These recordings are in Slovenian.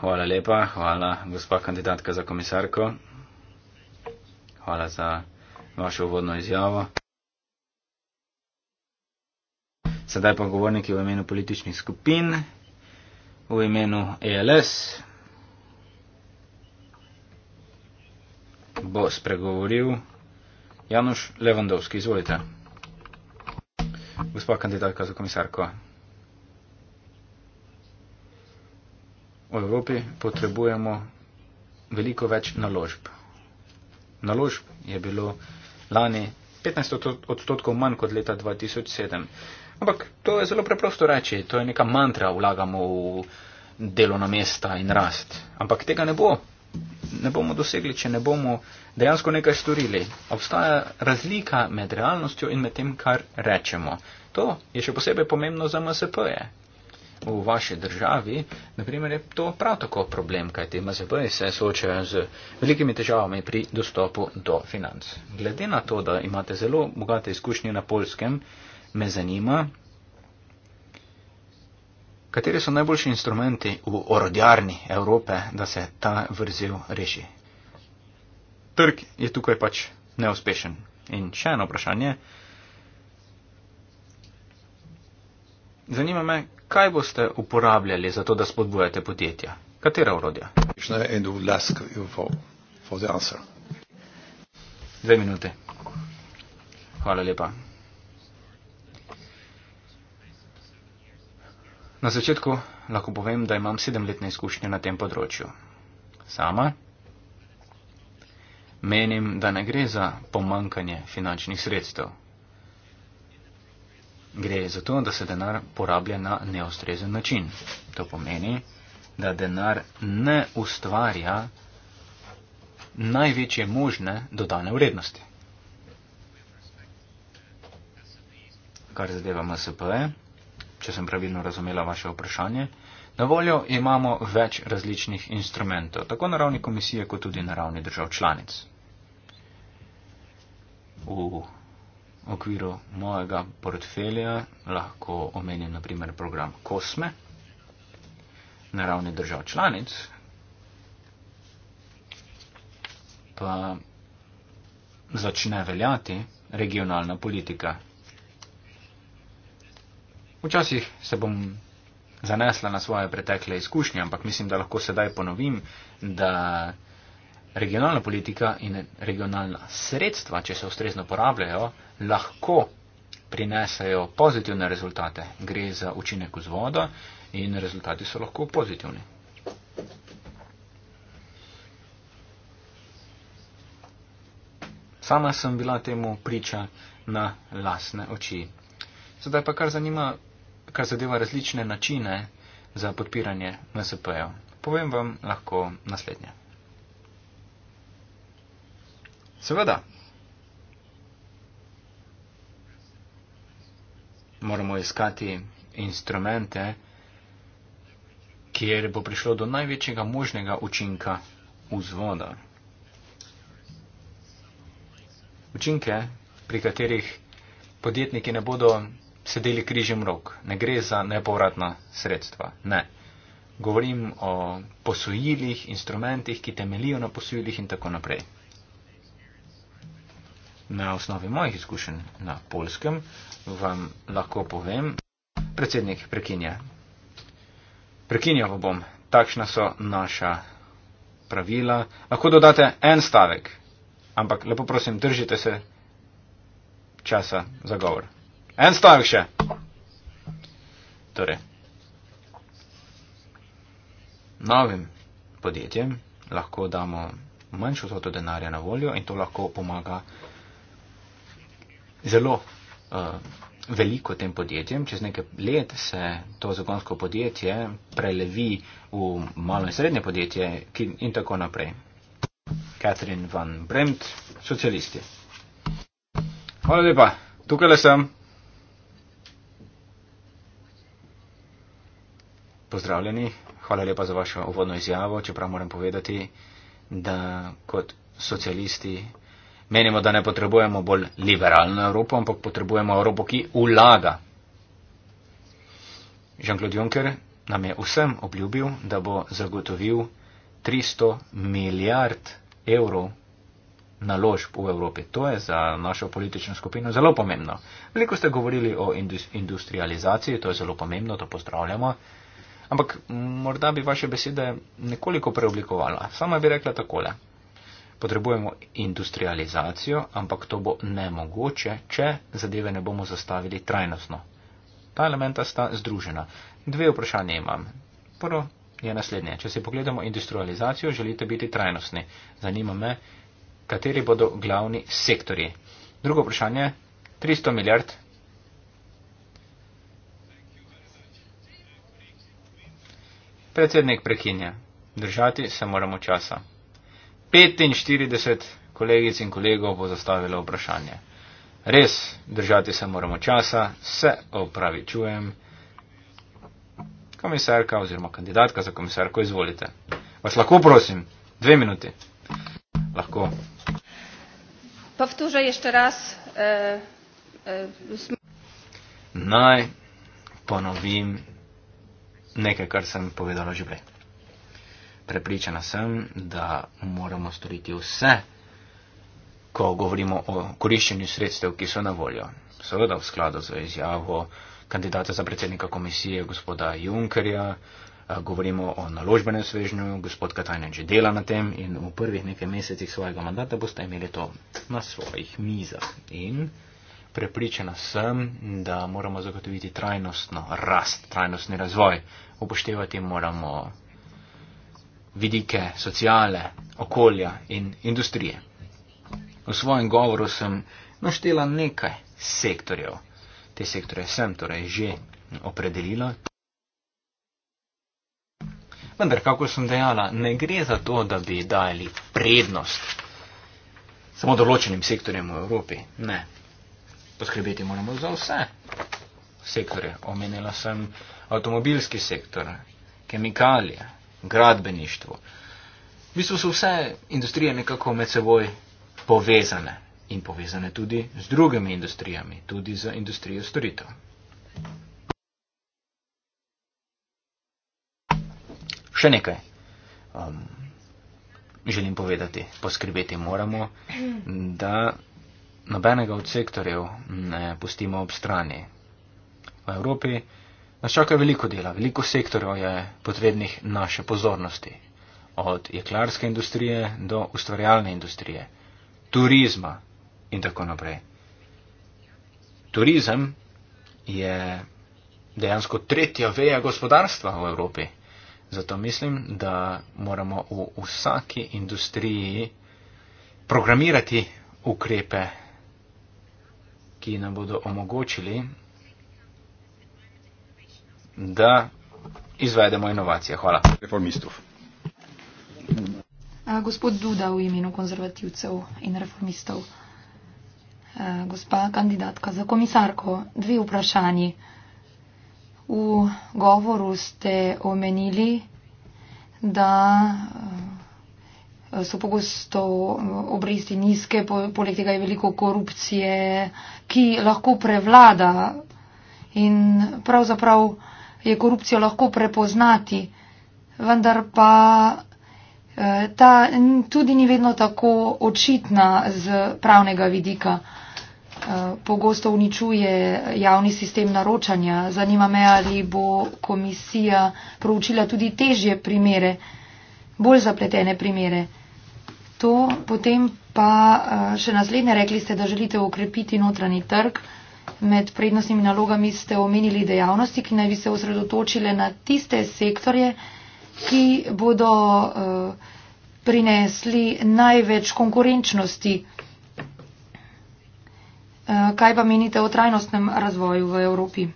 Hvala lepa, hvala gospa kandidatka za komisarko. Hvala za vašo uvodno izjavo. Sedaj pa govorniki v imenu političnih skupin, v imenu ELS. Bo spregovoril Januš Levandovski, izvolite. Gospa kandidatka za komisarko. V Evropi potrebujemo veliko več naložb. Naložb je bilo lani 15 odstotkov manj kot leta 2007. Ampak to je zelo preprosto reči, to je neka mantra, vlagamo v delovna mesta in rast. Ampak tega ne bo, ne bomo dosegli, če ne bomo dejansko nekaj storili. Obstaja razlika med realnostjo in med tem, kar rečemo. To je še posebej pomembno za MSP-je. V vaši državi, naprimer, je to prav tako problem, kajti MSP-ji se soočajo z velikimi težavami pri dostopu do financ. Glede na to, da imate zelo bogate izkušnje na polskem, me zanima, Kateri so najboljši instrumenti v orodjarni Evrope, da se ta vrzel reši? Trg je tukaj pač neuspešen. In še eno vprašanje. Zanima me, kaj boste uporabljali za to, da spodbujate podjetja? Katera orodja? Dve minute. Hvala lepa. Na začetku lahko povem, da imam sedemletne izkušnje na tem področju. Sama menim, da ne gre za pomankanje finančnih sredstev. Gre za to, da se denar porablja na neostrezen način. To pomeni, da denar ne ustvarja največje možne dodane vrednosti. Kar zadeva MSP-je če sem pravilno razumela vaše vprašanje. Na voljo imamo več različnih instrumentov, tako na ravni komisije, kot tudi na ravni držav članic. V okviru mojega portfelja lahko omenim naprimer program COSME na ravni držav članic, pa začne veljati regionalna politika Včasih se bom zanesla na svoje pretekle izkušnje, ampak mislim, da lahko sedaj ponovim, da regionalna politika in regionalna sredstva, če se ustrezno porabljajo, lahko prinesajo pozitivne rezultate. Gre za učinek vzvoda in rezultati so lahko pozitivni. Sama sem bila temu priča na lasne oči. Zdaj pa kar zanima, kar zadeva različne načine za podpiranje MSP-jev. Povem vam lahko naslednje. Seveda, moramo iskati instrumente, kjer bo prišlo do največjega možnega učinka vzvoda. Učinke, pri katerih podjetniki ne bodo sedeli križem rok. Ne gre za nepovratna sredstva. Ne. Govorim o posojilih, instrumentih, ki temelijo na posojilih in tako naprej. Na osnovi mojih izkušenj na polskem vam lahko povem, predsednik prekinja. Prekinjal bom, takšna so naša pravila. Lahko dodate en stavek, ampak lepo prosim, držite se časa za govor. En stavek še. Torej, novim podjetjem lahko damo manjšo zoto denarja na voljo in to lahko pomaga zelo uh, veliko tem podjetjem. Čez nekaj let se to zagonsko podjetje prelevi v malo in srednje podjetje in tako naprej. Catherine van Bremt, socialisti. Hvala lepa, tukaj le sem. pozdravljeni. Hvala lepa za vašo uvodno izjavo, čeprav moram povedati, da kot socialisti menimo, da ne potrebujemo bolj liberalno Evropo, ampak potrebujemo Evropo, ki vlaga. Jean-Claude Juncker nam je vsem obljubil, da bo zagotovil 300 milijard evrov naložb v Evropi. To je za našo politično skupino zelo pomembno. Veliko ste govorili o industrializaciji, to je zelo pomembno, to pozdravljamo. Ampak morda bi vaše besede nekoliko preoblikovala. Sama bi rekla takole. Potrebujemo industrializacijo, ampak to bo nemogoče, če zadeve ne bomo zastavili trajnostno. Ta elementa sta združena. Dve vprašanje imam. Prvo je naslednje. Če si pogledamo industrializacijo, želite biti trajnostni. Zanima me, kateri bodo glavni sektori. Drugo vprašanje. 300 milijard Predsednik prekinja. Držati se moramo časa. 45 kolegic in kolegov bo zastavilo vprašanje. Res, držati se moramo časa, se opravičujem. Komisarka oziroma kandidatka za komisarko, izvolite. Vas lahko prosim, dve minuti. Lahko. Povtuže ešte raz. Eh, eh, Naj ponovim nekaj, kar sem povedala že prej. Prepričana sem, da moramo storiti vse, ko govorimo o koriščenju sredstev, ki so na voljo. Seveda v skladu z izjavo kandidata za predsednika komisije, gospoda Junkerja, govorimo o naložbenem svežnju, gospod Katajnen že dela na tem in v prvih nekaj mesecih svojega mandata boste imeli to na svojih mizah. In Prepričana sem, da moramo zagotoviti trajnostno rast, trajnostni razvoj. Upoštevati moramo vidike sociale, okolja in industrije. V svojem govoru sem naštela nekaj sektorjev. Te sektore sem torej že opredelila. Vendar, kako sem dejala, ne gre za to, da bi dali prednost samo določenim sektorjem v Evropi. Ne, poskrbeti moramo za vse sektorje. Omenila sem avtomobilski sektor, kemikalije, gradbeništvo. V bistvu so vse industrije nekako med seboj povezane in povezane tudi z drugimi industrijami, tudi z industrijo storitev. Še nekaj um, želim povedati, poskrbeti moramo, da nobenega od sektorjev ne pustimo ob strani. V Evropi nas čaka veliko dela, veliko sektorjev je potrebnih naše pozornosti, od jeklarske industrije do ustvarjalne industrije, turizma in tako naprej. Turizem je dejansko tretja veja gospodarstva v Evropi, zato mislim, da moramo v vsaki industriji programirati ukrepe ki nam bodo omogočili, da izvedemo inovacije. Hvala. Reformistov. Gospod Duda v imenu konzervativcev in reformistov. Gospa kandidatka za komisarko, dve vprašanji. V govoru ste omenili, da so pogosto eh, obresti nizke, poleg tega je veliko korupcije, ki lahko prevlada in pravzaprav je korupcijo lahko prepoznati, vendar pa eh, ta tudi ni vedno tako očitna z pravnega vidika. Eh, pogosto uničuje javni sistem naročanja. Zanima me, ali bo komisija proučila tudi težje primere, bolj zapletene primere to. Potem pa eh, še naslednje, rekli ste, da želite ukrepiti notranji trg. Med prednostnimi nalogami ste omenili dejavnosti, ki naj bi se osredotočile na tiste sektorje, ki bodo eh, prinesli največ konkurenčnosti. Eh, kaj pa menite o trajnostnem razvoju v Evropi?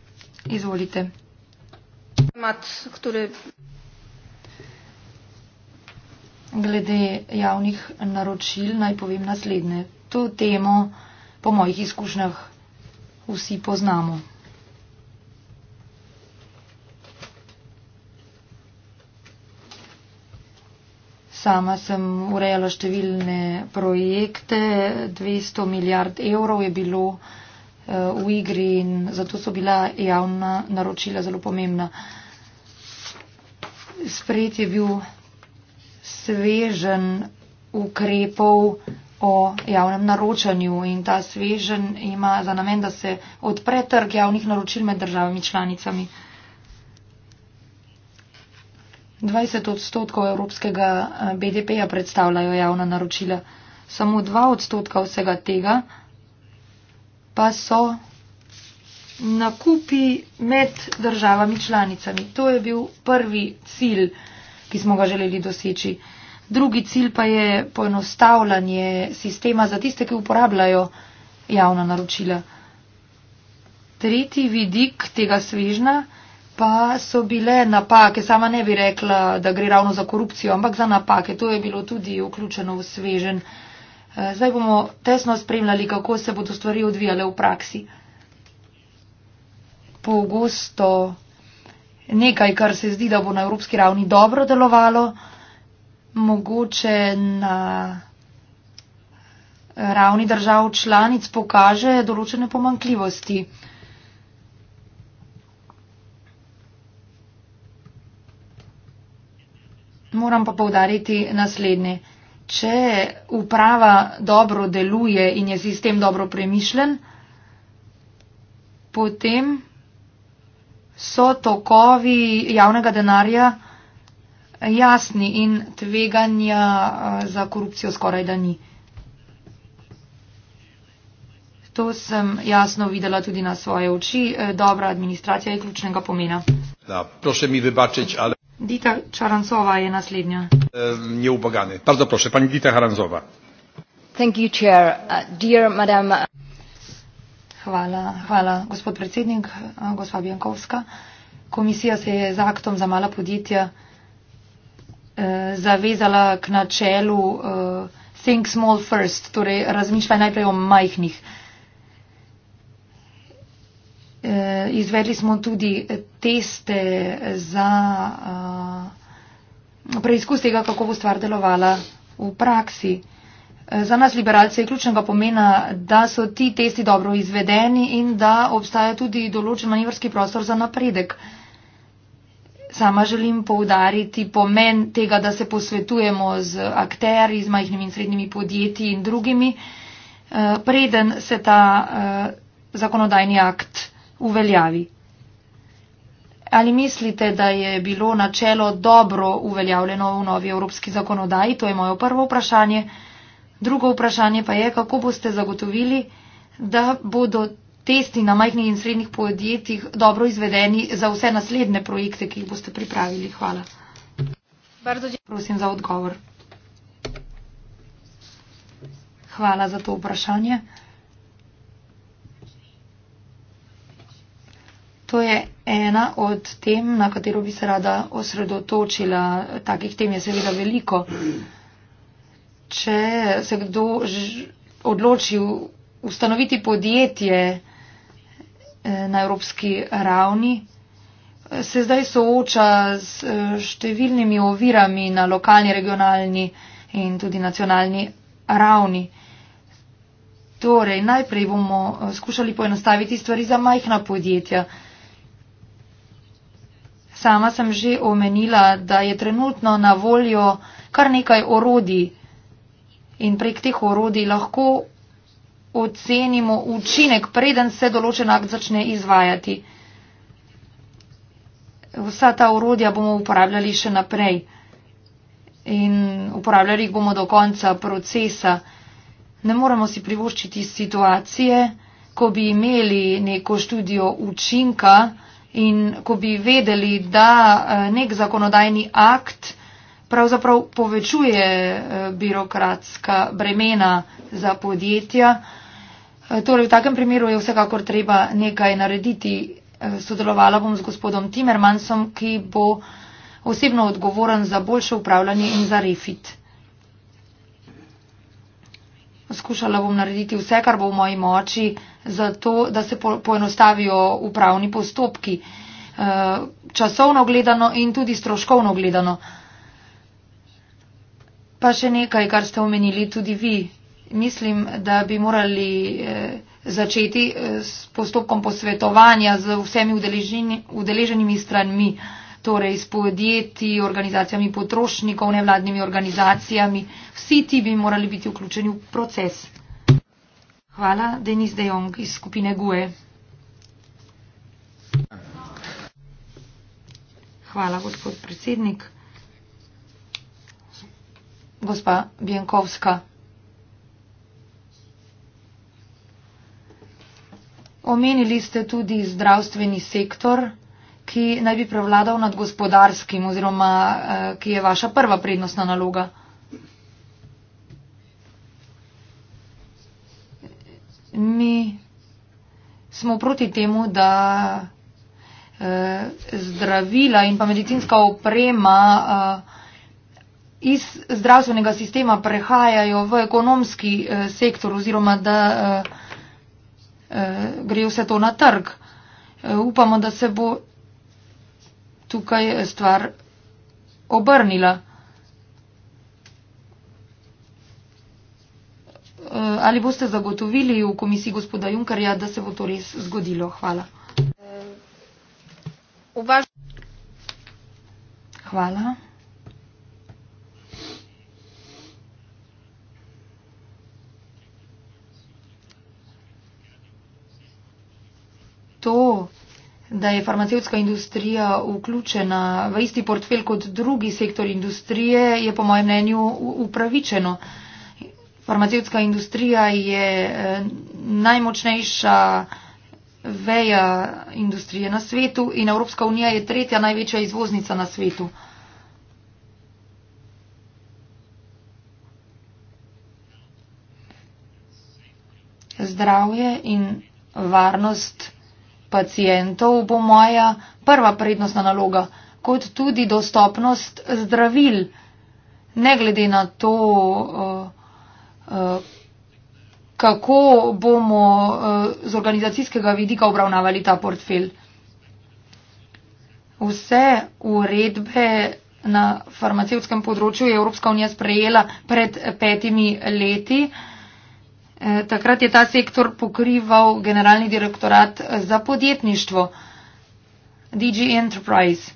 Izvolite. Mat, ktore... Glede javnih naročil naj povem naslednje. To temo po mojih izkušnjah vsi poznamo. Sama sem urejala številne projekte, 200 milijard evrov je bilo eh, v igri in zato so bila javna naročila zelo pomembna. Sprejet je bil svežen ukrepov o javnem naročanju in ta svežen ima za namen, da se odpre trg javnih naročil med državami članicami. 20 odstotkov evropskega eh, BDP-ja predstavljajo javna naročila. Samo 2 odstotka vsega tega pa so nakupi med državami članicami. To je bil prvi cilj ki smo ga želeli doseči. Drugi cilj pa je poenostavljanje sistema za tiste, ki uporabljajo javna naročila. Tretji vidik tega svežna pa so bile napake. Sama ne bi rekla, da gre ravno za korupcijo, ampak za napake. To je bilo tudi vključeno v svežen. Eh, zdaj bomo tesno spremljali, kako se bodo stvari odvijale v praksi. Pogosto. Po nekaj, kar se zdi, da bo na evropski ravni dobro delovalo, mogoče na ravni držav članic pokaže določene pomankljivosti. Moram pa povdariti naslednje. Če uprava dobro deluje in je sistem dobro premišljen, potem so tokovi javnega denarja jasni in tveganja eh, za korupcijo skoraj da ni. To sem jasno videla tudi na svoje oči. Eh, dobra administracija je ključnega pomena. Da, prosim mi vybačiť, ale... Dita Čarancova je naslednja. E, eh, Neubogane. Pardo prosim, pani Dita Čarancova. Thank you, chair. Uh, dear madam... Hvala, hvala, gospod predsednik, gospa Bjankovska. Komisija se je z aktom za mala podjetja eh, zavezala k načelu eh, think small first, torej razmišljaj najprej o majhnih. Eh, izvedli smo tudi teste za eh, preizkus tega, kako bo stvar delovala v praksi. Za nas liberalce je ključnega pomena, da so ti testi dobro izvedeni in da obstaja tudi določen manjvrski prostor za napredek. Sama želim poudariti pomen tega, da se posvetujemo z akteri, z majhnimi in srednjimi podjetji in drugimi, eh, preden se ta eh, zakonodajni akt uveljavi. Ali mislite, da je bilo načelo dobro uveljavljeno v novi evropski zakonodaji? To je moje prvo vprašanje. Drugo vprašanje pa je, kako boste zagotovili, da bodo testi na majhnih in srednjih podjetjih dobro izvedeni za vse naslednje projekte, ki jih boste pripravili. Hvala. Prosim za odgovor. Hvala za to vprašanje. To je ena od tem, na katero bi se rada osredotočila. Takih tem je seveda veliko. Uh, če se kdo odloči ustanoviti podjetje eh, na evropski ravni, eh, se zdaj sooča s eh, številnimi ovirami na lokalni, regionalni in tudi nacionalni ravni. Torej, najprej bomo skušali poenostaviti stvari za majhna podjetja. Sama sem že omenila, da je trenutno na voljo kar nekaj orodij in prek teh orodij lahko ocenimo učinek, preden se določen akt začne izvajati. Vsa ta orodja bomo uporabljali še naprej in uporabljali jih bomo do konca procesa. Ne moremo si privoščiti situacije, ko bi imeli neko študijo učinka in ko bi vedeli, da eh, nek zakonodajni akt pravzaprav povečuje eh, birokratska bremena za podjetja. Eh, torej, v takem primeru je vsekakor treba nekaj narediti. Eh, sodelovala bom z gospodom Timermansom, ki bo osebno odgovoren za boljše upravljanje in za refit. Skušala bom narediti vse, kar bo v moji moči, zato, da se poenostavijo upravni postopki, časovno gledano in tudi stroškovno gledano. Pa še nekaj, kar ste omenili tudi vi. Mislim, da bi morali eh, začeti eh, s postopkom posvetovanja z vsemi udeleženimi stranmi, torej s podjetji, organizacijami potrošnikov, nevladnimi organizacijami. Vsi ti bi morali biti vključeni v proces. Hvala, Denis De Jong iz skupine GUE. Hvala, gospod predsednik gospa Bjenkovska. Omenili ste tudi zdravstveni sektor, ki naj bi prevladal nad gospodarskim oziroma eh, ki je vaša prva prednostna naloga. Mi smo proti temu, da eh, zdravila in pa medicinska oprema uh, iz zdravstvenega sistema prehajajo v ekonomski eh, sektor oziroma da eh, eh, gre vse to na trg. Upamo, da se bo tukaj stvar obrnila. Ali boste zagotovili v komisiji gospoda Junkarja, da se bo to res zgodilo? Hvala. Hvala. to, da je farmacevtska industrija vključena v isti portfel kot drugi sektor industrije, je po mojem mnenju upravičeno. Farmacevtska industrija je eh, najmočnejša veja industrije na svetu in Evropska unija je tretja največja izvoznica na svetu. Zdravje in varnost pacijentov bo moja prva prednostna naloga, kot tudi dostopnost zdravil, ne glede na to, eh, eh, kako bomo eh, z organizacijskega vidika obravnavali ta portfelj. Vse uredbe na farmacevskem področju je Evropska unija sprejela pred petimi leti. Eh, takrat je ta sektor pokrival generalni direktorat eh, za podjetništvo, DG Enterprise.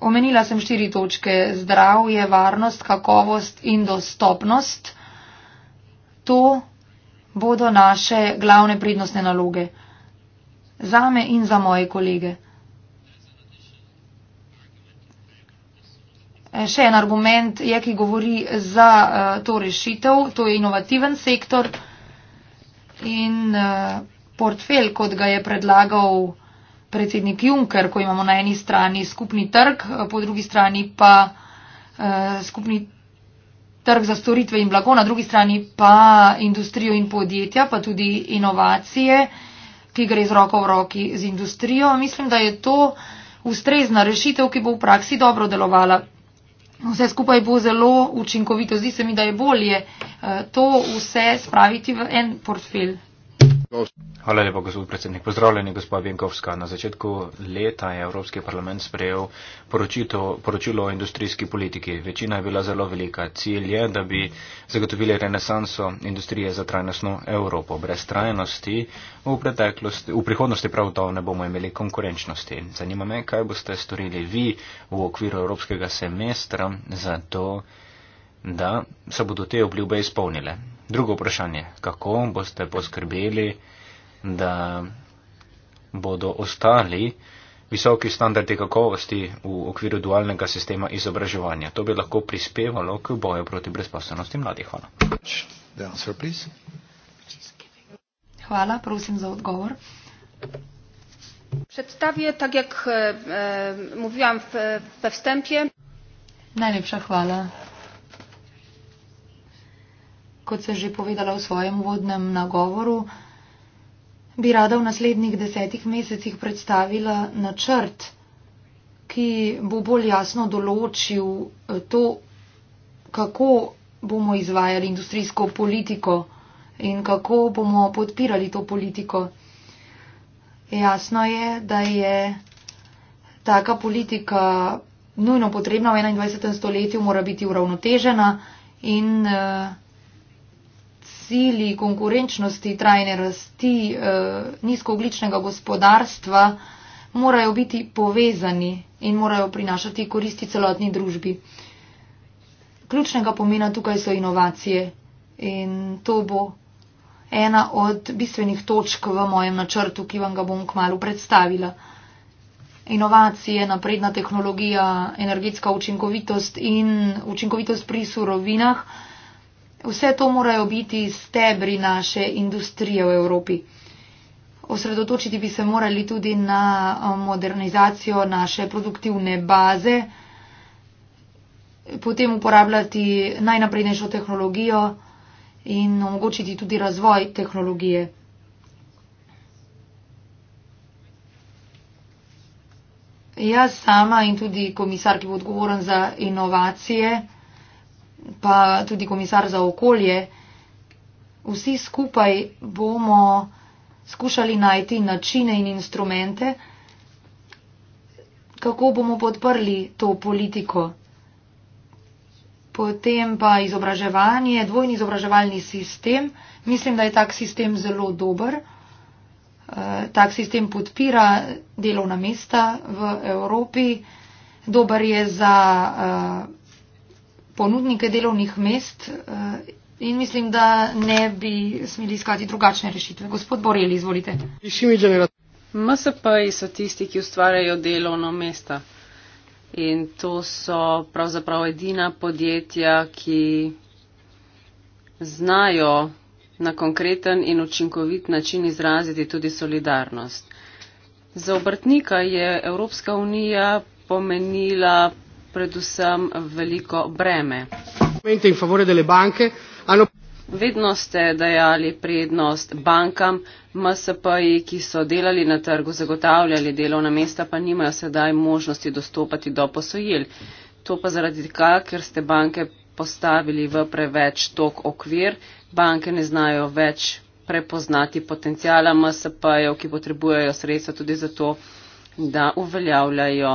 Omenila sem štiri točke. Zdravje, varnost, kakovost in dostopnost. To bodo naše glavne prednostne naloge. Zame in za moje kolege. še en argument je, ki govori za eh, to rešitev, to je inovativen sektor in eh, portfelj, kot ga je predlagal predsednik Juncker, ko imamo na eni strani skupni trg, eh, po drugi strani pa skupni trg za storitve in blago, na drugi strani pa industrijo in podjetja, pa tudi inovacije, ki gre z roko v roki z industrijo. Mislim, da je to ustrezna rešitev, ki bo v praksi dobro delovala vse skupaj bo zelo učinkovito. Zdi se mi, da je bolje eh, to vse spraviti v en portfelj. Hvala lepo, gospod predsednik. Pozdravljeni, gospod Vinkovska. Na začetku leta je Evropski parlament sprejel poročito, poročilo o industrijski politiki. Večina je bila zelo velika. Cilj je, da bi zagotovili renesanso industrije za trajnostno Evropo. Brez trajnosti v, v prihodnosti prav to ne bomo imeli konkurenčnosti. Zanima me, kaj boste storili vi v okviru Evropskega semestra za to, da se bodo te obljube izpolnile. Drugo vprašanje, kako boste poskrbeli, da bodo ostali visoki standardi kakovosti v okviru dualnega sistema izobraževanja. To bi lahko prispevalo k boju proti brezposobnosti mladih. Hvala. Hvala, prosim za odgovor. Predstavijo, tako jak eh, e, mluvim v, v vstempje. Najlepša hvala kot sem že povedala v svojem vodnem nagovoru, bi rada v naslednjih desetih mesecih predstavila načrt, ki bo bolj jasno določil eh, to, kako bomo izvajali industrijsko politiko in kako bomo podpirali to politiko. Jasno je, da je taka politika nujno potrebna v 21. stoletju, mora biti uravnotežena in. Uh, sili, konkurenčnosti, trajne rasti, eh, nizkoogličnega gospodarstva morajo biti povezani in morajo prinašati koristi celotni družbi. Ključnega pomena tukaj so inovacije in to bo ena od bistvenih točk v mojem načrtu, ki vam ga bom kmalo predstavila. Inovacije, napredna tehnologija, energetska učinkovitost in učinkovitost pri surovinah. Vse to morajo biti stebri naše industrije v Evropi. Osredotočiti bi se morali tudi na eh, modernizacijo naše produktivne baze, potem uporabljati najnaprednejšo tehnologijo in omogočiti tudi razvoj tehnologije. Jaz sama in tudi komisar, ki bo odgovoren za inovacije, pa tudi komisar za okolje, vsi skupaj bomo skušali najti načine in instrumente, kako bomo podprli to politiko. Potem pa izobraževanje, dvojni izobraževalni sistem. Mislim, da je tak sistem zelo dober. Eh, tak sistem podpira delovna mesta v Evropi. Dober je za. Uh, ponudnike delovnih mest eh, in mislim, da ne bi smeli iskati drugačne rešitve. Gospod Boreli, izvolite. MSP so tisti, ki ustvarjajo delovno mesta. In to so pravzaprav edina podjetja, ki znajo na konkreten in učinkovit način izraziti tudi solidarnost. Za obrtnika je Evropska unija pomenila predvsem veliko breme. Vedno ste dajali prednost bankam, MSP-ji, ki so delali na trgu, zagotavljali delovna mesta, pa nimajo sedaj možnosti dostopati do posojil. To pa zaradi tega, ker ste banke postavili v preveč tok okvir, banke ne znajo več prepoznati potencijala MSP-jev, ki potrebujejo sredstva tudi zato, da uveljavljajo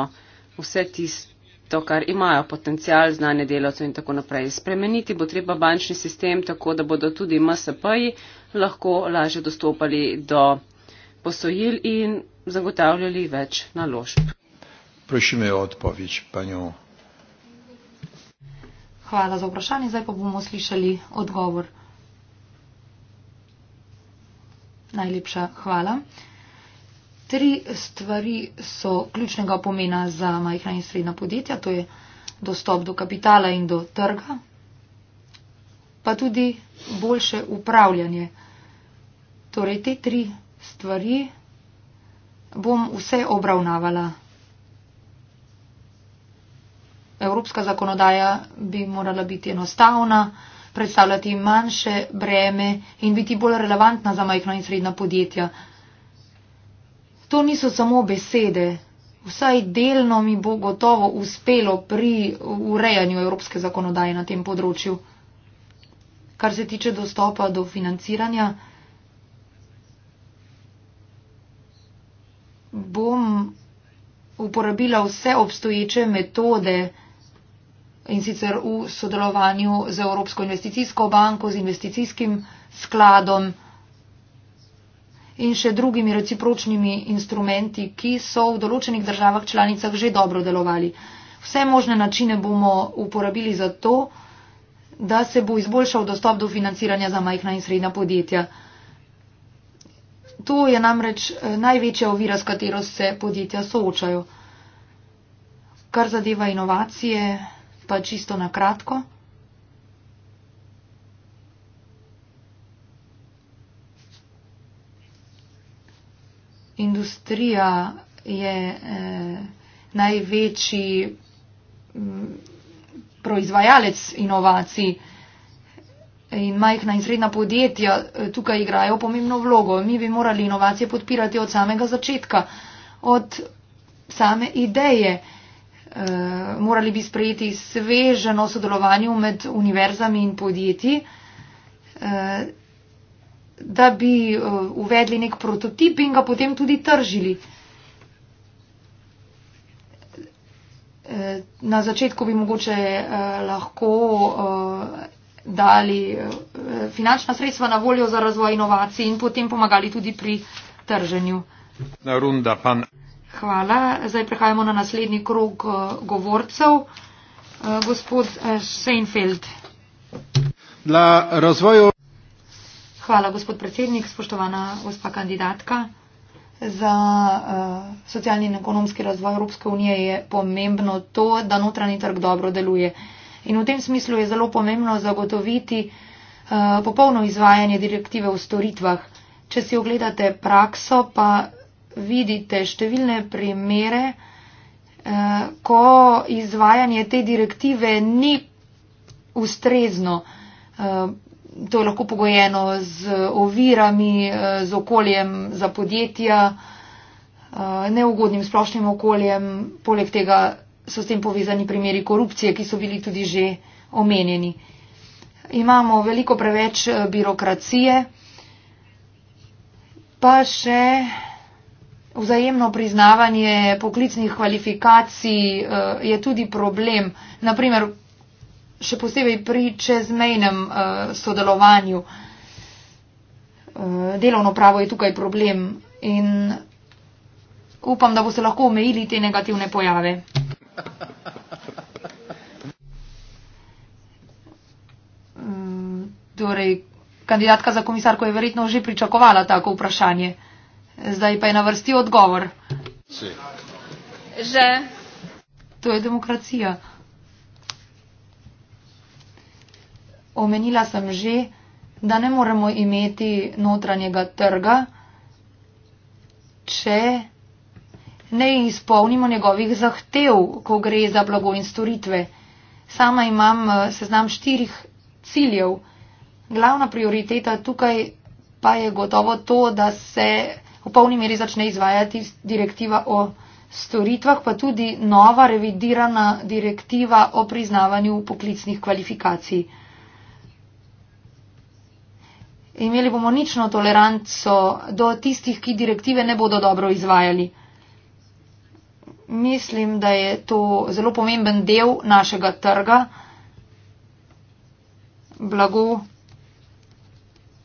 vse tiste to, kar imajo potencial, znanje delavcev in tako naprej. Spremeniti bo treba bančni sistem tako, da bodo tudi MSP-ji lahko lažje dostopali do posojil in zagotavljali več naložb. Prosim, odpovič, panjo. Hvala za vprašanje. Zdaj pa bomo slišali odgovor. Najlepša hvala. Tri stvari so ključnega pomena za majhna in srednja podjetja, to je dostop do kapitala in do trga, pa tudi boljše upravljanje. Torej, te tri stvari bom vse obravnavala. Evropska zakonodaja bi morala biti enostavna, predstavljati manjše breme in biti bolj relevantna za majhna in srednja podjetja. To niso samo besede. Vsaj delno mi bo gotovo uspelo pri urejanju evropske zakonodaje na tem področju. Kar se tiče dostopa do financiranja, bom uporabila vse obstoječe metode in sicer v sodelovanju z Evropsko investicijsko banko, z investicijskim skladom in še drugimi recipročnimi instrumenti, ki so v določenih državah članicah že dobro delovali. Vse možne načine bomo uporabili za to, da se bo izboljšal dostop do financiranja za majhna in srednja podjetja. To je namreč eh, največja ovira, s katero se podjetja soočajo. Kar zadeva inovacije, pa čisto na kratko. industrija je eh, največji mm, proizvajalec inovacij in majhna in srednja podjetja eh, tukaj igrajo pomembno vlogo. Mi bi morali inovacije podpirati od samega začetka, od same ideje. E, morali bi sprejeti sveženo sodelovanje med univerzami in podjetji. E, da bi uh, uvedli nek prototip in ga potem tudi tržili. E, na začetku bi mogoče uh, lahko uh, dali uh, finančna sredstva na voljo za razvoj inovacij in potem pomagali tudi pri trženju. Runda, Hvala. Zdaj prehajamo na naslednji krog uh, govorcev. Uh, gospod uh, Seinfeld. La razvoju. Hvala, gospod predsednik, spoštovana gospa kandidatka. Za uh, socialni in ekonomski razvoj Evropske unije je pomembno to, da notranji trg dobro deluje. In v tem smislu je zelo pomembno zagotoviti uh, popolno izvajanje direktive o storitvah. Če si ogledate prakso, pa vidite številne primere, uh, ko izvajanje te direktive ni ustrezno. Uh, to je lahko pogojeno z ovirami, eh, z okoljem za podjetja, eh, neugodnim splošnim okoljem. Poleg tega so s tem povezani primeri korupcije, ki so bili tudi že omenjeni. Imamo veliko preveč eh, birokracije, pa še vzajemno priznavanje poklicnih kvalifikacij je tudi problem. Naprimer, še posebej pri čezmejnem uh, sodelovanju. Uh, delovno pravo je tukaj problem in upam, da bo se lahko omejili te negativne pojave. Uh, torej, kandidatka za komisarko je verjetno že pričakovala tako vprašanje. Zdaj pa je na vrsti odgovor. Si. Že. To je demokracija. omenila sem že, da ne moremo imeti notranjega trga, če ne izpolnimo njegovih zahtev, ko gre za blago in storitve. Sama imam eh, seznam štirih ciljev. Glavna prioriteta tukaj pa je gotovo to, da se v polni meri začne izvajati direktiva o storitvah, pa tudi nova revidirana direktiva o priznavanju poklicnih kvalifikacij imeli bomo nično toleranco do tistih, ki direktive ne bodo dobro izvajali. Mislim, da je to zelo pomemben del našega trga. Blago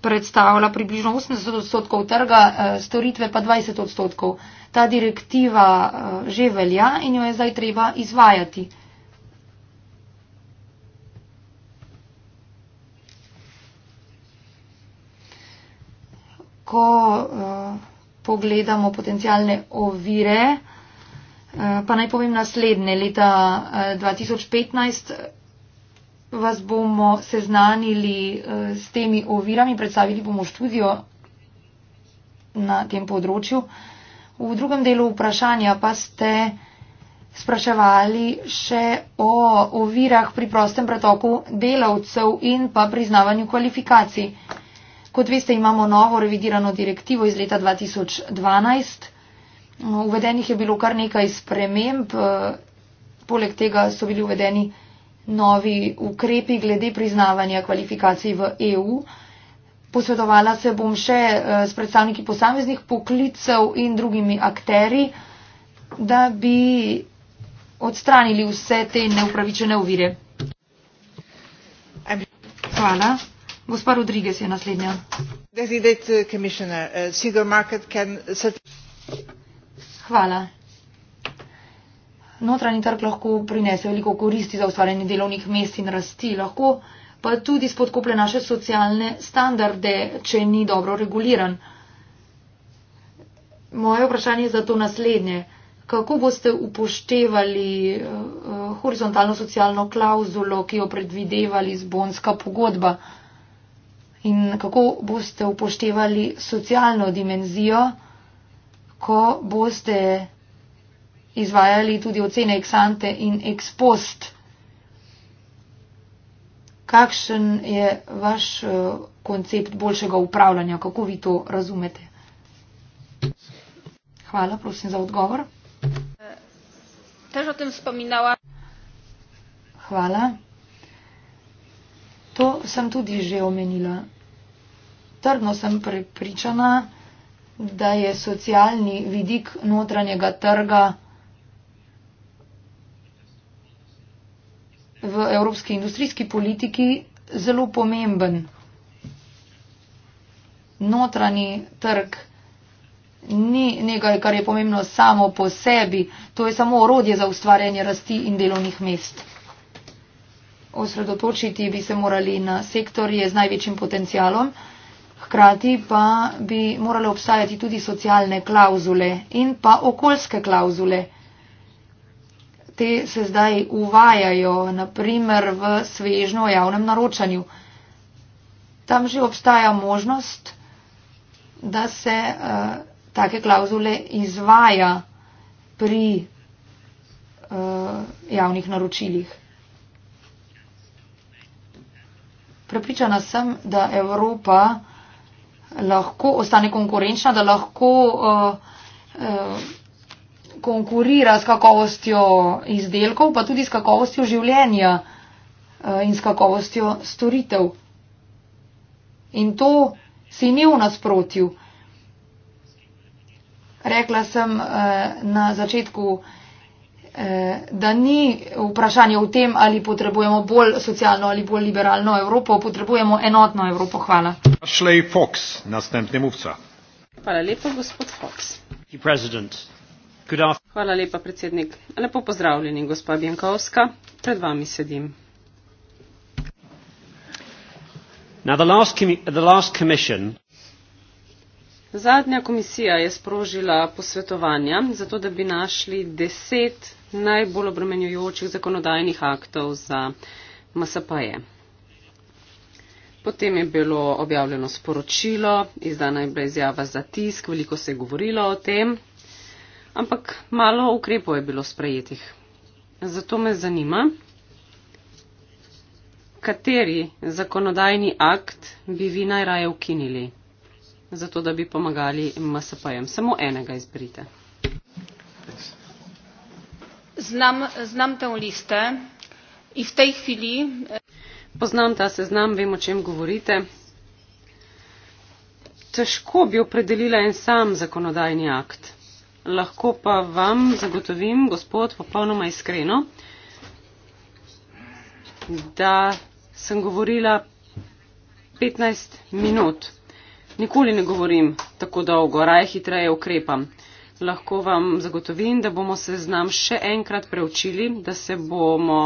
predstavlja približno 80 odstotkov trga, eh, storitve pa 20 odstotkov. Ta direktiva eh, že velja in jo je zdaj treba izvajati. ko uh, pogledamo potencijalne ovire, uh, pa naj povem naslednje. Leta uh, eh, 2015 vas bomo seznanili uh, s temi ovirami, predstavili bomo študijo na tem področju. V drugem delu vprašanja pa ste spraševali še o ovirah pri prostem pretoku delavcev in pa priznavanju kvalifikacij. Kot veste, imamo novo revidirano direktivo iz leta 2012. Uvedenih je bilo kar nekaj sprememb. Eh, poleg tega so bili uvedeni novi ukrepi glede priznavanja kvalifikacij v EU. Posvetovala se bom še eh, s predstavniki posameznih poklicev in drugimi akteri, da bi odstranili vse te neupravičene ovire. Hvala. Gospa Rodriguez je naslednja. Uh, uh, Hvala. Notranji trg lahko prinese veliko koristi za ustvarjanje delovnih mest in rasti, lahko pa tudi spodkople naše socialne standarde, če ni dobro reguliran. Moje vprašanje je zato naslednje. Kako boste upoštevali uh, uh horizontalno socialno klauzulo, ki jo predvideva Lizbonska pogodba? in kako boste upoštevali socialno dimenzijo, ko boste izvajali tudi ocene eksante in ekspost. Kakšen je vaš eh, koncept boljšega upravljanja, kako vi to razumete? Hvala, prosim za odgovor. Hvala. To sem tudi že omenila. Trdno sem prepričana, da je socialni vidik notranjega trga v evropski industrijski politiki zelo pomemben. Notranji trg ni nekaj, kar je pomembno samo po sebi, to je samo orodje za ustvarjanje rasti in delovnih mest osredotočiti bi se morali na sektorje z največjim potencialom, hkrati pa bi morale obstajati tudi socialne klauzule in pa okoljske klauzule. Te se zdaj uvajajo, naprimer, v svežno javnem naročanju. Tam že obstaja možnost, da se uh, take klauzule izvaja pri uh, javnih naročilih. Prepričana sem, da Evropa lahko ostane konkurenčna, da lahko uh, uh, konkurira s kakovostjo izdelkov, pa tudi s kakovostjo življenja uh, in s kakovostjo storitev. In to si ni v nasprotju. Rekla sem uh, na začetku, uh, Eh, da ni vprašanje v tem, ali potrebujemo bolj socialno ali bolj liberalno Evropo, potrebujemo enotno Evropo. Hvala. Ashley Fox, naslednji mufca. Hvala lepa, gospod Fox. Hvala lepa, predsednik. Lepo pozdravljeni, gospa Bjankovska. Pred vami sedim. Zadnja komisija je sprožila posvetovanja, zato da bi našli deset najbolj obremenjujočih zakonodajnih aktov za MSP-je. Potem je bilo objavljeno sporočilo, izdana je bila izjava za tisk, veliko se je govorilo o tem, ampak malo ukrepov je bilo sprejetih. Zato me zanima, kateri zakonodajni akt bi vi najraje ukinili, zato da bi pomagali MSP-jem. Samo enega izberite. E, poznam ta seznam vem o čem govorite težko bi opredelila en sam zakonodajni akt lahko pa vam zagotovim gospod popolnoma iskreno da sem govorila 15 minut. Nikoli ne govorim tako dolgo, raje hitreje ukrepam lahko vam zagotovim, da bomo se z nam še enkrat preučili, da se bomo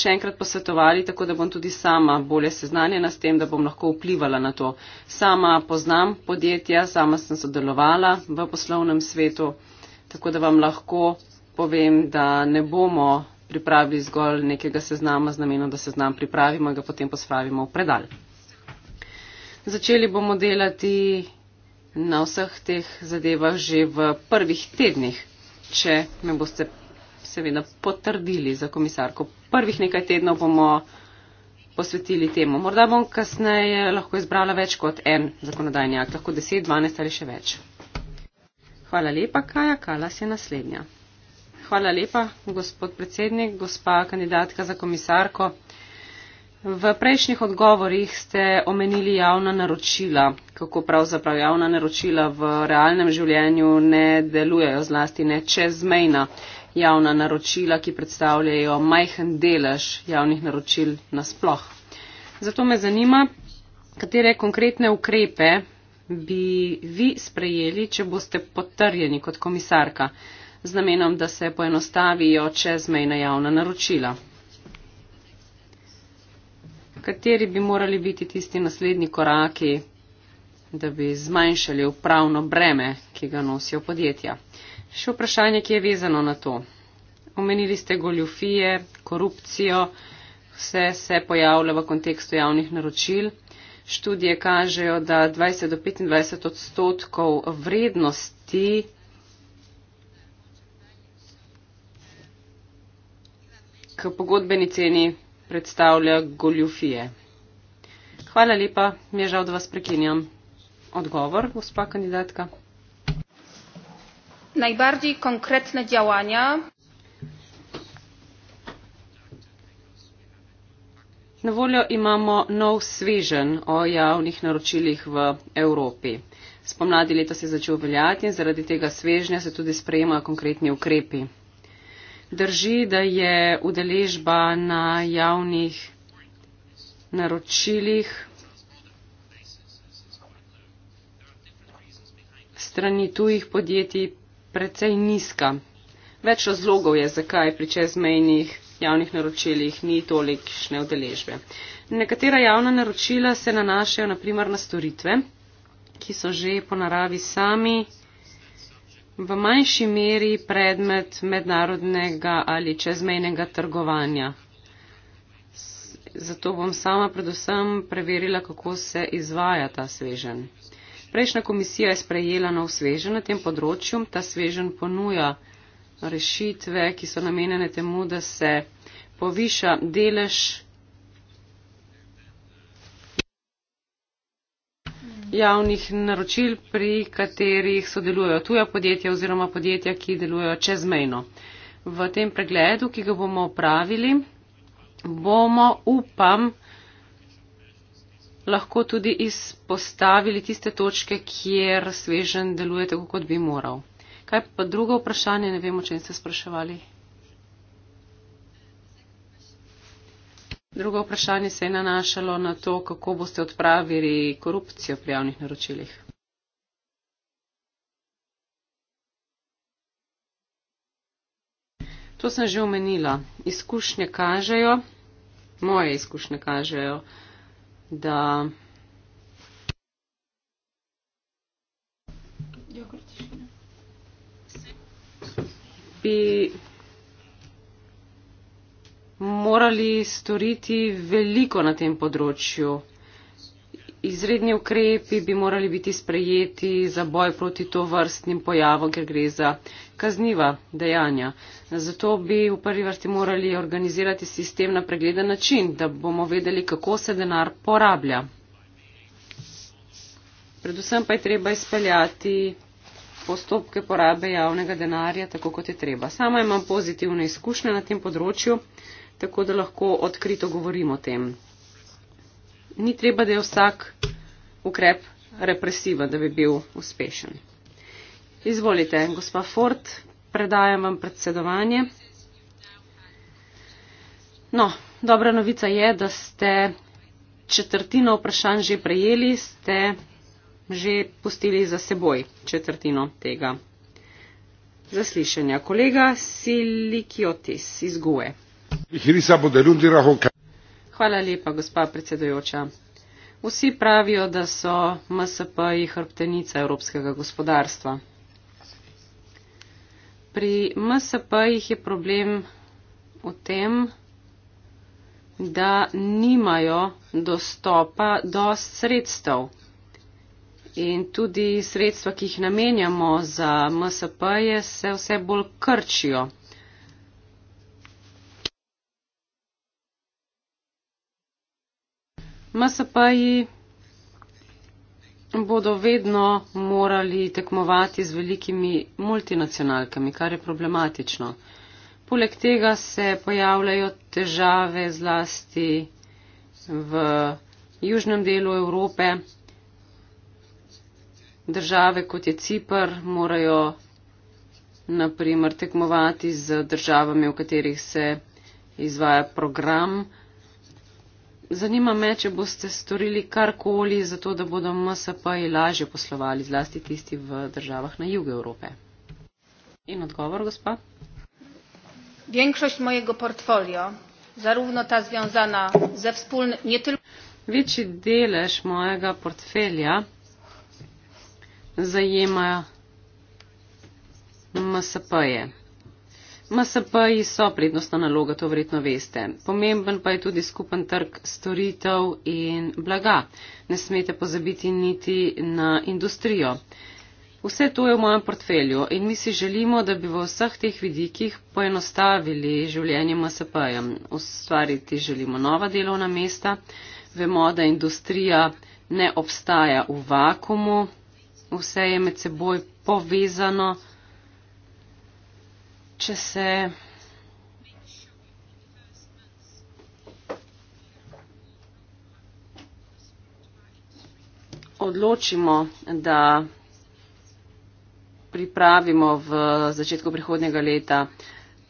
še enkrat posvetovali, tako da bom tudi sama bolje seznanjena s tem, da bom lahko vplivala na to. Sama poznam podjetja, sama sem sodelovala v poslovnem svetu, tako da vam lahko povem, da ne bomo pripravili zgolj nekega seznama z namenom, da seznam pripravimo in ga potem pospravimo v predal. Začeli bomo delati na vseh teh zadevah že v prvih tednih, če me boste seveda potrdili za komisarko. Prvih nekaj tednov bomo posvetili temu. Morda bom kasneje lahko izbrala več kot en zakonodajni akt, lahko 10, 12 ali še več. Hvala lepa, Kaja Kalas je naslednja. Hvala lepa, gospod predsednik, gospa kandidatka za komisarko. V prejšnjih odgovorih ste omenili javna naročila, kako pravzaprav javna naročila v realnem življenju ne delujejo, zlasti ne čezmejna javna naročila, ki predstavljajo majhen delež javnih naročil nasploh. Zato me zanima, katere konkretne ukrepe bi vi sprejeli, če boste potrjeni kot komisarka z namenom, da se poenostavijo čezmejna javna naročila kateri bi morali biti tisti naslednji koraki, da bi zmanjšali upravno breme, ki ga nosijo podjetja. Še vprašanje, ki je vezano na to. Omenili ste goljufije, korupcijo, vse se pojavlja v kontekstu javnih naročil. Študije kažejo, da 20 do 25 odstotkov vrednosti k pogodbeni ceni predstavlja goljufije. Hvala lepa, mi je žal, da vas prekinjam. Odgovor, gospa kandidatka. Najbardziej konkretne działania. Na voljo imamo nov svežen o javnih naročilih v Evropi. Spomladi leta se je začel veljati in zaradi tega svežnja se tudi sprejema konkretni ukrepi drži, da je udeležba na javnih naročilih strani tujih podjetij precej nizka. Več razlogov je, zakaj pri čezmejnih javnih naročilih ni tolikšne udeležbe. Nekatera javna naročila se nanašajo naprimer na storitve, ki so že po naravi sami v manjši meri predmet mednarodnega ali čezmejnega trgovanja. Zato bom sama predvsem preverila, kako se izvaja ta svežen. Prejšnja komisija je sprejela nov svežen na tem področju. Ta svežen ponuja rešitve, ki so namenjene temu, da se poviša delež javnih naročil, pri katerih sodelujejo tuja podjetja oziroma podjetja, ki delujejo čezmejno. V tem pregledu, ki ga bomo opravili, bomo, upam, lahko tudi izpostavili tiste točke, kjer svežen deluje tako, kot bi moral. Kaj pa drugo vprašanje, ne vemo, če ste spraševali. Drugo vprašanje se je nanašalo na to, kako boste odpravili korupcijo pri javnih naročilih. To sem že omenila. Izkušnje kažejo, moje izkušnje kažejo, da. Bi morali storiti veliko na tem področju. Izredni ukrepi bi morali biti sprejeti za boj proti to vrstnim pojavom, ker gre za kazniva dejanja. Zato bi v prvi vrsti morali organizirati sistem na pregleden način, da bomo vedeli, kako se denar porablja. Predvsem pa je treba izpeljati postopke porabe javnega denarja, tako kot je treba. Sama imam pozitivne izkušnje na tem področju. Uh, tako da lahko odkrito govorimo o tem. Ni treba, da je vsak ukrep represiva, da bi bil uspešen. Izvolite, gospa Ford, predajam vam predsedovanje. No, dobra novica je, da ste četrtino vprašanj že prejeli, ste že pustili za seboj četrtino tega zaslišanja. Kolega Silikiotis iz Gue. Hvala lepa, gospa predsedujoča. Vsi pravijo, da so MSP-ji hrbtenica evropskega gospodarstva. Pri MSP-jih je problem v tem, da nimajo dostopa do sredstev. In tudi sredstva, ki jih namenjamo za MSP-je, se vse bolj krčijo. MSP-ji bodo vedno morali tekmovati z velikimi multinacionalkami, kar je problematično. Poleg tega se pojavljajo težave zlasti v južnem delu Evrope. Države kot je Cipr morajo naprimer tekmovati z državami, v katerih se izvaja program zanima me, če boste storili karkoli za to, da bodo MSP-ji lažje poslovali, zlasti tisti v državah na jugu Evrope. In odgovor, gospa. Większość mojega portfolio, zarovno ta zvezana ze vspulne, ne tudi. Večji delež mojega portfelja zajema MSP-je. MSP-ji so prednostna naloga, to verjetno veste. Pomemben pa je tudi skupen trg storitev in blaga. Ne smete pozabiti niti na industrijo. Vse to je v mojem portfelju in mi si želimo, da bi v vseh teh vidikih poenostavili življenje MSP-jem. Ustvariti želimo nova delovna mesta. Vemo, da industrija ne obstaja v vakumu. Vse je med seboj povezano če se odločimo, da pripravimo v začetku prihodnega leta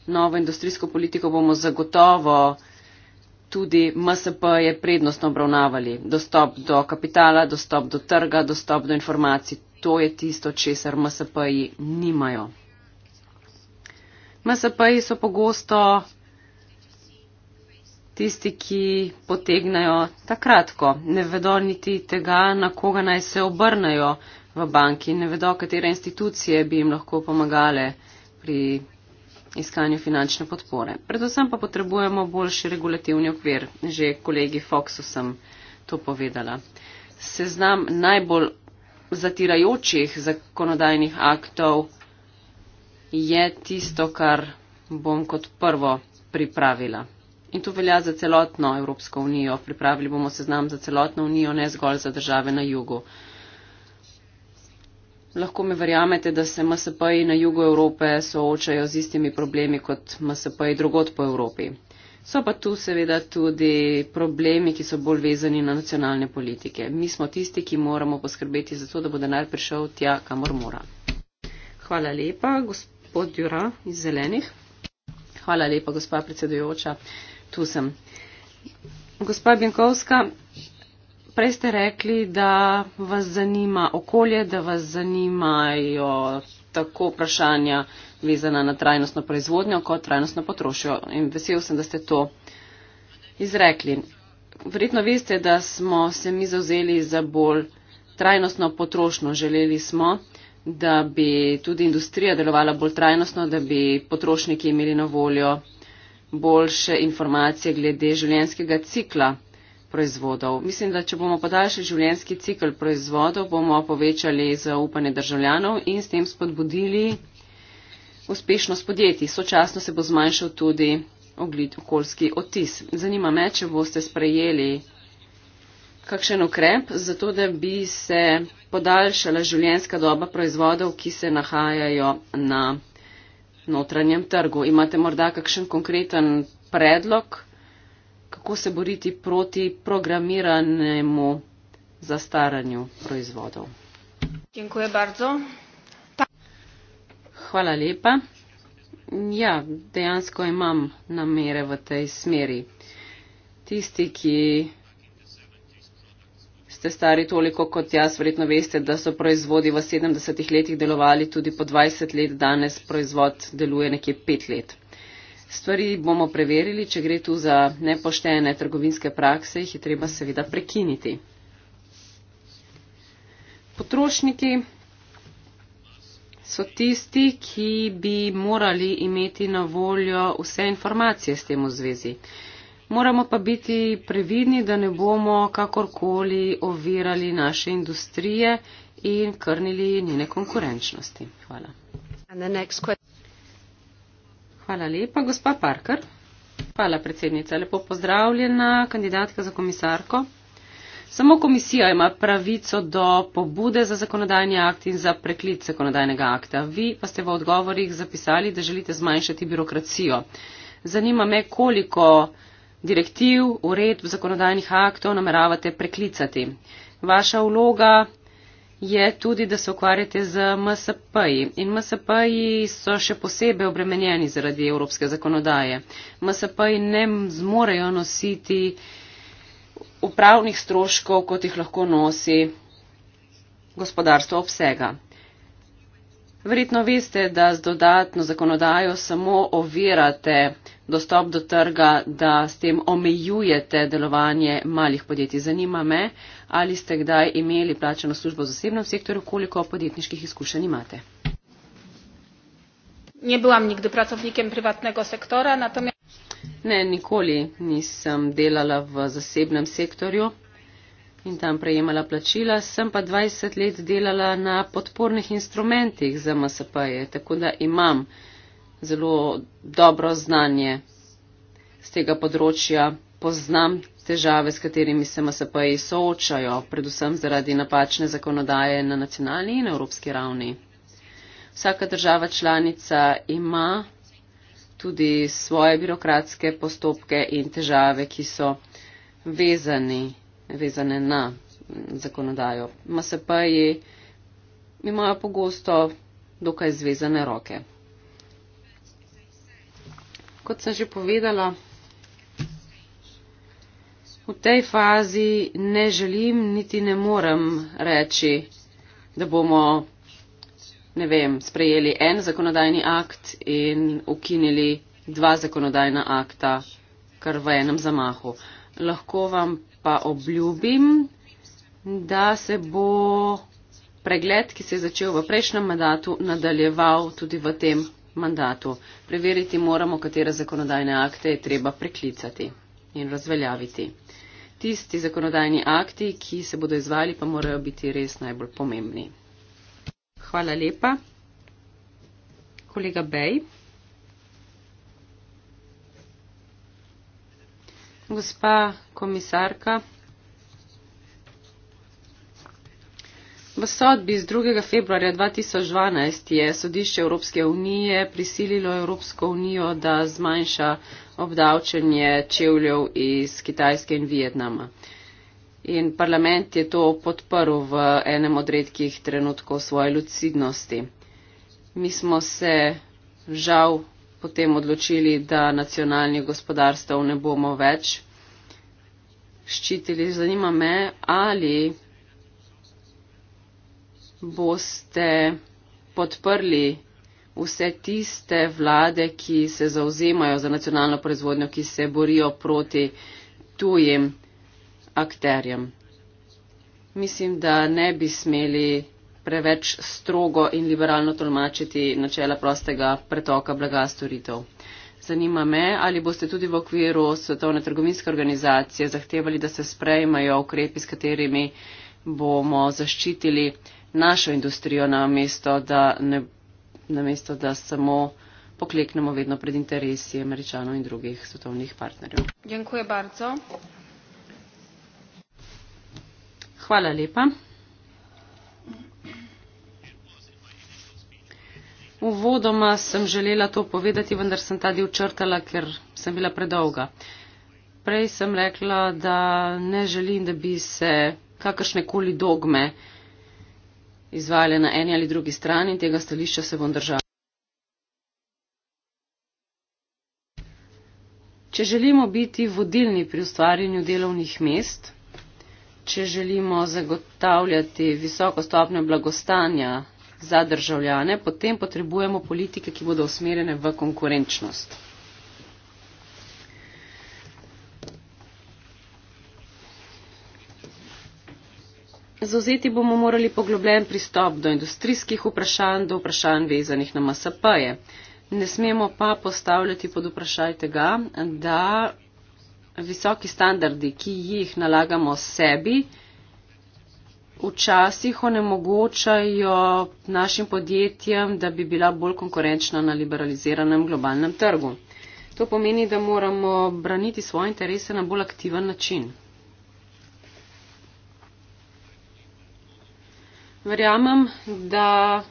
novo industrijsko politiko, bomo zagotovo tudi MSP je prednostno obravnavali. Dostop do kapitala, dostop do trga, dostop do informacij. To je tisto, česar MSP-ji nimajo. MSP-ji so pogosto tisti, ki potegnajo takratko. Ne vedo niti tega, na koga naj se obrnajo v banki. Ne vedo, katere institucije bi jim lahko pomagale pri iskanju finančne podpore. Predvsem pa potrebujemo boljši regulativni okvir. Že kolegi Foxu sem to povedala. Seznam najbolj zatirajočih zakonodajnih aktov je tisto, kar bom kot prvo pripravila. In to velja za celotno Evropsko unijo. Pripravili bomo seznam za celotno unijo, ne zgolj za države na jugu. Lahko mi verjamete, da se MSP-ji na jugu Evrope soočajo z istimi problemi kot MSP-ji drugot po Evropi. So pa tu seveda tudi problemi, ki so bolj vezani na nacionalne politike. Mi smo tisti, ki moramo poskrbeti za to, da bo denar prišel tja, kamor mora. Hvala lepa. Gospod gospod Dura iz Zelenih. Hvala lepa, gospa predsedujoča, tu sem. Gospa Binkovska, prej ste rekli, da vas zanima okolje, da vas zanimajo tako vprašanja vezana na trajnostno proizvodnjo kot trajnostno potrošnjo. In vesel sem, da ste to izrekli. Verjetno veste, da smo se mi zauzeli za bolj trajnostno potrošnjo. Želeli smo da bi tudi industrija delovala bolj trajnostno, da bi potrošniki imeli na voljo boljše informacije glede življenskega cikla proizvodov. Mislim, da če bomo podaljšali življenski cikl proizvodov, bomo povečali zaupanje državljanov in s tem spodbudili uspešnost podjetij. Sočasno se bo zmanjšal tudi okoljski otis. Zanima me, če boste sprejeli kakšen ukrep, zato da bi se podaljšala življenska doba proizvodov, ki se nahajajo na notranjem trgu. Imate morda kakšen konkreten predlog, kako se boriti proti programiranemu zastaranju proizvodov? Hvala lepa. Ja, dejansko imam namere v tej smeri. Tisti, ki ste stari toliko kot jaz, verjetno veste, da so proizvodi v 70-ih letih delovali tudi po 20 let, danes proizvod deluje nekje 5 let. Stvari bomo preverili, če gre tu za nepoštene trgovinske prakse, jih je treba seveda prekiniti. Potrošniki so tisti, ki bi morali imeti na voljo vse informacije s tem v zvezi. Uh, Moramo pa biti previdni, da ne bomo kakorkoli ovirali naše industrije in krnili njene konkurenčnosti. Hvala. Hvala lepa, gospa Parker. Hvala, predsednica. Lepo pozdravljena, kandidatka za komisarko. Samo komisija ima pravico do pobude za zakonodajni akt in za preklic zakonodajnega akta. Vi pa ste v odgovorih zapisali, da želite zmanjšati birokracijo. Zanima me, koliko direktiv, uredb, zakonodajnih aktov nameravate preklicati. Vaša vloga je tudi, da se ukvarjate z MSP-ji. In MSP-ji so še posebej obremenjeni zaradi evropske zakonodaje. MSP-ji ne zmorejo nositi upravnih stroškov, kot jih lahko nosi gospodarstvo obsega. Verjetno veste, da z dodatno zakonodajo samo ovirate dostop do trga, da s tem omejujete delovanje malih podjetij. Zanima me, ali ste kdaj imeli plačeno službo v zasebnem sektorju, koliko podjetniških izkušenj imate. Ne, natomja... ne, nikoli nisem delala v zasebnem sektorju in tam prejemala plačila, sem pa 20 let delala na podpornih instrumentih za MSP-je, tako da imam zelo dobro znanje z tega področja, poznam težave, s katerimi se MSP-ji soočajo, predvsem zaradi napačne zakonodaje na nacionalni in evropski ravni. Vsaka država članica ima tudi svoje birokratske postopke in težave, ki so vezani vezane na zakonodajo. MSP-ji imajo pogosto dokaj zvezane roke. Kot sem že povedala, v tej fazi ne želim niti ne morem reči, da bomo ne vem, sprejeli en zakonodajni akt in ukinili dva zakonodajna akta kar v enem zamahu. Lahko vam pa obljubim, da se bo pregled, ki se je začel v prejšnjem mandatu, nadaljeval tudi v tem mandatu. Preveriti moramo, katere zakonodajne akte je treba preklicati in razveljaviti. Tisti zakonodajni akti, ki se bodo izvali, pa morajo biti res najbolj pomembni. Hvala lepa. Kolega Bej. Gospa komisarka, v sodbi z 2. februarja 2012 je sodišče Evropske unije prisililo Evropsko unijo, da zmanjša obdavčenje čevljev iz Kitajske in Vietnama. In parlament je to podprl v enem od redkih trenutkov svoje lucidnosti. Mi smo se žal potem odločili, da nacionalnih gospodarstv ne bomo več ščitili. Zanima me, ali boste podprli vse tiste vlade, ki se zauzemajo za nacionalno proizvodnjo, ki se borijo proti tujim akterjem. Mislim, da ne bi smeli preveč strogo in liberalno tolmačiti načela prostega pretoka blaga storitev. Zanima me, ali boste tudi v okviru Svetovne trgovinske organizacije zahtevali, da se sprejmajo ukrepi, s katerimi bomo zaščitili našo industrijo, namesto da, ne, namesto, da samo pokleknemo vedno pred interesi američanov in drugih svetovnih partnerjev. Hvala lepa. Uvodoma sem želela to povedati, vendar sem ta del črtala, ker sem bila predolga. Prej sem rekla, da ne želim, da bi se kakršne koli dogme izvajale na eni ali drugi strani in tega stališča se bom držala. Če želimo biti vodilni pri ustvarjanju delovnih mest, če želimo zagotavljati visoko stopnjo blagostanja za državljane, potem potrebujemo politike, ki bodo usmerjene v konkurenčnost. Zauzeti bomo morali poglobljen pristop do industrijskih vprašanj, do vprašanj vezanih na MSP-je. Ne smemo pa postavljati pod vprašaj tega, da visoki standardi, ki jih nalagamo sebi, včasih onemogočajo našim podjetjem, da bi bila bolj konkurenčna na liberaliziranem globalnem trgu. To pomeni, da moramo braniti svoje interese na bolj aktiven način. Verjamem, da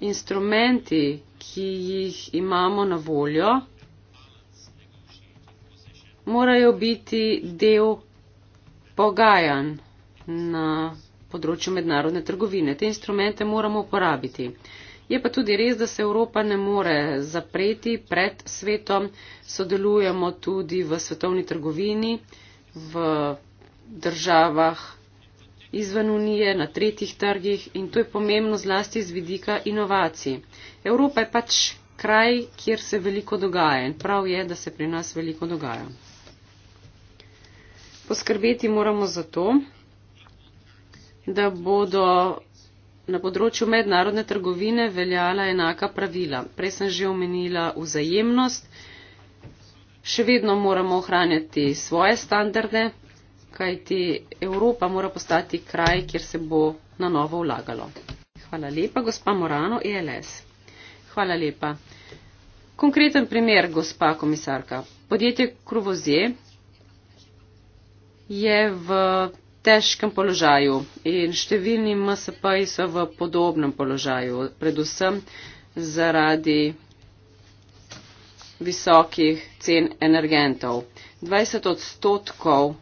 instrumenti, ki jih imamo na voljo, morajo biti del pogajanj na področju mednarodne trgovine. Te instrumente moramo uporabiti. Je pa tudi res, da se Evropa ne more zapreti pred svetom. Sodelujemo tudi v svetovni trgovini, v državah izven Unije, na tretjih trgih in to je pomembno zlasti z vidika inovacij. Evropa je pač kraj, kjer se veliko dogaja in prav je, da se pri nas veliko dogaja. Poskrbeti moramo za to, da bodo na področju mednarodne trgovine veljala enaka pravila. Prej sem že omenila vzajemnost. Še vedno moramo ohranjati svoje standarde, kajti Evropa mora postati kraj, kjer se bo na novo vlagalo. Hvala lepa, gospa Morano, ELS. Hvala lepa. Konkreten primer, gospa komisarka. Podjetje Krovozje je v težkem položaju in številni MSP-ji so v podobnem položaju, predvsem zaradi visokih cen energentov. 20 odstotkov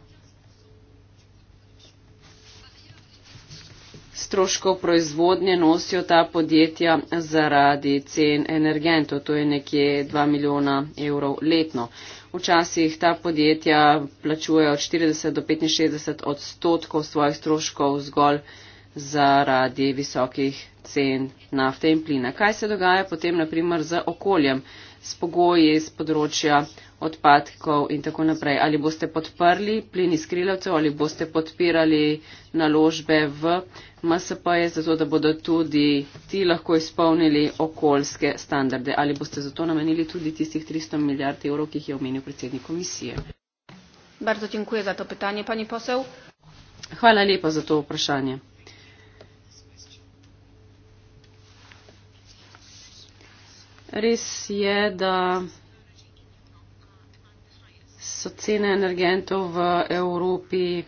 stroškov proizvodnje nosijo ta podjetja zaradi cen energentov, to je nekje 2 milijona evrov letno. Včasih ta podjetja plačujejo od 40 do 65 odstotkov svojih stroškov zgolj zaradi visokih cen nafte in plina. Kaj se dogaja potem naprimer z okoljem? s pogoji iz področja odpadkov in tako naprej. Ali boste podprli plin iz krilavcev ali boste podpirali naložbe v MSP-je, zato da bodo tudi ti lahko izpolnili okoljske standarde. Ali boste zato namenili tudi tistih 300 milijard evrov, ki jih je omenil predsednik komisije? Bardzo dziękuję za to pytanie, pani poseł. Hvala lepa za to vprašanje. Res je, da so cene energentov v Evropi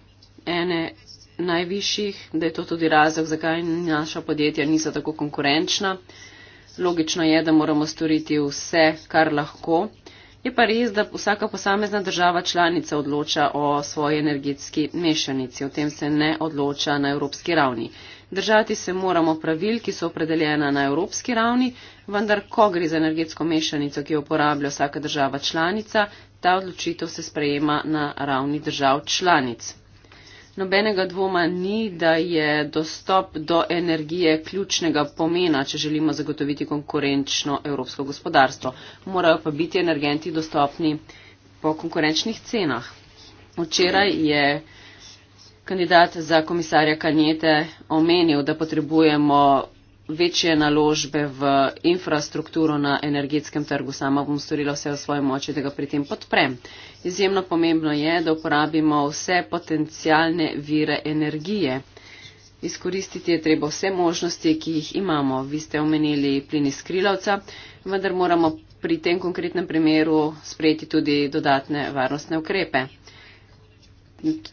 ene najvišjih, da je to tudi razlog, zakaj naša podjetja niso tako konkurenčna. Logično je, da moramo storiti vse, kar lahko. Je pa res, da vsaka posamezna država članica odloča o svoji energetski mešanici. O tem se ne odloča na evropski ravni. Držati se moramo pravil, ki so opredeljena na evropski ravni, vendar ko gre za energetsko mešanico, ki jo uporablja vsaka država članica, ta odločitev se sprejema na ravni držav članic. Nobenega dvoma ni, da je dostop do energije ključnega pomena, če želimo zagotoviti konkurenčno evropsko gospodarstvo. Morajo pa biti energenti dostopni po konkurenčnih cenah. Včeraj je kandidat za komisarja Kanjete omenil, da potrebujemo večje naložbe v infrastrukturo na energetskem trgu. Sama bom storila vse v svoji moči, da ga pri tem podprem. Izjemno pomembno je, da uporabimo vse potencijalne vire energije. Izkoristiti je treba vse možnosti, ki jih imamo. Vi ste omenili plin iz krilovca, vendar moramo pri tem konkretnem primeru sprejeti tudi dodatne varnostne ukrepe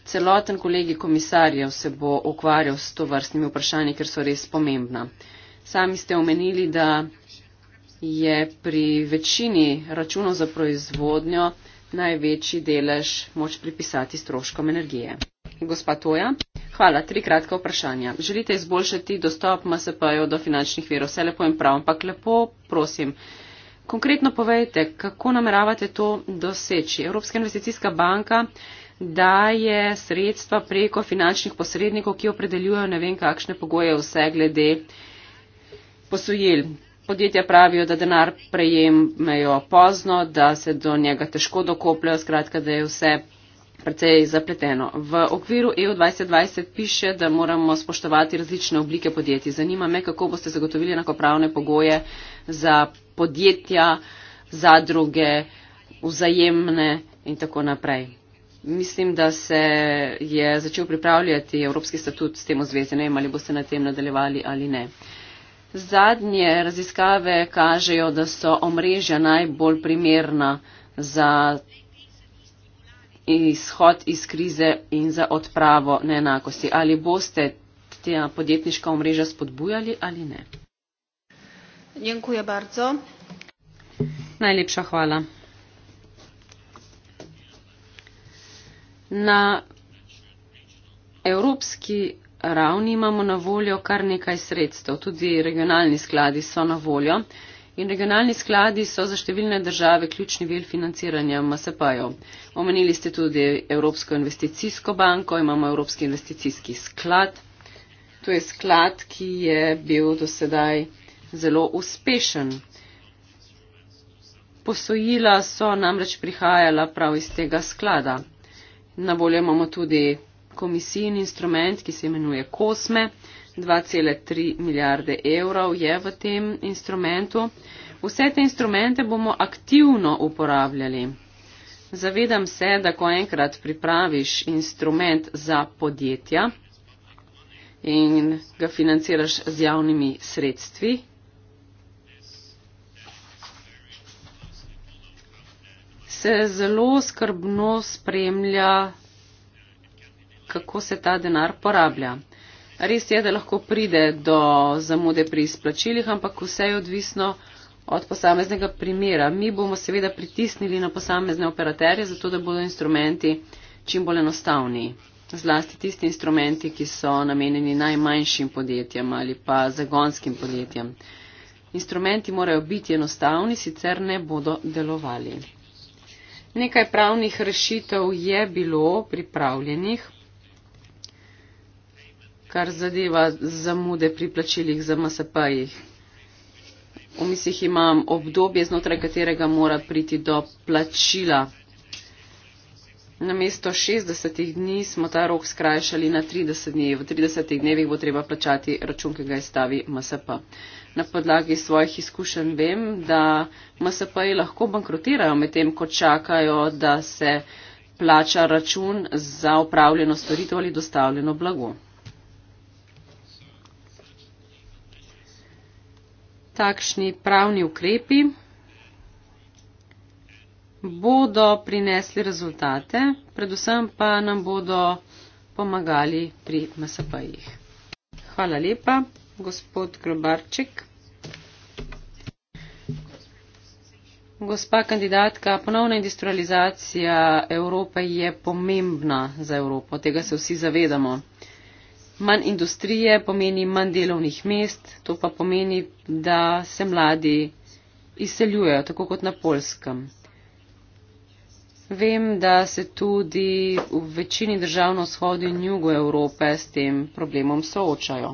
celoten kolegi komisarjev se bo ukvarjal s to vrstnimi vprašanji, ker so res pomembna. Sami ste omenili, da je pri večini računov za proizvodnjo največji delež moč pripisati stroškom energije. Gospa Toja, hvala, tri kratka vprašanja. Želite izboljšati dostop MSP-jo do finančnih verov, vse lepo in prav, ampak lepo prosim. Konkretno povejte, kako nameravate to doseči. Evropska investicijska banka da je sredstva preko finančnih posrednikov, ki opredeljujejo ne vem kakšne pogoje vse glede posojil. Podjetja pravijo, da denar prejemajo pozno, da se do njega težko dokopljajo, skratka, da je vse precej zapleteno. V okviru EU 2020 piše, da moramo spoštovati različne oblike podjetij. Zanima me, kako boste zagotovili enakopravne pogoje za podjetja, zadruge, vzajemne in tako naprej. Mislim, da se je začel pripravljati Evropski statut s tem v zvezi. Ne vem, ali boste na tem nadaljevali ali ne. Zadnje raziskave kažejo, da so omrežja najbolj primerna za izhod iz krize in za odpravo neenakosti. Ali boste te podjetniška omrežja spodbujali ali ne? Najlepša hvala. Na evropski ravni imamo na voljo kar nekaj sredstev, tudi regionalni skladi so na voljo. In regionalni skladi so za številne države ključni vir financiranja MSP-jev. Omenili ste tudi Evropsko investicijsko banko, imamo Evropski investicijski sklad. To je sklad, ki je bil do sedaj zelo uspešen. Posojila so namreč prihajala prav iz tega sklada. Na voljo imamo tudi komisijni instrument, ki se imenuje Kosme. 2,3 milijarde evrov je v tem instrumentu. Vse te instrumente bomo aktivno uporabljali. Zavedam se, da ko enkrat pripraviš instrument za podjetja in ga financiraš z javnimi sredstvi, se zelo skrbno spremlja, kako se ta denar porablja. Res je, da lahko pride do zamude pri izplačilih, ampak vse je odvisno od posameznega primera. Mi bomo seveda pritisnili na posamezne operaterje, zato da bodo instrumenti čim bolj enostavni. Zlasti tisti instrumenti, ki so namenjeni najmanjšim podjetjem ali pa zagonskim podjetjem. Instrumenti morajo biti enostavni, sicer ne bodo delovali. Nekaj pravnih rešitev je bilo pripravljenih, kar zadeva zamude pri plačilih za MSP-jih. V mislih imam obdobje, znotraj katerega mora priti do plačila Namesto 60 dni smo ta rok skrajšali na 30 dni. V 30 dnevih bo treba plačati račun, ki ga izstavi MSP. Na podlagi svojih izkušenj vem, da MSP-ji lahko bankrotirajo medtem, ko čakajo, da se plača račun za upravljeno storitev ali dostavljeno blago. Takšni pravni ukrepi bodo prinesli rezultate, predvsem pa nam bodo pomagali pri MSP-jih. Hvala lepa, gospod Grobarček. Gospa kandidatka, ponovna industrializacija Evrope je pomembna za Evropo, tega se vsi zavedamo. Manj industrije pomeni manj delovnih mest, to pa pomeni, da se mladi izseljujejo, tako kot na polskem. Vem, da se tudi v večini držav na vzhodu in jugu Evrope s tem problemom soočajo.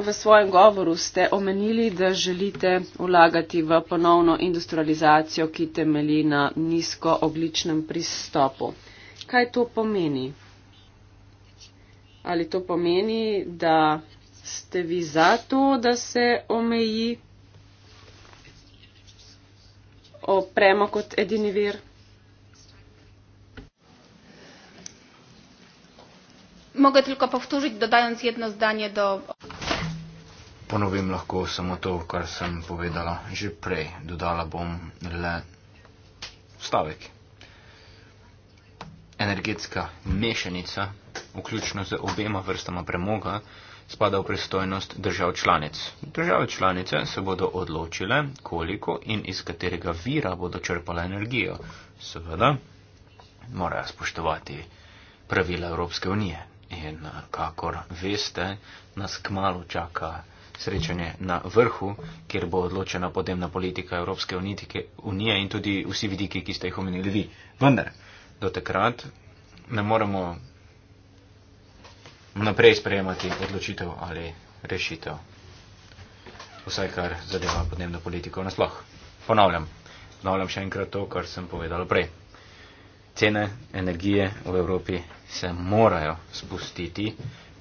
V svojem govoru ste omenili, da želite vlagati v ponovno industrializacijo, ki temeli na nizkoogličnem pristopu. Kaj to pomeni? Ali to pomeni, da ste vi za to, da se omeji o premo kot edini vir? Mogu tylko povtoriti, dodając jedno zdanje do... Ponovim lahko samo to, kar sem povedala že prej. Dodala bom le stavek. Energetska mešanica, vključno z obema vrstama premoga, spada v pristojnost držav članic. Države članice se bodo odločile, koliko in iz katerega vira bodo črpale energijo. Seveda morajo spoštovati pravila Evropske unije. In kakor veste, nas kmalo čaka srečanje na vrhu, kjer bo odločena podnebna politika Evropske unije in tudi vsi vidiki, ki ste jih omenili vi. Vendar, do takrat ne moremo naprej sprejemati odločitev ali rešitev. Vsaj kar zadeva podnebno politiko nasloh. Ponavljam, ponavljam še enkrat to, kar sem povedal prej. Cene energije v Evropi se morajo spustiti.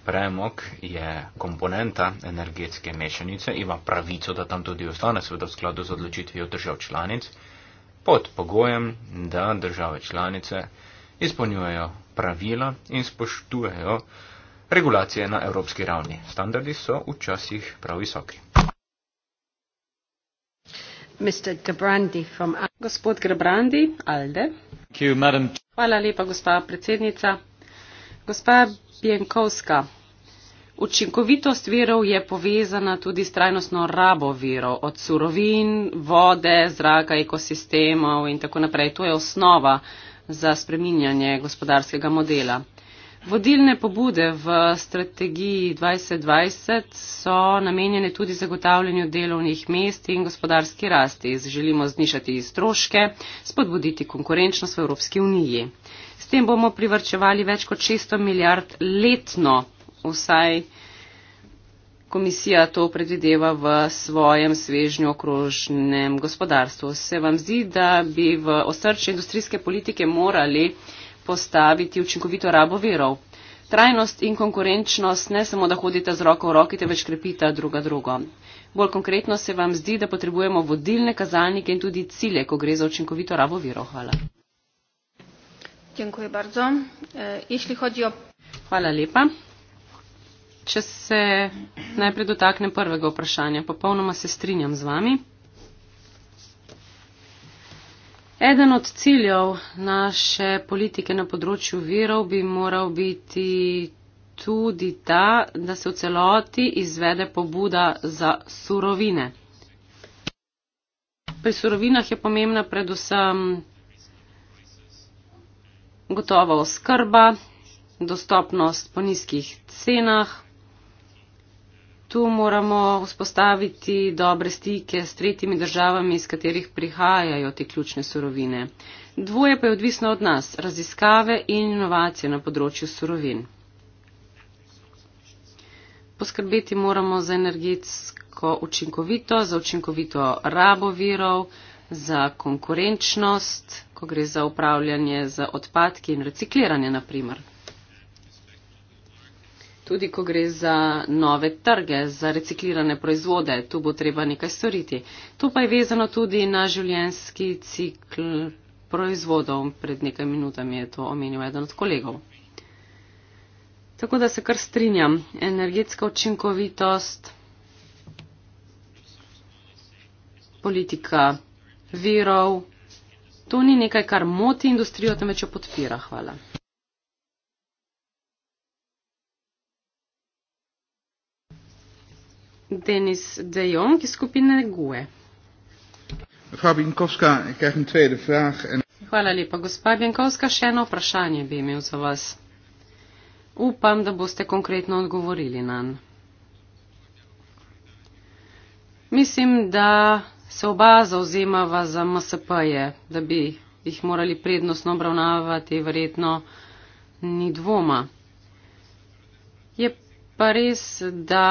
Premok je komponenta energetske mešanice, ima pravico, da tam tudi ostane, seveda v skladu z odločitvijo držav članic, pod pogojem, da države članice izpolnjujejo pravila in spoštujejo regulacije na evropski ravni. Standardi so včasih prav visoki. Gospod Grabrandi, Alde. You, Hvala lepa, gospa predsednica. Gospa Bjenkovska, učinkovitost verov je povezana tudi s trajnostno rabo verov, od surovin, vode, zraka, ekosistemov in tako naprej. To je osnova za spreminjanje gospodarskega modela. Vodilne pobude v strategiji 2020 so namenjene tudi zagotavljanju delovnih mest in gospodarski rasti. Želimo znišati stroške, spodbuditi konkurenčnost v Evropski uniji. S tem bomo privrčevali več kot 600 milijard letno, vsaj komisija to predvideva v svojem svežnju okrožnem gospodarstvu. Se vam zdi, da bi v osrčju industrijske politike morali vzpostaviti učinkovito rabo verov. Trajnost in konkurenčnost ne samo, da hodite z roko v roki, temveč krepita druga drugo. Bolj konkretno se vam zdi, da potrebujemo vodilne kazalnike in tudi cilje, ko gre za učinkovito rabo virov. Hvala. E, Hvala lepa. Če se najprej dotaknem prvega vprašanja, popolnoma se strinjam z vami. Eden od ciljev naše politike na področju virov bi moral biti tudi ta, da se v celoti izvede pobuda za surovine. Pri surovinah je pomembna predvsem gotova oskrba, dostopnost po nizkih cenah, Tu moramo vzpostaviti dobre stike s tretjimi državami, iz katerih prihajajo te ključne surovine. Dvoje pa je odvisno od nas - raziskave in inovacije na področju surovin. Poskrbeti moramo za energetsko učinkovito, za učinkovito rabo virov, za konkurenčnost, ko gre za upravljanje z odpadki in recikliranje, naprimer tudi ko gre za nove trge, za reciklirane proizvode, tu bo treba nekaj storiti. To pa je vezano tudi na življenski cikl proizvodov. Pred nekaj minutami je to omenil eden od kolegov. Tako da se kar strinjam. Energetska učinkovitost, politika virov, to ni nekaj, kar moti industrijo, temveč jo podpira. Hvala. Dennis de Jong, skupine GUE. Mevrouw Binkowska, ik krijg een tweede vraag. En... Hvala lepa, gospa Binkowska, še eno vprašanje bi imel za vas. Upam, da boste konkretno odgovorili na nj. Mislim, da se oba zauzemava za MSP-je, da bi jih morali prednostno obravnavati, verjetno ni dvoma. Je pa res, da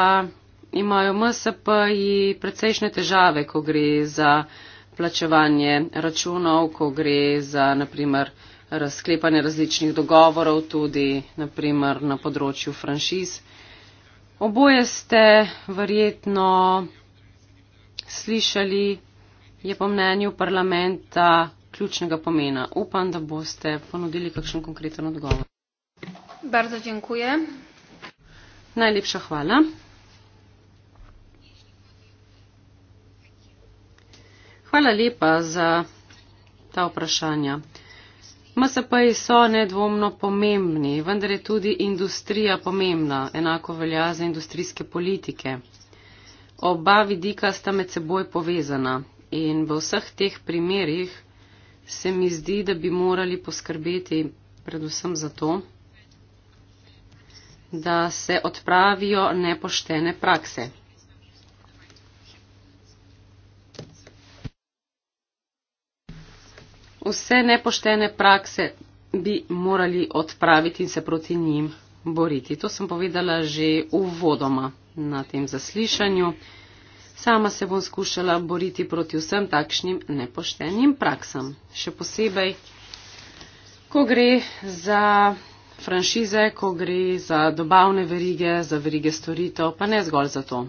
imajo MSP-ji precejšnje težave, ko gre za plačevanje računov, ko gre za naprimer razklepanje različnih dogovorov, tudi naprimer na področju franšiz. Oboje ste verjetno slišali, je po mnenju parlamenta ključnega pomena. Upam, da boste ponudili kakšen konkreten odgovor. Bardzo dziękuję. Najlepša hvala. Hvala lepa za ta vprašanja. MSP-ji so nedvomno pomembni, vendar je tudi industrija pomembna, enako velja za industrijske politike. Oba vidika sta med seboj povezana in v vseh teh primerjih se mi zdi, da bi morali poskrbeti predvsem za to, da se odpravijo nepoštene prakse. vse nepoštene prakse bi morali odpraviti in se proti njim boriti. To sem povedala že uvodoma na tem zaslišanju. Sama se bom skušala boriti proti vsem takšnim nepoštenim praksam. Še posebej, ko gre za franšize, ko gre za dobavne verige, za verige storitev, pa ne zgolj za to,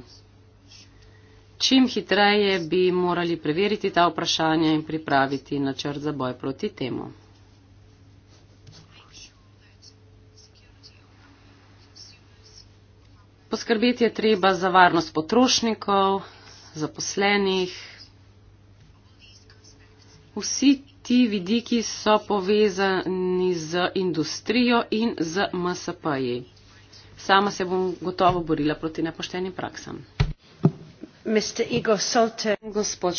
čim hitreje bi morali preveriti ta vprašanja in pripraviti načrt za boj proti temu. Poskrbeti je treba za varnost potrošnikov, zaposlenih. Vsi ti vidiki so povezani z industrijo in z MSP-ji. Sama se bom gotovo borila proti nepoštenim praksam gospa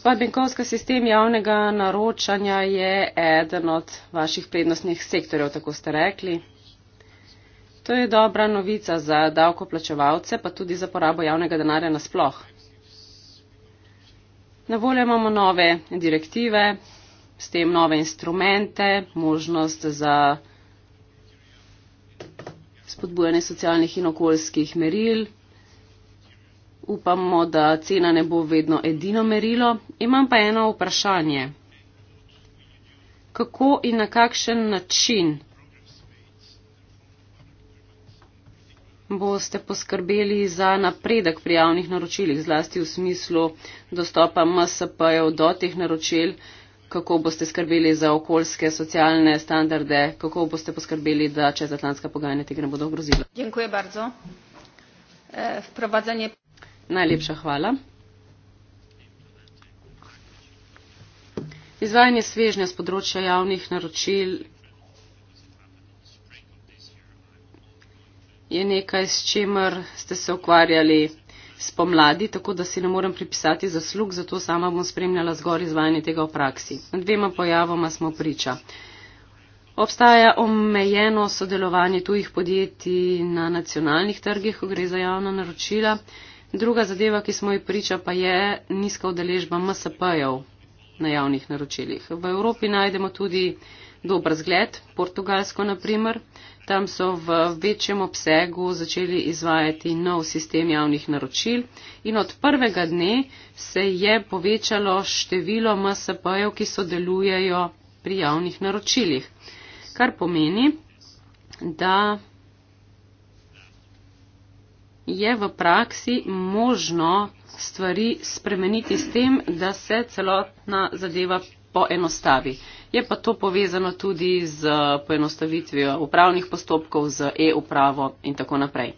benkovska sistem javnega naročanja je eden od vaših prednostnih sektorjev tako ste rekli. To je dobra novica za davkoplačevalce pa tudi za porabo javnega denarja nasploh. Na voljo imamo nove direktive, s tem nove instrumente, možnost za spodbujanje socialnih in okoljskih meril. Upamo, da cena ne bo vedno edino merilo. Imam pa eno vprašanje. Kako in na kakšen način boste poskrbeli za napredek pri javnih naročilih, zlasti v smislu dostopa MSP-jev do teh naročil? kako boste skrbeli za okoljske, socialne standarde, kako boste poskrbeli, da čezatlantska pogajanja tega ne bodo grozila. Dziękuję bardzo. E, wprowadzenie. Najlepša hvala. Izvajanje svežnja z področja javnih naročil je nekaj, s čimer ste se ukvarjali spomladi, tako da si ne morem pripisati zaslug, zato sama bom spremljala zgor izvajanje tega v praksi. Dvema pojavoma smo priča. Obstaja omejeno sodelovanje tujih podjetij na nacionalnih trgih, ko gre za javna naročila. Druga zadeva, ki smo ji priča, pa je nizka udeležba MSP-jev na javnih naročilih. V Evropi najdemo tudi dober zgled, Portugalsko naprimer. Tam so v večjem obsegu začeli izvajati nov sistem javnih naročil in od prvega dne se je povečalo število MSP-jev, ki sodelujejo pri javnih naročilih. Kar pomeni, da je v praksi možno stvari spremeniti s tem, da se celotna zadeva poenostavi. Je pa to povezano tudi z poenostavitvijo upravnih postopkov, z e-upravo in tako naprej.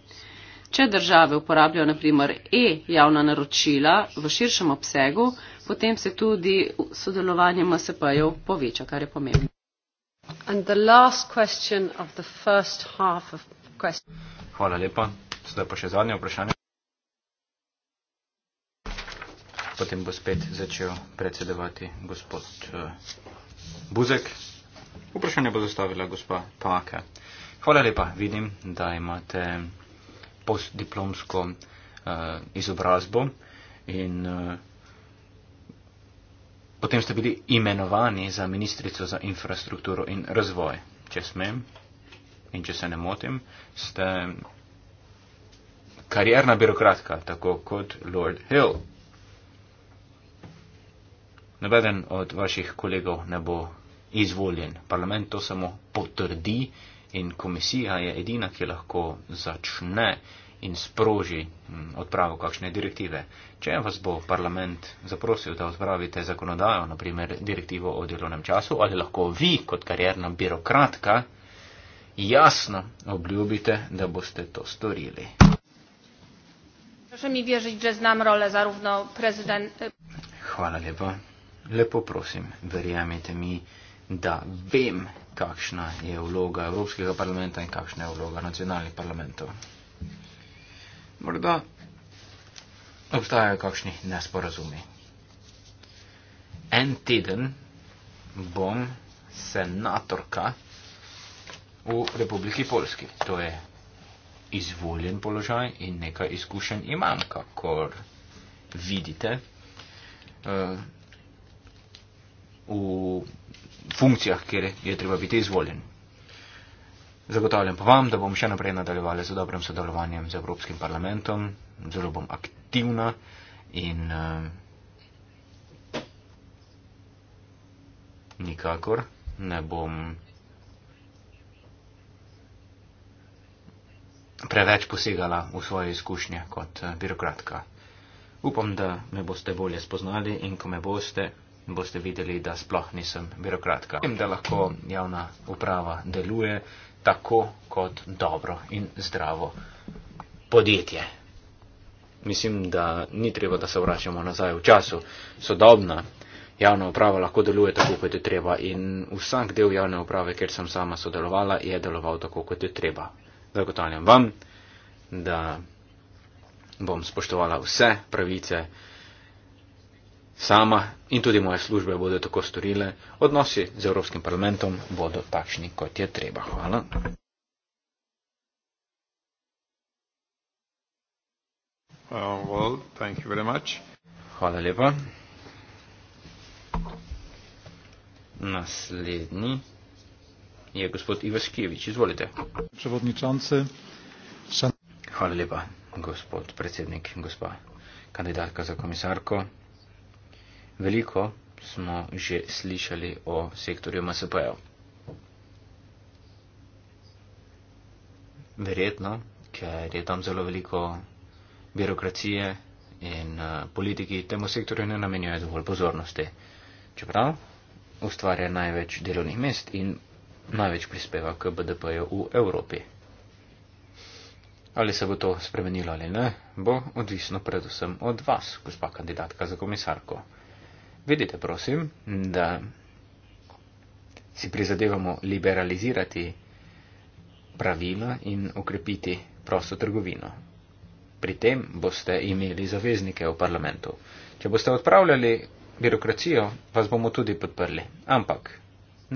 Če države uporabljajo naprimer e-javna naročila v širšem obsegu, potem se tudi sodelovanje MSP-jev poveča, kar je pomembno. Hvala lepa. Zdaj pa še zadnje vprašanje. Potem bo spet začel predsedovati gospod. Uh, Buzek. Vprašanje bo zastavila gospa Pavake. Hvala lepa, vidim, da imate postdiplomsko uh, izobrazbo in uh, potem ste bili imenovani za ministrico za infrastrukturo in razvoj. Če smem in če se ne motim, ste karjerna birokratka, tako kot Lord Hill. Nobeden od vaših kolegov ne bo izvoljen. Parlament to samo potrdi in komisija je edina, ki lahko začne in sproži mm, odpravo kakšne direktive. Če vas bo parlament zaprosil, da odpravite zakonodajo, naprimer direktivo o delovnem času, ali lahko vi kot karjerna birokratka jasno obljubite, da boste to storili. Proszę mi wierzyć, że znam rolę zarówno prezydent. Chwała lepo. Lepo prosim, wyjaśnijcie mi da vem, kakšna je vloga Evropskega parlamenta in kakšna je vloga nacionalnih parlamentov. Morda obstajajo kakšni nesporazumi. En teden bom senatorka v Republiki Polski. To je izvoljen položaj in nekaj izkušenj imam, kakor vidite. Uh, v funkcijah, kjer je treba biti izvoljen. Zagotavljam pa vam, da bom še naprej nadaljevala z dobrim sodelovanjem z Evropskim parlamentom, zelo bom aktivna in uh, nikakor ne bom preveč posegala v svoje izkušnje kot uh, birokratka. Upam, da me boste bolje spoznali in ko me boste, boste videli, da sploh nisem birokratka. Vem, da lahko javna uprava deluje tako kot dobro in zdravo podjetje. Mislim, da ni treba, da se vračamo nazaj v času. Sodobna javna uprava lahko deluje tako, kot je treba in vsak del javne uprave, kjer sem sama sodelovala, je deloval tako, kot je treba. Zagotavljam vam, da bom spoštovala vse pravice, sama in tudi moje službe bodo tako storile, odnosi z Evropskim parlamentom bodo takšni, kot je treba. Hvala. Uh, well, thank you very much. Hvala lepa. Naslednji je gospod Ivaškevič. Izvolite. Hvala lepa, gospod predsednik, gospa kandidatka za komisarko. Veliko smo že slišali o sektorju MSP-jev. Verjetno, ker je tam zelo veliko birokracije in eh, politiki temu sektorju ne namenjajo dovolj pozornosti. Čeprav ustvarja največ delovnih mest in največ prispeva k BDP-ju v Evropi. Ali se bo to spremenilo ali ne, bo odvisno predvsem od vas, gospa kandidatka za komisarko vedite prosim, da si prizadevamo liberalizirati pravila in okrepiti prosto trgovino. Pri tem boste imeli zaveznike v parlamentu. Če boste odpravljali birokracijo, vas bomo tudi podprli. Ampak,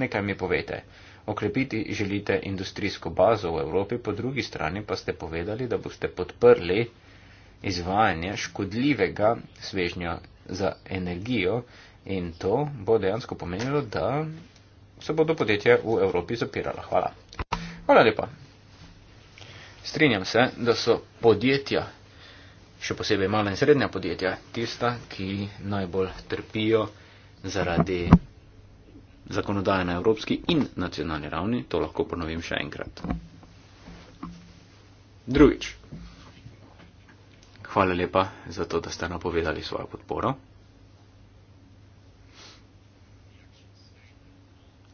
nekaj mi povete. Okrepiti želite industrijsko bazo v Evropi, po drugi strani pa ste povedali, da boste podprli izvajanje škodljivega svežnja za energijo in to bo dejansko pomenilo, da se bodo podjetja v Evropi zapirala. Hvala. Hvala lepa. Strinjam se, da so podjetja, še posebej mala in srednja podjetja, tista, ki najbolj trpijo zaradi zakonodaje na evropski in nacionalni ravni. To lahko ponovim še enkrat. Drugič. Hvala lepa za to, da ste napovedali svojo podporo.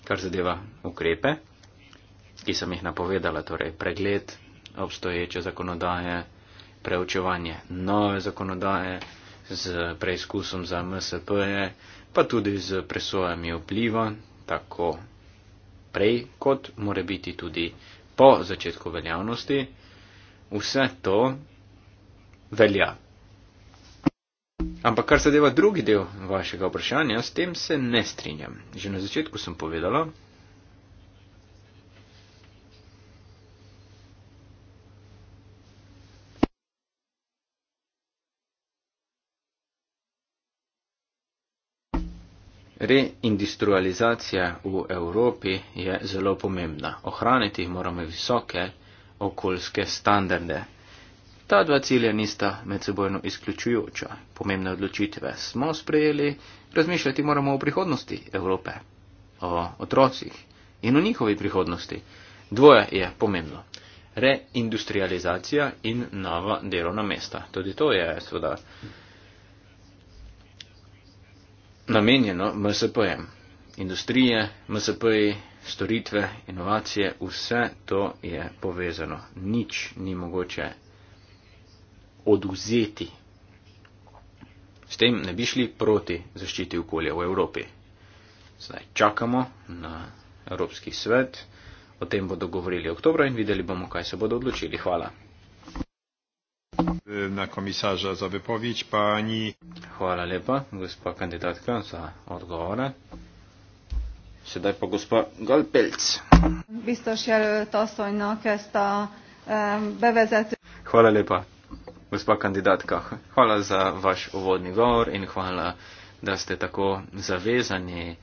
Kar zadeva ukrepe, ki sem jih napovedala, torej pregled obstoječe zakonodaje, preučevanje nove zakonodaje z preizkusom za MSP-je, pa tudi z presojami vpliva, tako prej kot more biti tudi po začetku veljavnosti. Vse to velja. Ampak kar zadeva drugi del vašega vprašanja, s tem se ne strinjam. Že na začetku sem povedala, Reindustrializacija v Evropi je zelo pomembna. Ohraniti moramo visoke okoljske standarde. Ta dva cilja nista medsebojno izključujoča. Pomembne odločitve smo sprejeli, razmišljati moramo o prihodnosti Evrope, o otrocih in o njihovi prihodnosti. Dvoje je pomembno. Reindustrializacija in nova delovna mesta. Tudi to je seveda namenjeno MSP-jem. Industrije, MSP-ji, storitve, inovacije, vse to je povezano. Nič ni mogoče oduzeti. S tem ne bi šli proti zaščiti okolja v Evropi. Zdaj čakamo na Evropski svet, o tem bodo govorili oktober in videli bomo, kaj se bodo odločili. Hvala. Na komisarža za vepovič, pani. Hvala lepa, gospa kandidatka, za odgovore. Sedaj pa gospa Galpelc. Biztos jelöl, tasszonynak ezt a bevezető. Hvala lépa gospa kandidatka, hvala za vaš uvodni govor in hvala, da ste tako zavezani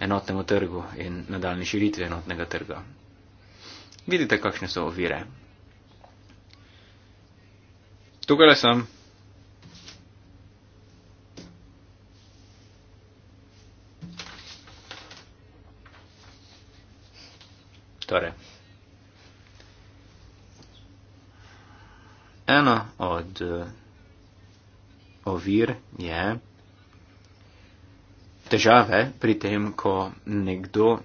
enotnemu trgu in nadaljni širitvi enotnega trga. Vidite, kakšne so ovire. Tukaj sem. Torej. Eno od eh, ovir je težave pri tem, ko nekdo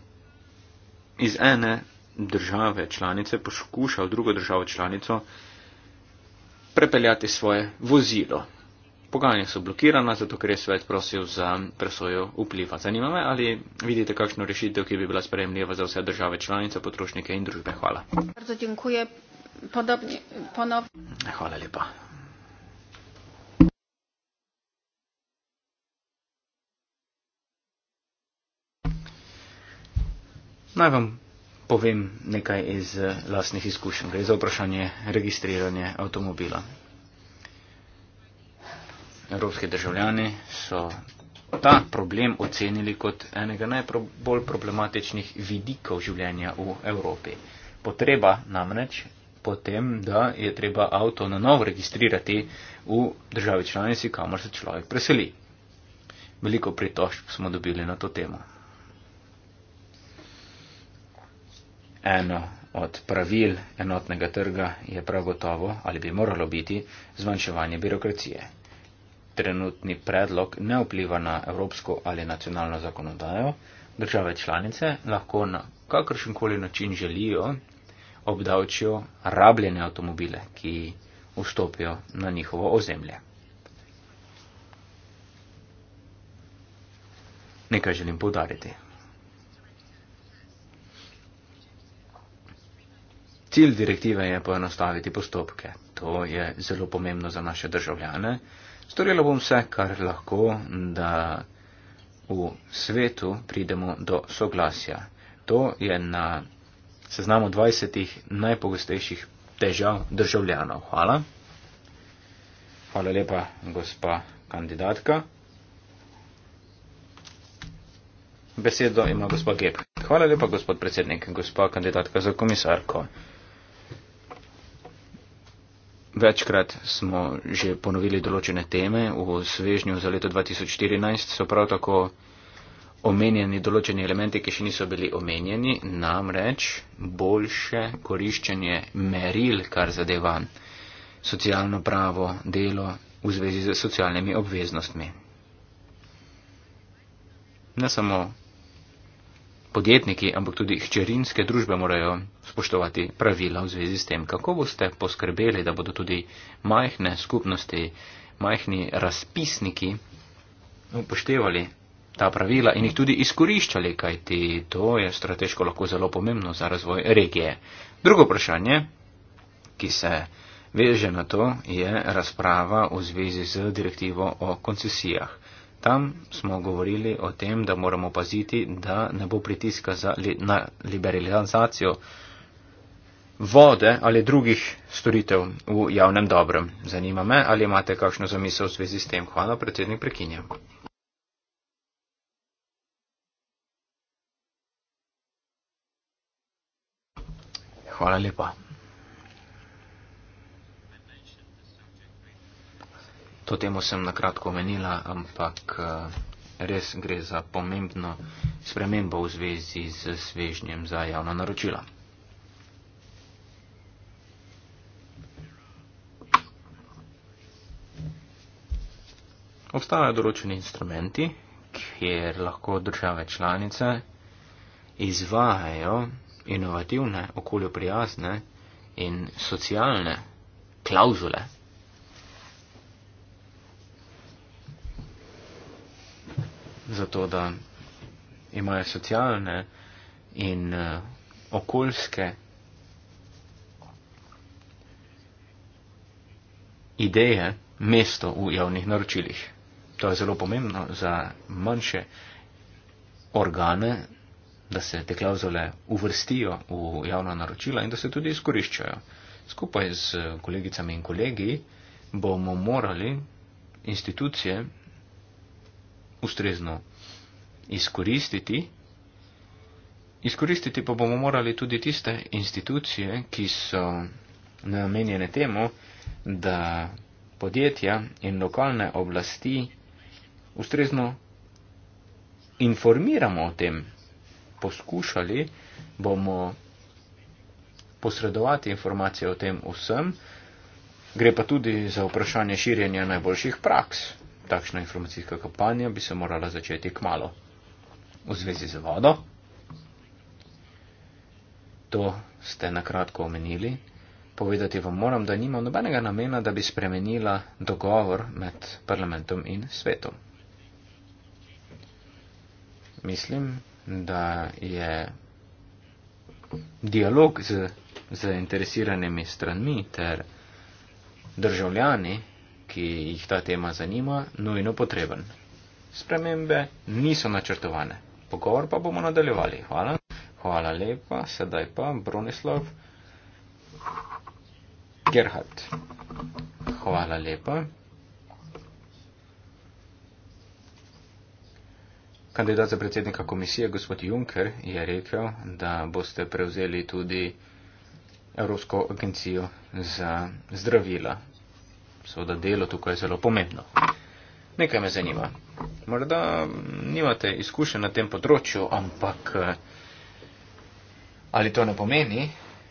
iz ene države članice poskuša v drugo državo članico prepeljati svoje vozilo. Pogajanja so blokirana, zato ker je svet prosil za presojo vpliva. Zanima me, ali vidite kakšno rešitev, ki bi bila sprejemljiva za vse države članice, potrošnike in družbe. Hvala. Hvala lepa. Naj vam povem nekaj iz eh, lastnih izkušenj, gre za vprašanje registriranja avtomobila. Evropski državljani so ta problem ocenili kot enega najbolj problematičnih vidikov življenja v Evropi. Potreba namreč potem, da je treba avto na novo registrirati v državi članici, kamor se človek preseli. Veliko pritožb smo dobili na to temo. eno od pravil enotnega trga je prav gotovo, ali bi moralo biti, zmanjševanje birokracije. Trenutni predlog ne vpliva na evropsko ali nacionalno zakonodajo. Države članice lahko na kakršen koli način želijo obdavčijo rabljene avtomobile, ki vstopijo na njihovo ozemlje. Nekaj želim podariti. Cilj direktive je poenostaviti postopke. To je zelo pomembno za naše državljane. Storila bom vse, kar lahko, da v svetu pridemo do soglasja. To je na seznamu 20 najpogostejših težav državljanov. Hvala. Hvala lepa, gospa kandidatka. Besedo ima gospod Geb. Hvala lepa, gospod predsednik, gospa kandidatka za komisarko. Večkrat smo že ponovili določene teme. V svežnju za leto 2014 so prav tako omenjeni določeni elementi, ki še niso bili omenjeni, namreč boljše koriščenje meril, kar zadeva socialno pravo delo v zvezi z socialnimi obveznostmi. Ne samo podjetniki, ampak tudi hčerinske družbe morajo spoštovati pravila v zvezi s tem, kako boste poskrbeli, da bodo tudi majhne skupnosti, majhni razpisniki upoštevali ta pravila in jih tudi izkoriščali, kajti to je strateško lahko zelo pomembno za razvoj regije. Drugo vprašanje, ki se veže na to, je razprava v zvezi z direktivo o koncesijah tam smo govorili o tem, da moramo paziti, da ne bo pritiska za, na liberalizacijo vode ali drugih storitev v javnem dobrem. Zanima me, ali imate kakšno zamisel v zvezi s tem. Hvala, predsednik, prekinjam. Hvala lepa. To temo sem nakratko omenila, ampak eh, res gre za pomembno spremembo v zvezi z svežnjem za javna naročila. Obstajajo določeni instrumenti, kjer lahko države članice izvajajo inovativne, okoljoprijazne in socialne klauzule zato da imajo socialne in uh, okoljske ideje mesto v javnih naročilih. To je zelo pomembno za manjše organe, da se te klauzule uvrstijo v javna naročila in da se tudi izkoriščajo. Skupaj z kolegicami in kolegi bomo morali institucije ustrezno izkoristiti. Izkoristiti pa bomo morali tudi tiste institucije, ki so namenjene temu, da podjetja in lokalne oblasti ustrezno informiramo o tem. Poskušali bomo posredovati informacije o tem vsem, gre pa tudi za vprašanje širjenja najboljših praks takšna informacijska kampanja bi se morala začeti k malo. V zvezi z vodo, to ste nakratko omenili, povedati vam moram, da nima nobenega namena, da bi spremenila dogovor med parlamentom in svetom. Mislim, da je dialog z zainteresiranimi stranmi ter državljani ki jih ta tema zanima, nujno potreben. Spremembe niso načrtovane. Pogovor pa bomo nadaljevali. Hvala. Hvala lepa. Sedaj pa Bronislav Gerhard. Hvala lepa. Kandidat za predsednika komisije, gospod Juncker, je rekel, da boste prevzeli tudi Evropsko agencijo za zdravila seveda delo tukaj je zelo pomembno. Nekaj me zanima. Morda mm, nimate izkušen na tem področju, ampak eh, ali to ne pomeni,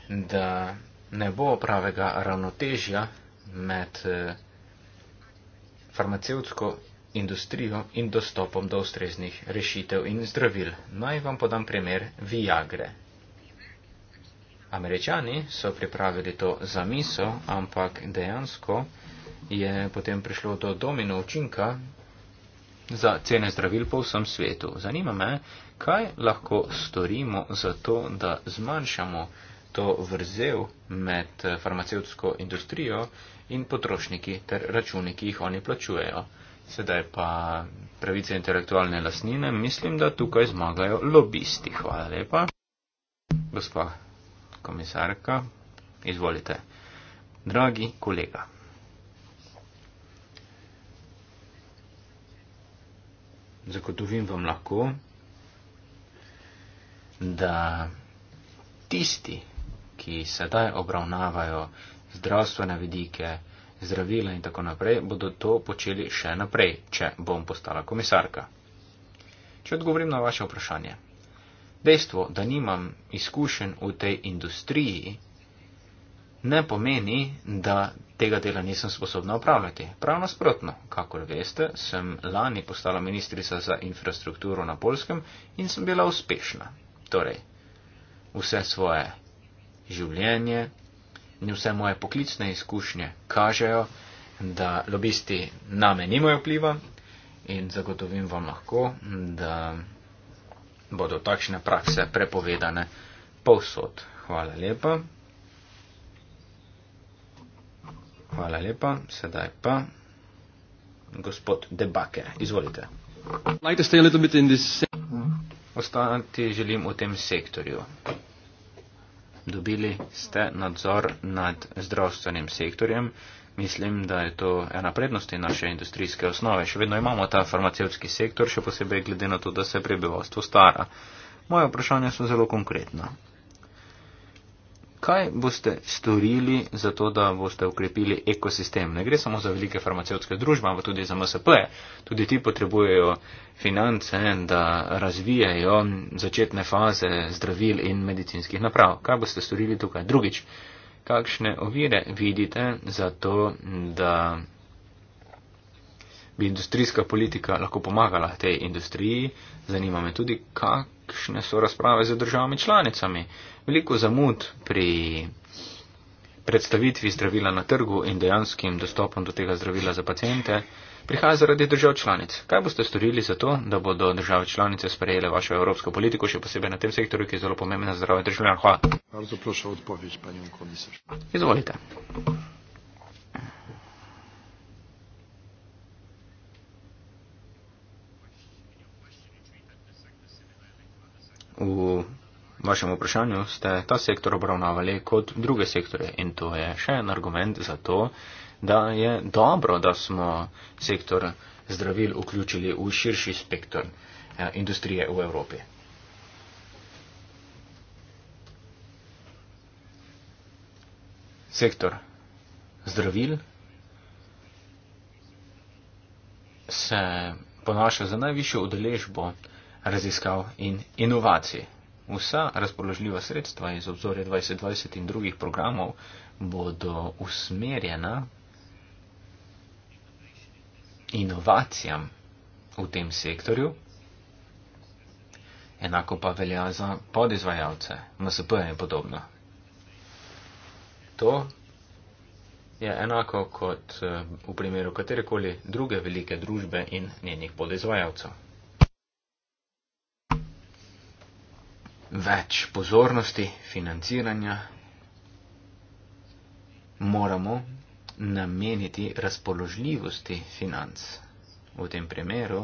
da ne bo pravega ravnotežja med eh, farmacevtsko industrijo in dostopom do ustreznih rešitev in zdravil. Naj vam podam primer Viagre. Američani so pripravili to za misel, ampak dejansko je potem prišlo do domino učinka za cene zdravil po vsem svetu. Zanima me, kaj lahko storimo za to, da zmanjšamo to vrzel med farmacevtsko industrijo in potrošniki ter računi, ki jih oni plačujejo. Sedaj pa pravice intelektualne lasnine, mislim, da tukaj zmagajo lobisti. Hvala lepa. Gospa komisarka, izvolite. Dragi kolega. zagotovim vam lahko, da tisti, ki sedaj obravnavajo zdravstvene vidike, zdravila in tako naprej, bodo to počeli še naprej, če bom postala komisarka. Če odgovorim na vaše vprašanje. Dejstvo, da nimam izkušenj v tej industriji, ne pomeni, da tega dela nisem sposobna upravljati. Prav nasprotno, kakor veste, sem lani postala ministrica za infrastrukturo na Polskem in sem bila uspešna. Torej, vse svoje življenje in vse moje poklicne izkušnje kažejo, da lobisti name nimajo vpliva in zagotovim vam lahko, da bodo takšne prakse prepovedane povsod. Hvala lepa. Hvala lepa. Sedaj pa gospod Debake. Izvolite. Ostati želim v tem sektorju. Dobili ste nadzor nad zdravstvenim sektorjem. Mislim, da je to ena prednosti naše industrijske osnove. Še vedno imamo ta farmacevski sektor, še posebej glede na to, da se prebivalstvo stara. Moje vprašanje so zelo konkretna. Kaj boste storili za to, da boste ukrepili ekosistem? Ne gre samo za velike farmacevtske družbe, ampak tudi za MSP. -je. Tudi ti potrebujejo finance, da razvijajo začetne faze zdravil in medicinskih naprav. Kaj boste storili tukaj? Drugič, kakšne ovire vidite za to, da bi industrijska politika lahko pomagala tej industriji? Zanima me tudi, kak kakšne so razprave z državami članicami. Veliko zamud pri predstavitvi zdravila na trgu in dejanskim dostopom do tega zdravila za pacijente prihaja zaradi držav članic. Kaj boste storili za to, da bodo države članice sprejele vašo evropsko politiko, še posebej na tem sektorju, ki je zelo pomembna za zdravje državljanov? Hvala. Hvala za vprašanje, odpoveď, panjom komisar. Izvolite. V vašem vprašanju ste ta sektor obravnavali kot druge sektore in to je še en argument za to, da je dobro, da smo sektor zdravil vključili v širši spektr eh, industrije v Evropi. Sektor zdravil se ponaša za najvišjo udeležbo raziskav in inovacij. Vsa razpoložljiva sredstva iz obzorja 2020 in drugih programov bodo usmerjena inovacijam v tem sektorju. Enako pa velja za podizvajalce, MSP in podobno. To je enako kot eh, v primeru katerekoli druge velike družbe in njenih podizvajalcev. več pozornosti, financiranja moramo nameniti razpoložljivosti financ. V tem primeru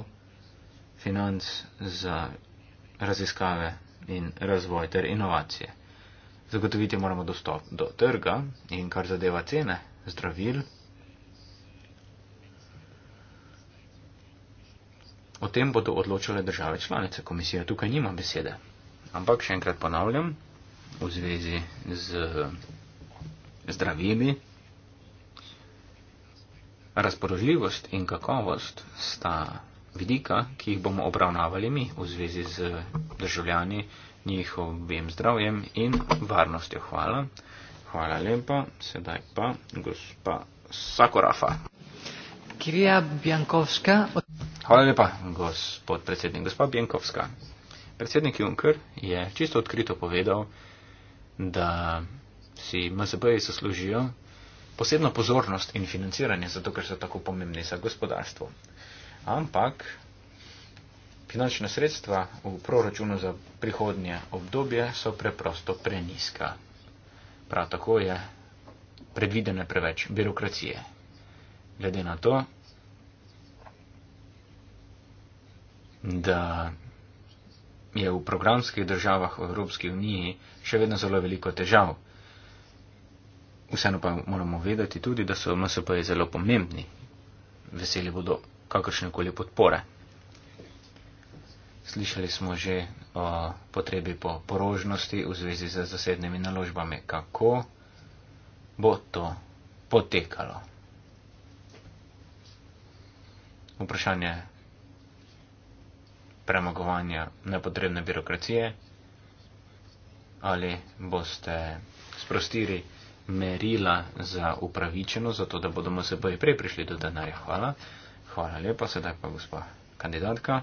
financ za raziskave in razvoj ter inovacije. Zagotoviti moramo dostop do trga in kar zadeva cene zdravil. O tem bodo odločile države članice. Komisija tukaj nima besede. Ampak še enkrat ponavljam, v zvezi z zdravili, razpoložljivost in kakovost sta vidika, ki jih bomo obravnavali mi v zvezi z državljani, njihovim zdravjem in varnostjo. Hvala. Hvala lepa. Sedaj pa gospa Sakorafa. Kirija Bjankovska. Hvala lepa, gospod predsednik. Gospa Bjankovska predsednik Juncker je čisto odkrito povedal, da si MSB-ji zaslužijo posebno pozornost in financiranje, zato ker so tako pomembni za gospodarstvo. Ampak finančna sredstva v proračunu za prihodnje obdobje so preprosto preniska. Prav tako je predvidene preveč birokracije. Glede na to, da je v programskih državah v Evropski uniji še vedno zelo veliko težav. Vseeno pa moramo vedeti tudi, da so MSP-ji zelo pomembni. Veseli bodo kakršnekoli podpore. Slišali smo že o potrebi po porožnosti v zvezi z zasednimi naložbami. Kako bo to potekalo? Vprašanje premagovanja nepotrebne birokracije ali boste sprostili merila za upravičeno, zato da bodo MSB-ji prej prišli do denarja. Hvala. Hvala lepa, sedaj pa gospa kandidatka.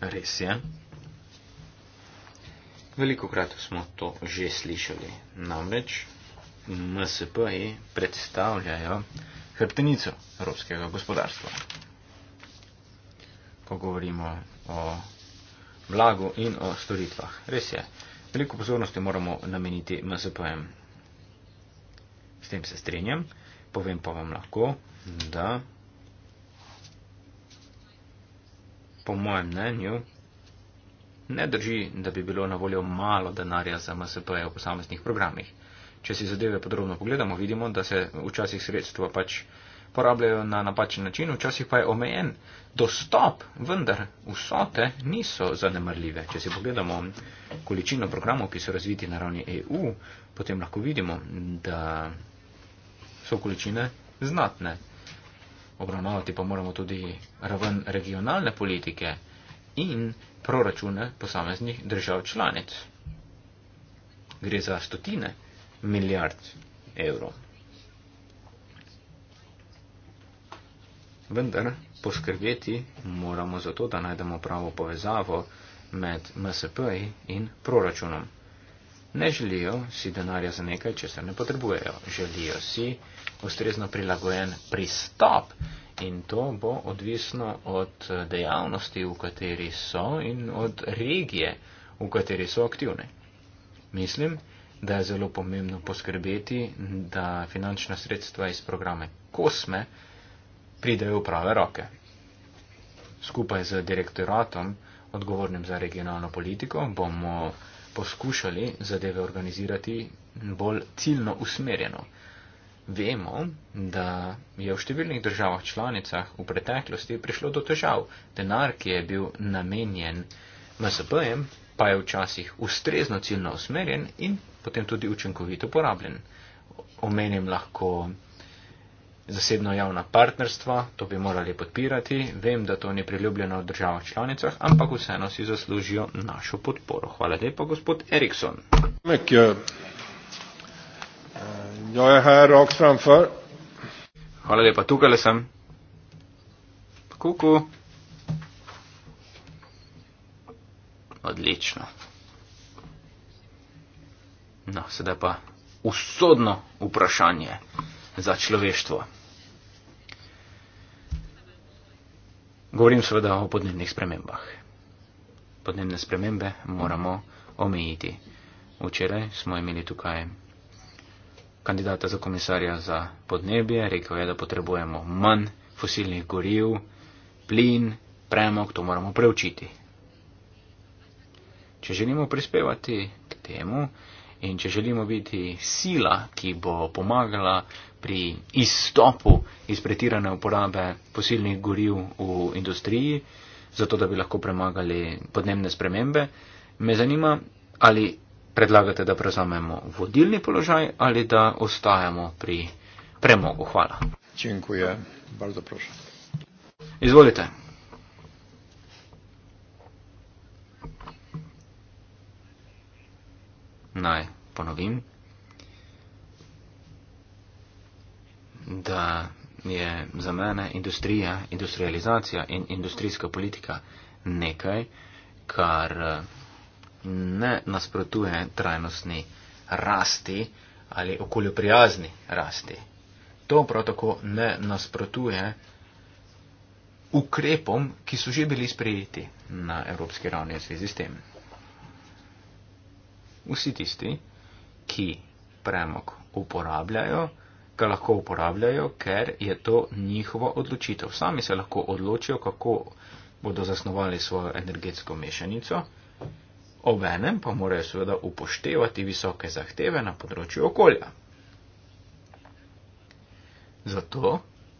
Res je. Veliko krat smo to že slišali. Namreč MSP-ji predstavljajo hrbtenico evropskega gospodarstva. Ko govorimo o blagu in o storitvah. Res je, veliko pozornosti moramo nameniti MSP-jem. S tem se strenjam. Povem pa vam lahko, da po mojem mnenju ne drži, da bi bilo na voljo malo denarja za MSP-je v posameznih programih če si zadeve podrobno pogledamo, vidimo, da se včasih sredstva pač porabljajo na napačen način, včasih pa je omejen dostop, vendar vsote niso zanemrljive. Če si pogledamo količino programov, ki so razviti na ravni EU, potem lahko vidimo, da so količine znatne. Obravnavati pa moramo tudi raven regionalne politike in proračune posameznih držav članic. Gre za stotine milijard evrov. Vendar poskrbeti moramo za to, da najdemo pravo povezavo med MSP in proračunom. Ne želijo si denarja za nekaj, če se ne potrebujejo. Želijo si ustrezno prilagojen pristop in to bo odvisno od dejavnosti, v kateri so in od regije, v kateri so aktivne. Mislim, da je zelo pomembno poskrbeti, da finančna sredstva iz programa Kosme pridejo v prave roke. Skupaj z direktoratom, odgovornim za regionalno politiko, bomo poskušali zadeve organizirati bolj ciljno usmerjeno. Vemo, da je v številnih državah članicah v preteklosti prišlo do težav. Denar, ki je bil namenjen MSP-jem, pa je včasih ustrezno ciljno usmerjen in potem tudi učinkovito uporabljen. Omenim lahko zasebno javna partnerstva, to bi morali podpirati, vem, da to ni priljubljeno v državah članicah, ampak vseeno si zaslužijo našo podporo. Hvala lepa, gospod Erikson. Uh, ja, Hvala lepa, tukaj sem. Kuku. Odlično. No, sedaj pa usodno vprašanje za človeštvo. Govorim seveda o podnebnih spremembah. Podnebne spremembe moramo omejiti. Včeraj smo imeli tukaj kandidata za komisarja za podnebje, rekel je, da potrebujemo manj fosilnih goriv, plin, premog, to moramo preučiti. Če želimo prispevati k temu, In če želimo biti sila, ki bo pomagala pri izstopu iz pretirane uporabe posilnih goriv v industriji, zato da bi lahko premagali podnebne spremembe, me zanima, ali predlagate, da prevzamemo vodilni položaj ali da ostajamo pri premogu. Hvala. Izvolite. naj ponovim, da je za mene industrija, industrializacija in industrijska politika nekaj, kar ne nasprotuje trajnostni rasti ali okoljoprijazni rasti. To prav tako ne nasprotuje ukrepom, ki so že bili sprejeti na evropski ravni v zvezi s tem vsi tisti, ki premog uporabljajo, ga lahko uporabljajo, ker je to njihova odločitev. Sami se lahko odločijo, kako bodo zasnovali svojo energetsko mešanico, obenem pa morajo seveda upoštevati visoke zahteve na področju okolja. Zato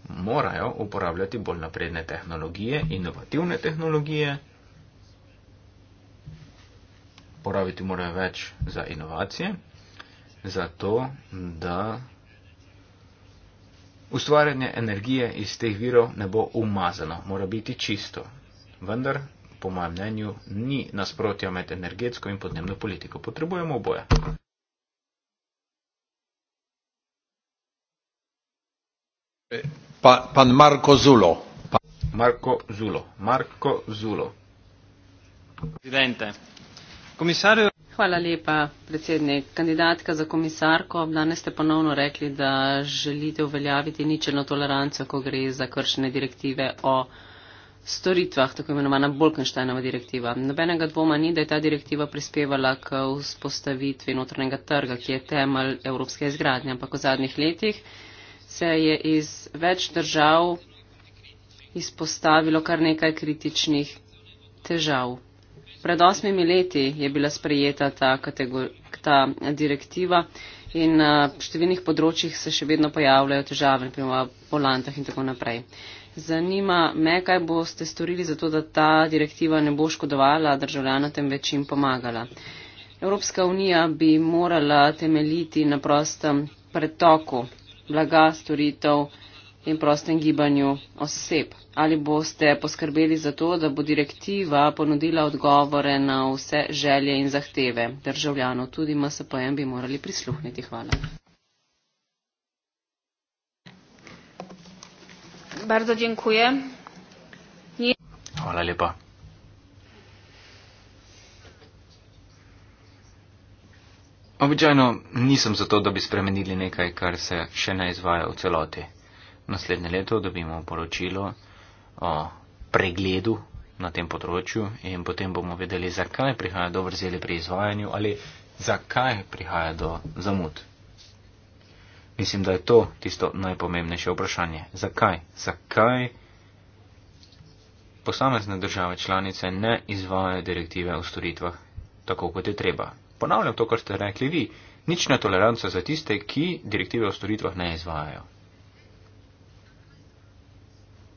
morajo uporabljati bolj napredne tehnologije, inovativne tehnologije, porabiti morajo več za inovacije, zato da ustvarjanje energije iz teh virov ne bo umazano, mora biti čisto. Vendar, po mojem mnenju, ni nasprotja med energetsko in podnebno politiko. Potrebujemo oboje. Pa, pan Marko Zulo. Pa... Marko Zulo. Marko Zulo. Presidente. Komisarju. Hvala lepa, predsednik. Kandidatka za komisarko, danes ste ponovno rekli, da želite uveljaviti ničelno toleranco, ko gre za kršene direktive o storitvah, tako imenovana Bolkensteinova direktiva. Nobenega dvoma ni, da je ta direktiva prispevala k vzpostavitvi notranjega trga, ki je temelj evropske izgradnje, ampak v zadnjih letih se je iz več držav izpostavilo kar nekaj kritičnih težav. Pred osmimi leti je bila sprejeta ta, ta direktiva in na eh, številnih področjih se še vedno pojavljajo težave, naprimer v volantah in tako naprej. Zanima me, kaj boste storili za to, da ta direktiva ne bo škodovala državljanom, temveč jim pomagala. Evropska unija bi morala temeljiti na prostem pretoku blaga, storitev, in prostem gibanju oseb? Ali boste poskrbeli za to, da bo direktiva ponudila odgovore na vse želje in zahteve državljanov? Tudi MSPM bi morali prisluhniti. Hvala. Bardzo dziękuję. Nie... Hvala lepa. Običajno nisem zato, da bi spremenili nekaj, kar se še ne izvaja v celoti naslednje leto dobimo poročilo o pregledu na tem področju in potem bomo vedeli, zakaj prihaja do vrzeli pri izvajanju ali zakaj prihaja do zamud. Mislim, da je to tisto najpomembnejše vprašanje. Zakaj? Zakaj posamezne države članice ne izvajajo direktive o storitvah tako, kot je treba? Ponavljam to, kar ste rekli vi. Nič ne toleranca za tiste, ki direktive o storitvah ne izvajajo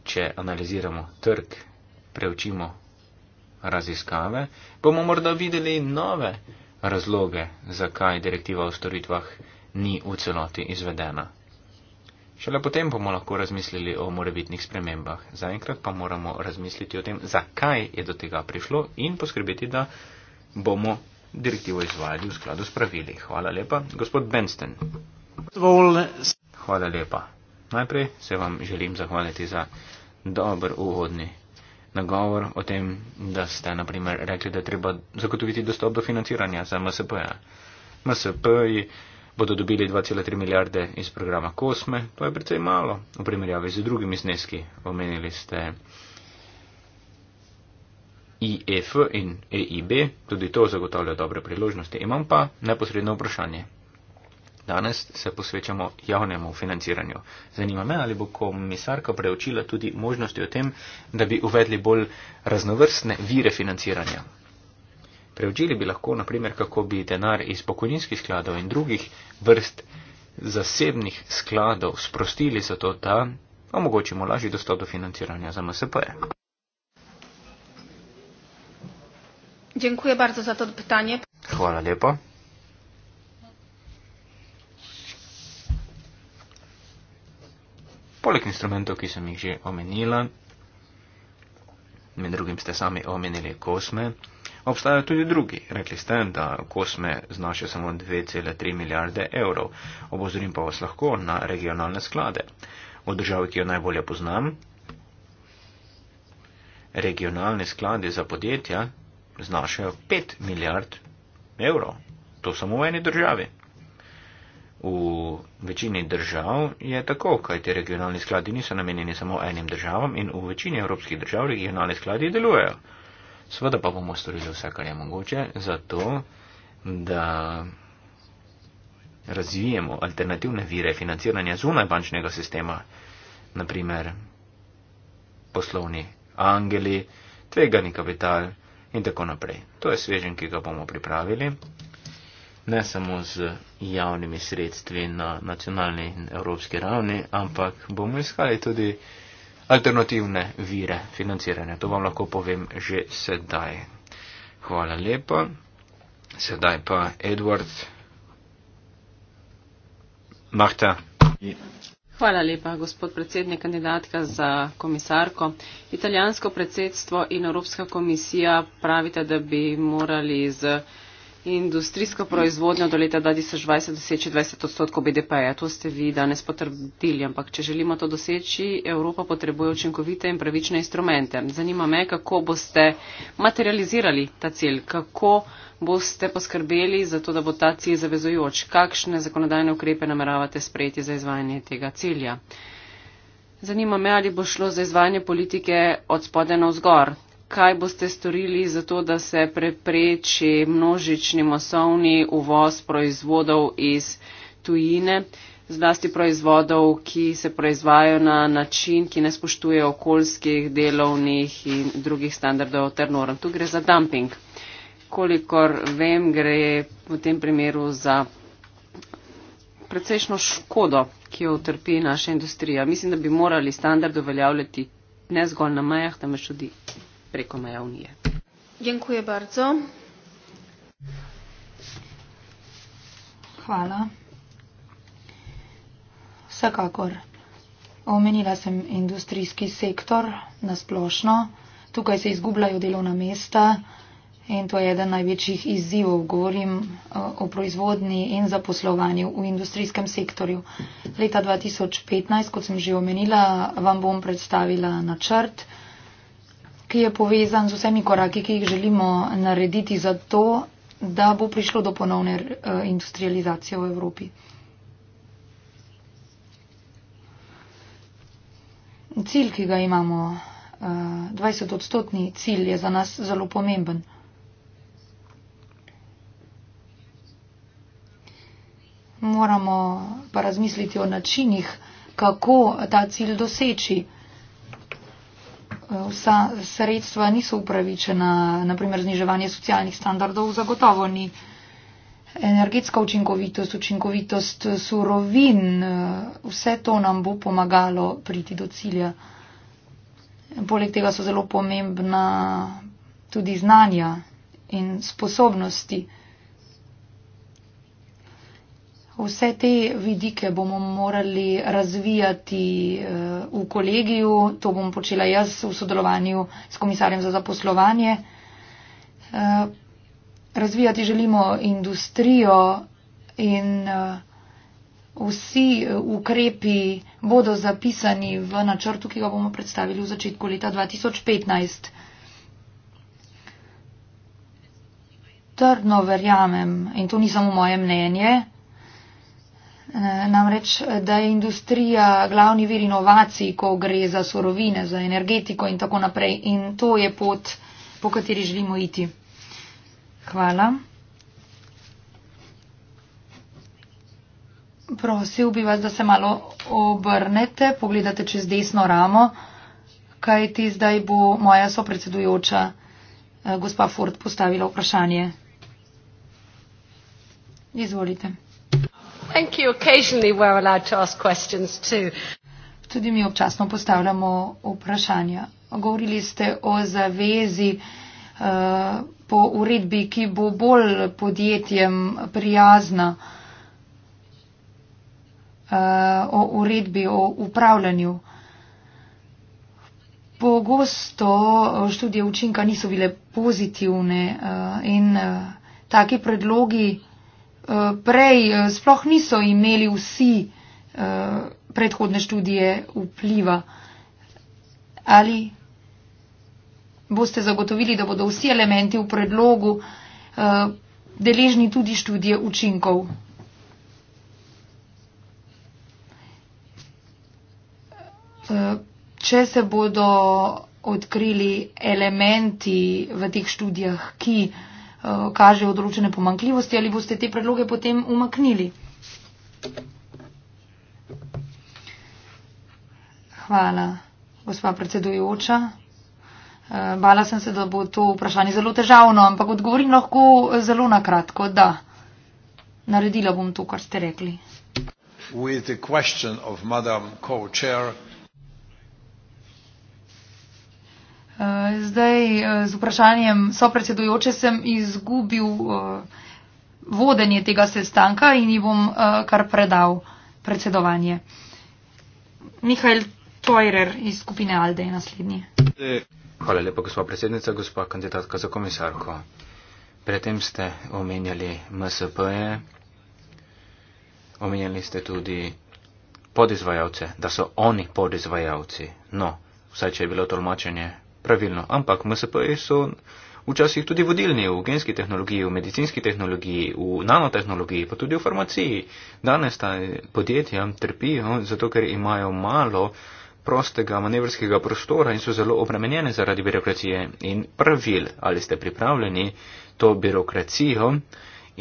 če analiziramo trg, preučimo raziskave, bomo morda videli nove razloge, zakaj direktiva o storitvah ni v celoti izvedena. Šele potem bomo lahko razmislili o morebitnih spremembah. Zaenkrat pa moramo razmisliti o tem, zakaj je do tega prišlo in poskrbeti, da bomo direktivo izvajali v skladu s pravili. Hvala lepa, gospod Benston. Hvala lepa. Najprej se vam želim zahvaliti za dober uhodni nagovor o tem, da ste naprimer rekli, da treba zagotoviti dostop do financiranja za MSP. -ja. MSP bodo dobili 2,3 milijarde iz programa Kosme, to je precej malo v primerjavi z drugimi zneski. Omenili ste IEF in EIB, tudi to zagotavlja dobre priložnosti. Imam pa neposredno vprašanje. Danes se posvečamo javnemu financiranju. Zanima me, ali bo komisarka preučila tudi možnosti o tem, da bi uvedli bolj raznovrstne vire financiranja. Preučili bi lahko, na primer, kako bi denar iz pokojninskih skladov in drugih vrst zasebnih skladov sprostili za to, da omogočimo lažji dostop do financiranja za MSP. -e. Hvala lepa. Poleg instrumentov, ki sem jih že omenila, med drugim ste sami omenili kosme, obstajajo tudi drugi. Rekli ste, da kosme znašajo samo 2,3 milijarde evrov. Obozorim pa vas lahko na regionalne sklade. V državi, ki jo najbolje poznam, regionalne sklade za podjetja znašajo 5 milijard evrov. To samo v eni državi. V večini držav je tako, kajti regionalni skladi niso namenjeni samo enim državam in v večini evropskih držav regionalni skladi delujejo. Sveda pa bomo storili vse, kar je mogoče, zato da razvijemo alternativne vire financiranja zunaj bančnega sistema, naprimer poslovni angeli, tvegani kapital in tako naprej. To je svežen, ki ga bomo pripravili ne samo z javnimi sredstvi na nacionalni in evropski ravni, ampak bomo iskali tudi alternativne vire financiranja. To vam lahko povem že sedaj. Hvala lepa. Sedaj pa Edward. Marta. Hvala lepa, gospod predsednik, kandidatka za komisarko. Italijansko predsedstvo in Evropska komisija pravite, da bi morali z industrijsko proizvodnjo do leta 2020 doseči 20 odstotkov BDP-ja. To ste vi danes potrdili, ampak če želimo to doseči, Evropa potrebuje učinkovite in pravične instrumente. Zanima me, kako boste materializirali ta cilj, kako boste poskrbeli za to, da bo ta cilj zavezujoč, kakšne zakonodajne ukrepe nameravate sprejeti za izvajanje tega cilja. Zanima me, ali bo šlo za izvajanje politike od spodaj na vzgor, kaj boste storili za to, da se prepreči množični masovni uvoz proizvodov iz tujine, zlasti proizvodov, ki se proizvajajo na način, ki ne spoštuje okoljskih, delovnih in drugih standardov ter norm. Tu gre za dumping. Kolikor vem, gre v tem primeru za precejšno škodo, ki jo utrpi naša industrija. Mislim, da bi morali standard uveljavljati ne zgolj na mejah, temveč tudi preko meja Unije. Dziękuję bardzo. Hvala. Vsekakor. Omenila sem industrijski sektor nasplošno. Tukaj se izgubljajo delovna mesta in to je eden največjih izzivov. Govorim eh, o proizvodni in zaposlovanju v industrijskem sektorju. Leta 2015, kot sem že omenila, vam bom predstavila načrt ki je povezan z vsemi koraki, ki jih želimo narediti za to, da bo prišlo do ponovne eh, industrializacije v Evropi. Cilj, ki ga imamo, 20 eh, odstotni cilj je za nas zelo pomemben. Moramo pa razmisliti o načinih, kako ta cilj doseči vsa sredstva niso upravičena, naprimer zniževanje socialnih standardov zagotovo ni. Energetska učinkovitost, učinkovitost surovin, vse to nam bo pomagalo priti do cilja. Poleg tega so zelo pomembna tudi znanja in sposobnosti. Vse te vidike bomo morali razvijati eh, v kolegiju, to bom počela jaz v sodelovanju s komisarjem za zaposlovanje. Eh, razvijati želimo industrijo in eh, vsi ukrepi bodo zapisani v načrtu, ki ga bomo predstavili v začetku leta 2015. Trdno verjamem, in to ni samo moje mnenje, Eh, namreč, da je industrija glavni vir inovacij, ko gre za sorovine, za energetiko in tako naprej. In to je pot, po kateri želimo iti. Hvala. Prosil bi vas, da se malo obrnete, pogledate čez desno ramo, kaj ti zdaj bo moja sopredsedujoča eh, gospa Ford postavila vprašanje. Izvolite. Thank you. Occasionally we're allowed to ask questions too. Tudi mi občasno postavljamo vprašanja. Govorili ste o zavezi uh, po uredbi, ki bo bolj podjetjem prijazna, uh, o uredbi o upravljanju. Pogosto eh, študije učinka niso bile pozitivne uh, in uh, taki predlogi. Eh, prej eh, sploh niso imeli vsi eh, predhodne študije vpliva. Ali boste zagotovili, da bodo vsi elementi v predlogu deležni tudi študije učinkov? Če se bodo odkrili elementi v teh študijah, ki uh, Eh, kažejo odločene pomankljivosti ali boste te predloge potem umaknili. Hvala, gospa predsedujoča. Eh, bala sem se, da bo to vprašanje zelo težavno, ampak odgovorim lahko eh, zelo na kratko, da naredila bom to, kar ste rekli. With the question of Madam Co-Chair, Eh, zdaj eh, z vprašanjem sopredsedujoče sem izgubil eh, vodenje tega sestanka in ji bom kar predal predsedovanje. Mihajl Tojrer iz skupine Alde je naslednji. Hvala lepa, gospod predsednica, gospa kandidatka za komisarko. Predtem ste omenjali MSP-je, omenjali ste tudi podizvajalce, da so oni podizvajalci. No, vsaj če je bilo tolmačenje pravilno, ampak MSP-ji e so včasih tudi vodilni v genski tehnologiji, v medicinski tehnologiji, v nanotehnologiji, pa tudi v farmaciji. Danes ta podjetja trpijo, zato ker imajo malo prostega manevrskega prostora in so zelo obremenjene zaradi birokracije in pravil, ali ste pripravljeni to birokracijo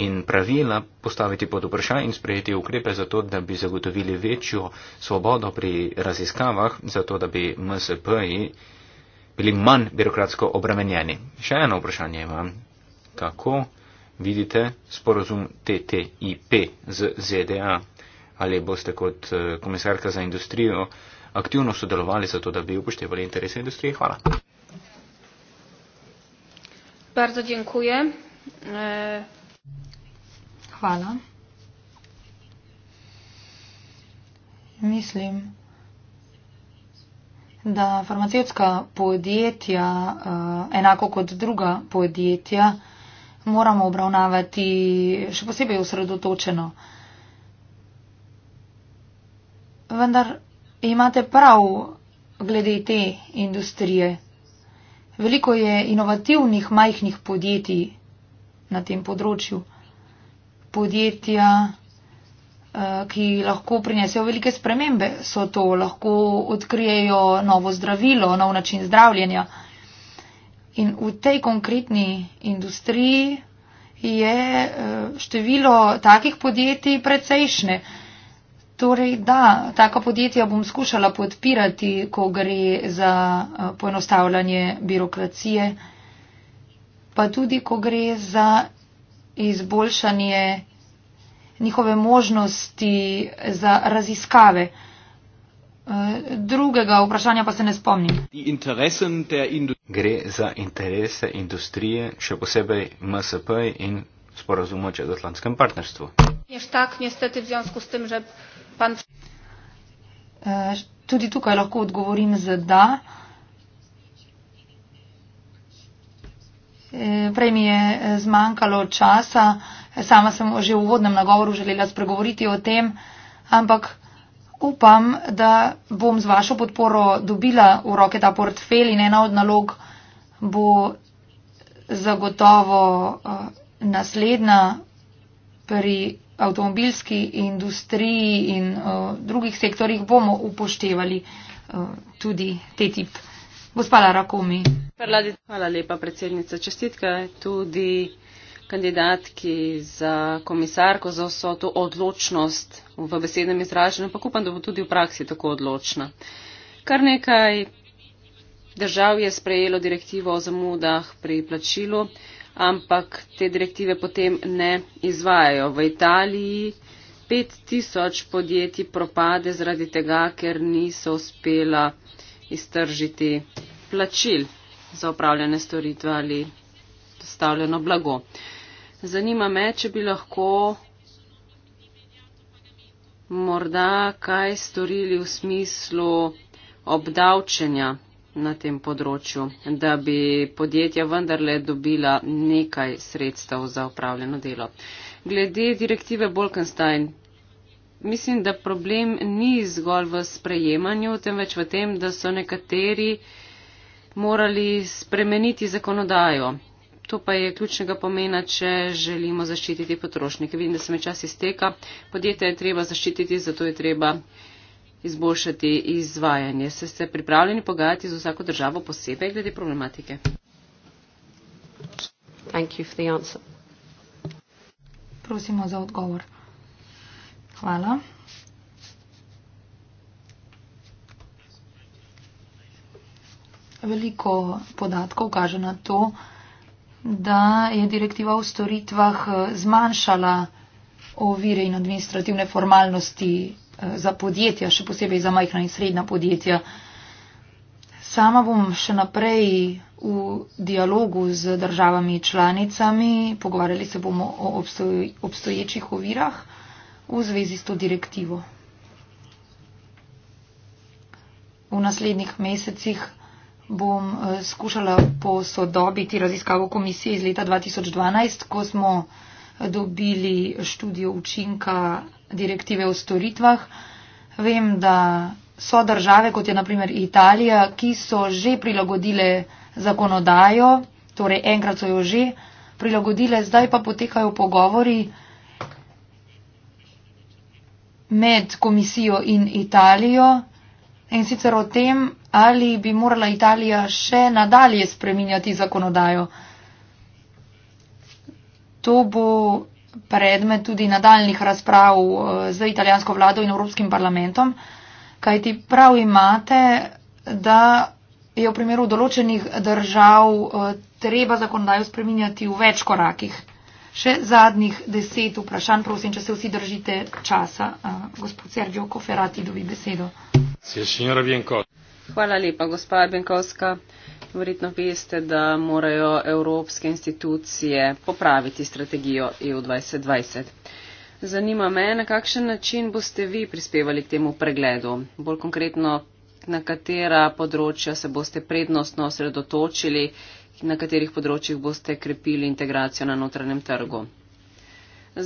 in pravila postaviti pod vprašanje in sprejeti ukrepe za to, da bi zagotovili večjo svobodo pri raziskavah, za to, da bi MSP-ji e bili manj birokratsko obremenjeni. Še eno vprašanje imam. Kako vidite sporozum TTIP z ZDA? Ali boste kot eh, komisarka za industrijo aktivno sodelovali za to, da bi upoštevali interese industrije? Hvala. Bardzo dziękuję. Hvala. Mislim, da farmacevtska podjetja, eh, enako kot druga podjetja, moramo obravnavati še posebej usredotočeno. Vendar imate prav glede te industrije. Veliko je inovativnih majhnih podjetij na tem področju. Podjetja, Eh, ki lahko prinesejo velike spremembe. So to, lahko odkrijejo novo zdravilo, nov način zdravljenja. In v tej konkretni industriji je eh, število takih podjetij precejšne. Torej, da, taka podjetja bom skušala podpirati, ko gre za eh, poenostavljanje birokracije, pa tudi, ko gre za izboljšanje njihove možnosti za raziskave. E, drugega vprašanja pa se ne spomnim. Gre za interese industrije, še posebej MSP in sporazum o čezatlantskem partnerstvu. E, tudi tukaj lahko odgovorim z da. E, prej mi je zmanjkalo časa. Sama sem že v uvodnem nagovoru želela spregovoriti o tem, ampak upam, da bom z vašo podporo dobila v roke ta portfelj in ena od nalog bo zagotovo eh, naslednja pri avtomobilski industriji in uh, drugih sektorjih bomo upoštevali uh, tudi te tip. Gospoda Rakomi. Hvala lepa, predsednica. Čestitke tudi kandidatki za komisarko za vso to odločnost v besednem izražanju, pa upam, da bo tudi v praksi tako odločna. Kar nekaj držav je sprejelo direktivo o zamudah pri plačilu, ampak te direktive potem ne izvajajo. V Italiji 5000 podjetij propade zaradi tega, ker niso uspela iztržiti plačil za upravljene storitve ali dostavljeno blago. Zanima me, če bi lahko morda kaj storili v smislu obdavčenja na tem področju, da bi podjetja vendarle dobila nekaj sredstev za upravljeno delo. Glede direktive Bolkenstein, mislim, da problem ni zgolj v sprejemanju, temveč v tem, da so nekateri morali spremeniti zakonodajo. To pa je ključnega pomena, če želimo zaščititi potrošnike. Vidim, da se mi čas izteka. Podjetje je treba zaščititi, zato je treba izboljšati izvajanje. Se ste pripravljeni pogajati z vsako državo posebej glede problematike? Thank you for the answer. Prosimo za odgovor. Hvala. Veliko podatkov kaže na to, da je direktiva o storitvah eh, zmanjšala ovire in administrativne formalnosti eh, za podjetja, še posebej za majhna in srednja podjetja. Sama bom še naprej v dialogu z državami članicami, pogovarjali se bomo o obstoj, obstoječih ovirah v zvezi s to direktivo. V naslednjih mesecih bom eh, skušala posodobiti raziskavo komisije iz leta 2012, ko smo eh, dobili študijo učinka direktive o storitvah. Vem, da so države, kot je naprimer Italija, ki so že prilagodile zakonodajo, torej enkrat so jo že prilagodile, zdaj pa potekajo pogovori med komisijo in Italijo in sicer o tem, ali bi morala Italija še nadalje spreminjati zakonodajo. To bo predmet tudi nadaljnih razprav eh, z italijansko vlado in Evropskim parlamentom, kajti prav imate, da je v primeru določenih držav eh, treba zakonodajo spreminjati v več korakih. Še zadnjih deset vprašanj, prosim, če se vsi držite časa. Gospod Sergio Koferati, dobi besedo. Hvala lepa, gospa Benkovska. Verjetno veste, da morajo evropske institucije popraviti strategijo EU 2020. Zanima me, na kakšen način boste vi prispevali k temu pregledu. Bolj konkretno, na katera področja se boste prednostno osredotočili na katerih področjih boste krepili integracijo na notranjem trgu.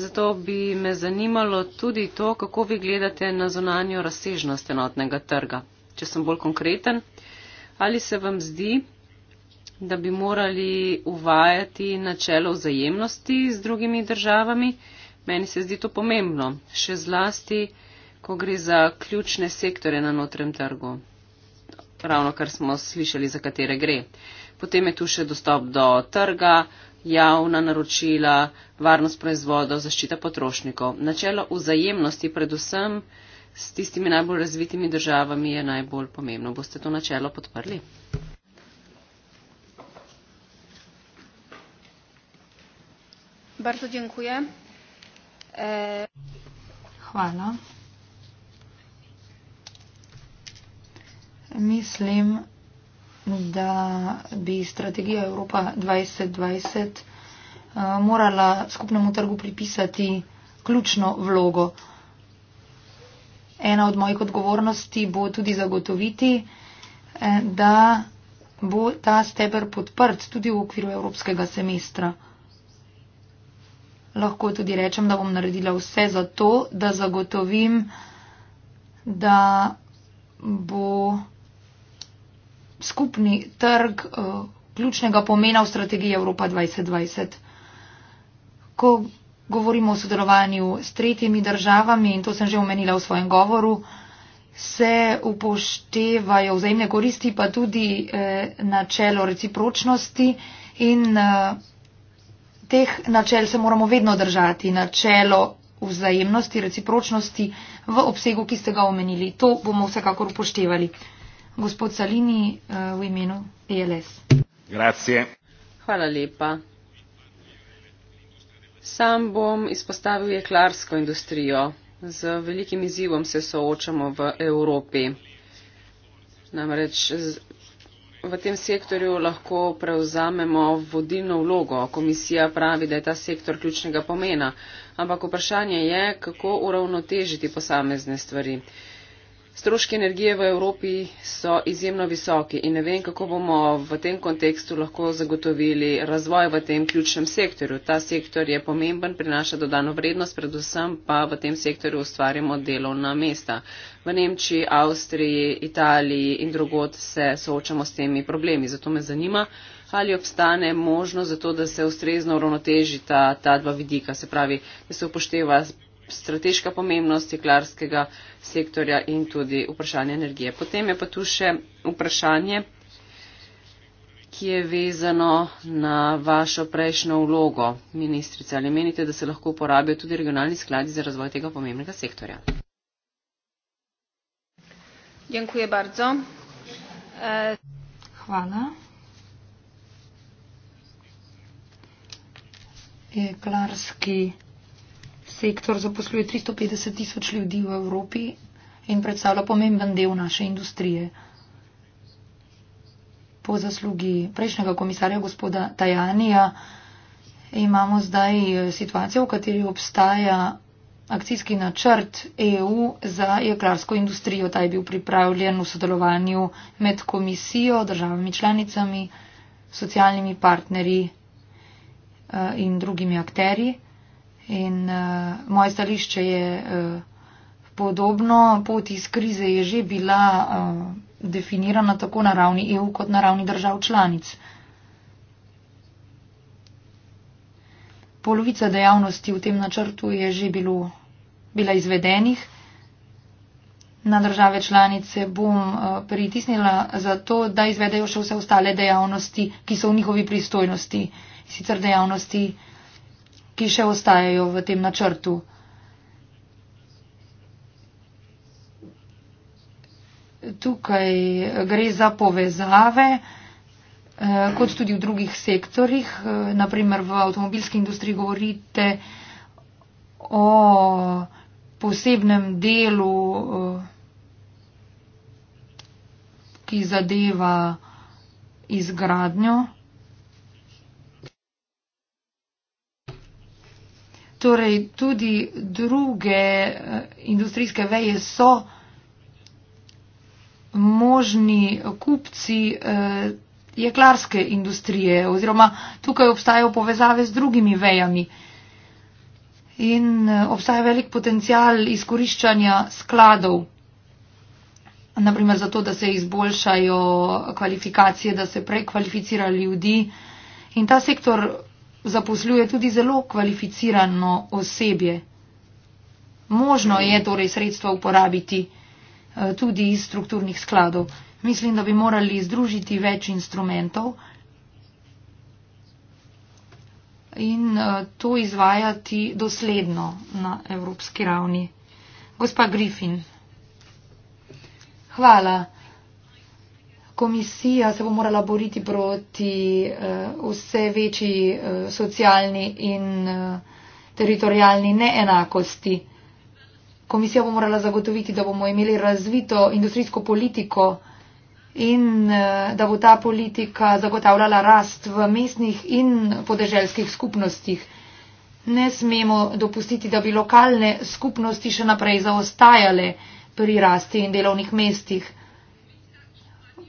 Zato bi me zanimalo tudi to, kako vi gledate na zonanjo razsežnost enotnega trga. Če sem bolj konkreten, ali se vam zdi, da bi morali uvajati načelo vzajemnosti z drugimi državami? Meni se zdi to pomembno, še zlasti, ko gre za ključne sektore na notrem trgu. Ravno kar smo slišali, za katere gre. Uh, Potem je tu še dostop do trga, javna naročila, varnost proizvodov, zaščita potrošnikov. Načelo vzajemnosti predvsem s tistimi najbolj razvitimi državami je najbolj pomembno. Boste to načelo podprli? Bardzo dziękuję. E... Chwała. Myślę, da bi strategija Evropa 2020 eh, morala skupnemu trgu pripisati ključno vlogo. Ena od mojih odgovornosti bo tudi zagotoviti, eh, da bo ta steber podprt tudi v okviru evropskega semestra. Lahko tudi rečem, da bom naredila vse za to, da zagotovim, da bo skupni trg eh, ključnega pomena v strategiji Evropa 2020. Ko govorimo o sodelovanju s tretjimi državami, in to sem že omenila v svojem govoru, se upoštevajo vzajemne koristi, pa tudi eh, načelo recipročnosti in eh, teh načel se moramo vedno držati. Načelo vzajemnosti, recipročnosti v obsegu, ki ste ga omenili. To bomo vsekakor upoštevali gospod salini eh, v imenu els sam bom izpostavil jeklarsko industrijo z velikim izzivom se soočamo v evropi namreč v tem sektorju lahko prevzamemo vodilno vlogo komisija pravi da je ta sektor ključnega pomena ampak vprašanje je kako uravnotežiti posamezne stvari Stroški energije v Evropi so izjemno visoki in ne vem, kako bomo v tem kontekstu lahko zagotovili razvoj v tem ključnem sektorju. Ta sektor je pomemben, prinaša dodano vrednost, predvsem pa v tem sektorju ustvarjamo delovna mesta. V Nemčiji, Avstriji, Italiji in drugod se soočamo s temi problemi. Zato me zanima, ali obstane možnost za to, da se ustrezno uravnotežita ta dva vidika, se pravi, da se upošteva strateška pomembnost jeklarskega sektorja in tudi vprašanje energije. Potem je pa tu še vprašanje, ki je vezano na vašo prejšnjo vlogo, ministrica. Ali menite, da se lahko uporabijo tudi regionalni skladi za razvoj tega pomembnega sektorja? Dziękuję bardzo. E, Hvala. Jeklarski sektor zaposluje 350 tisoč ljudi v Evropi in predstavlja pomemben del naše industrije. Po zaslugi prejšnjega komisarja gospoda Tajanija imamo zdaj eh, situacijo, v kateri obstaja akcijski načrt EU za jeklarsko industrijo. Ta je bil pripravljen v sodelovanju med komisijo, državami članicami, socialnimi partnerji eh, in drugimi akteri. In uh, moje stališče je uh, podobno. Pot iz krize je že bila uh, definirana tako na ravni EU kot na ravni držav članic. Polovica dejavnosti v tem načrtu je že bilo, bila izvedenih. Na države članice bom uh, pritisnila za to, da izvedejo še vse ostale dejavnosti, ki so v njihovi pristojnosti. Sicer dejavnosti uh, ki še ostajajo v tem načrtu. Tukaj gre za povezave, eh, kot tudi v drugih sektorjih. Eh, Naprimer v avtomobilski industriji govorite o posebnem delu, eh, ki zadeva izgradnjo Torej, tudi druge eh, industrijske veje so možni kupci eh, jeklarske industrije oziroma tukaj obstajajo povezave z drugimi vejami in eh, obstaja velik potencial izkoriščanja skladov, naprimer zato, da se izboljšajo kvalifikacije, da se prekvalificira ljudi in ta sektor zaposluje tudi zelo kvalificirano osebje. Možno je torej sredstva uporabiti eh, tudi iz strukturnih skladov. Mislim, da bi morali združiti več instrumentov in eh, to izvajati dosledno na evropski ravni. Gospa Griffin. Hvala komisija se bo morala boriti proti uh, vse večji uh, socialni in uh, eh, teritorijalni neenakosti. Komisija bo morala zagotoviti, da bomo imeli razvito industrijsko politiko in uh, da bo ta politika zagotavljala rast v mestnih in podeželskih skupnostih. Ne smemo dopustiti, da bi lokalne skupnosti še naprej zaostajale pri rasti in delovnih mestih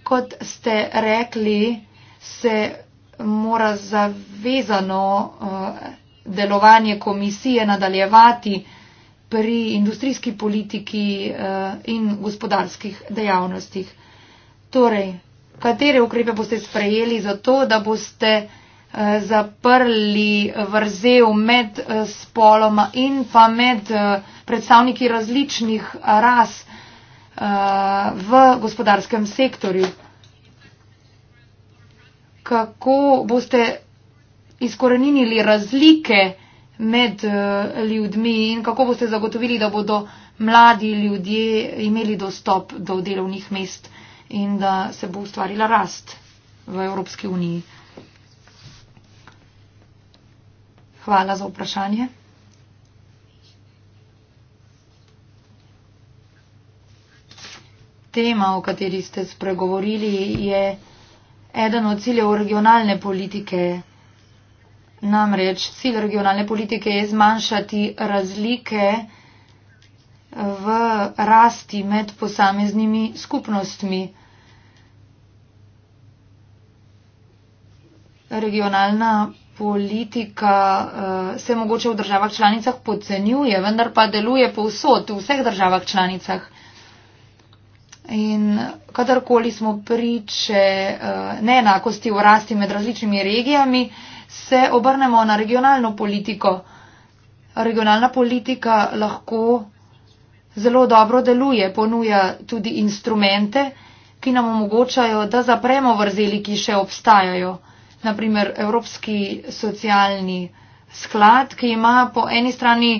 kot ste rekli, se mora zavezano eh, delovanje komisije nadaljevati pri industrijski politiki eh, in gospodarskih dejavnostih. Torej, katere ukrepe boste sprejeli za to, da boste eh, zaprli vrzel med spoloma in pa med predstavniki različnih ras Eh, v gospodarskem sektorju. Kako boste izkorenili razlike med eh, ljudmi in kako boste zagotovili, da bodo mladi ljudje imeli dostop do delovnih mest in da se bo ustvarila rast v Evropski uniji. Hvala za vprašanje. tema, o kateri ste spregovorili, je eden od ciljev regionalne politike. Namreč cilj regionalne politike je zmanjšati razlike v rasti med posameznimi skupnostmi. Regionalna politika eh, se mogoče v državah članicah podcenjuje, vendar pa deluje povsod, v vseh državah članicah. In kadarkoli smo priče eh, neenakosti v rasti med različnimi regijami, se obrnemo na regionalno politiko. Regionalna politika lahko zelo dobro deluje, ponuja tudi instrumente, ki nam omogočajo, da zapremo vrzeli, ki še obstajajo. Naprimer, Evropski socialni sklad, ki ima po eni strani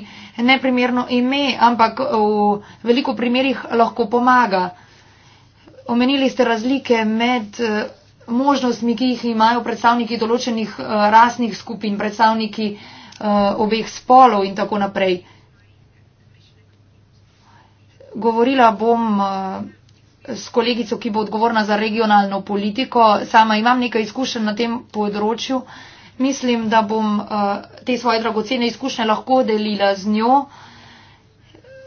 neprimerno ime, ampak v veliko primerjih lahko pomaga. Omenili ste razlike med eh, možnostmi, ki jih imajo predstavniki določenih eh, rasnih skupin, predstavniki eh, obeh spolov in tako naprej. Govorila bom s kolegico, ki bo odgovorna za regionalno politiko. Sama imam nekaj izkušenj na tem področju. Mislim, da bom te svoje dragocene izkušnje lahko delila z njo.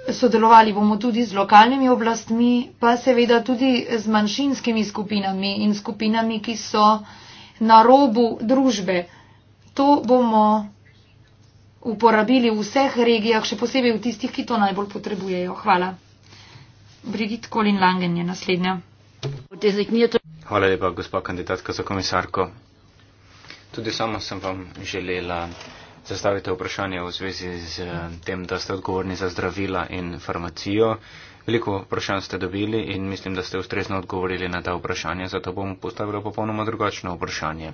Sodelovali bomo tudi z lokalnimi oblastmi, pa seveda tudi z manjšinskimi skupinami in skupinami, ki so na robu družbe. To bomo uporabili v vseh regijah, še posebej v tistih, ki to najbolj potrebujejo. Hvala. Brigit Kolin Langen je naslednja. Hvala lepa, gospod kandidatka za komisarko. Tudi sama sem vam želela zastavite vprašanje v zvezi z eh, tem, da ste odgovorni za zdravila in farmacijo. Veliko vprašanj ste dobili in mislim, da ste ustrezno odgovorili na ta vprašanja, zato bom postavila popolnoma drugačno vprašanje.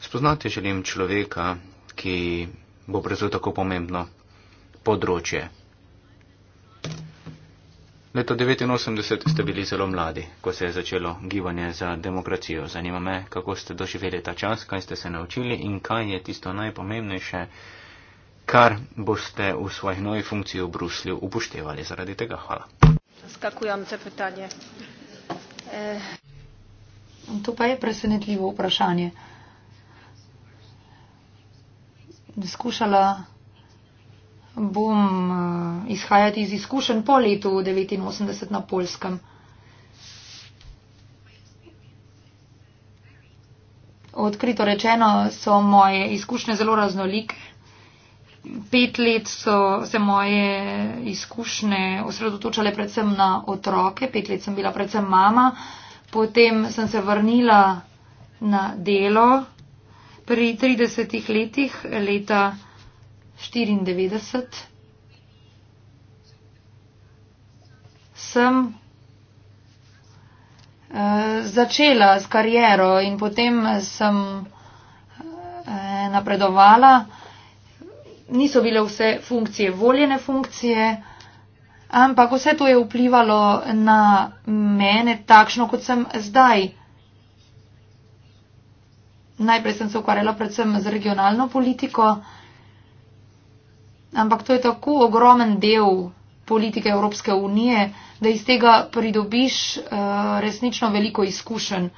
Spoznati želim človeka, ki bo brezu tako pomembno področje. Leta 1989 ste bili zelo mladi, ko se je začelo gibanje za demokracijo. Zanima me, kako ste doživeli ta čas, kaj ste se naučili in kaj je tisto najpomembnejše, kar boste v svoji novi funkciji v Bruslju upoštevali zaradi tega. Hvala. Skakujem za vprašanje. Eh. To pa je presenetljivo vprašanje. Skušala bom uh, izhajati iz izkušenj po letu 89 na polskem. Odkrito rečeno so moje izkušnje zelo raznolike. Pet let so se moje izkušnje osredotočale predvsem na otroke, pet let sem bila predvsem mama, potem sem se vrnila na delo pri 30 letih leta 94 sem uh, začela s kariero in potem sem uh, napredovala. Niso bile vse funkcije, voljene funkcije, ampak vse to je vplivalo na mene, takšno kot sem zdaj. Najprej sem se ukvarjala predvsem z regionalno politiko, ampak to je tako ogromen del politike Evropske unije, da iz tega pridobiš eh, resnično veliko izkušenj.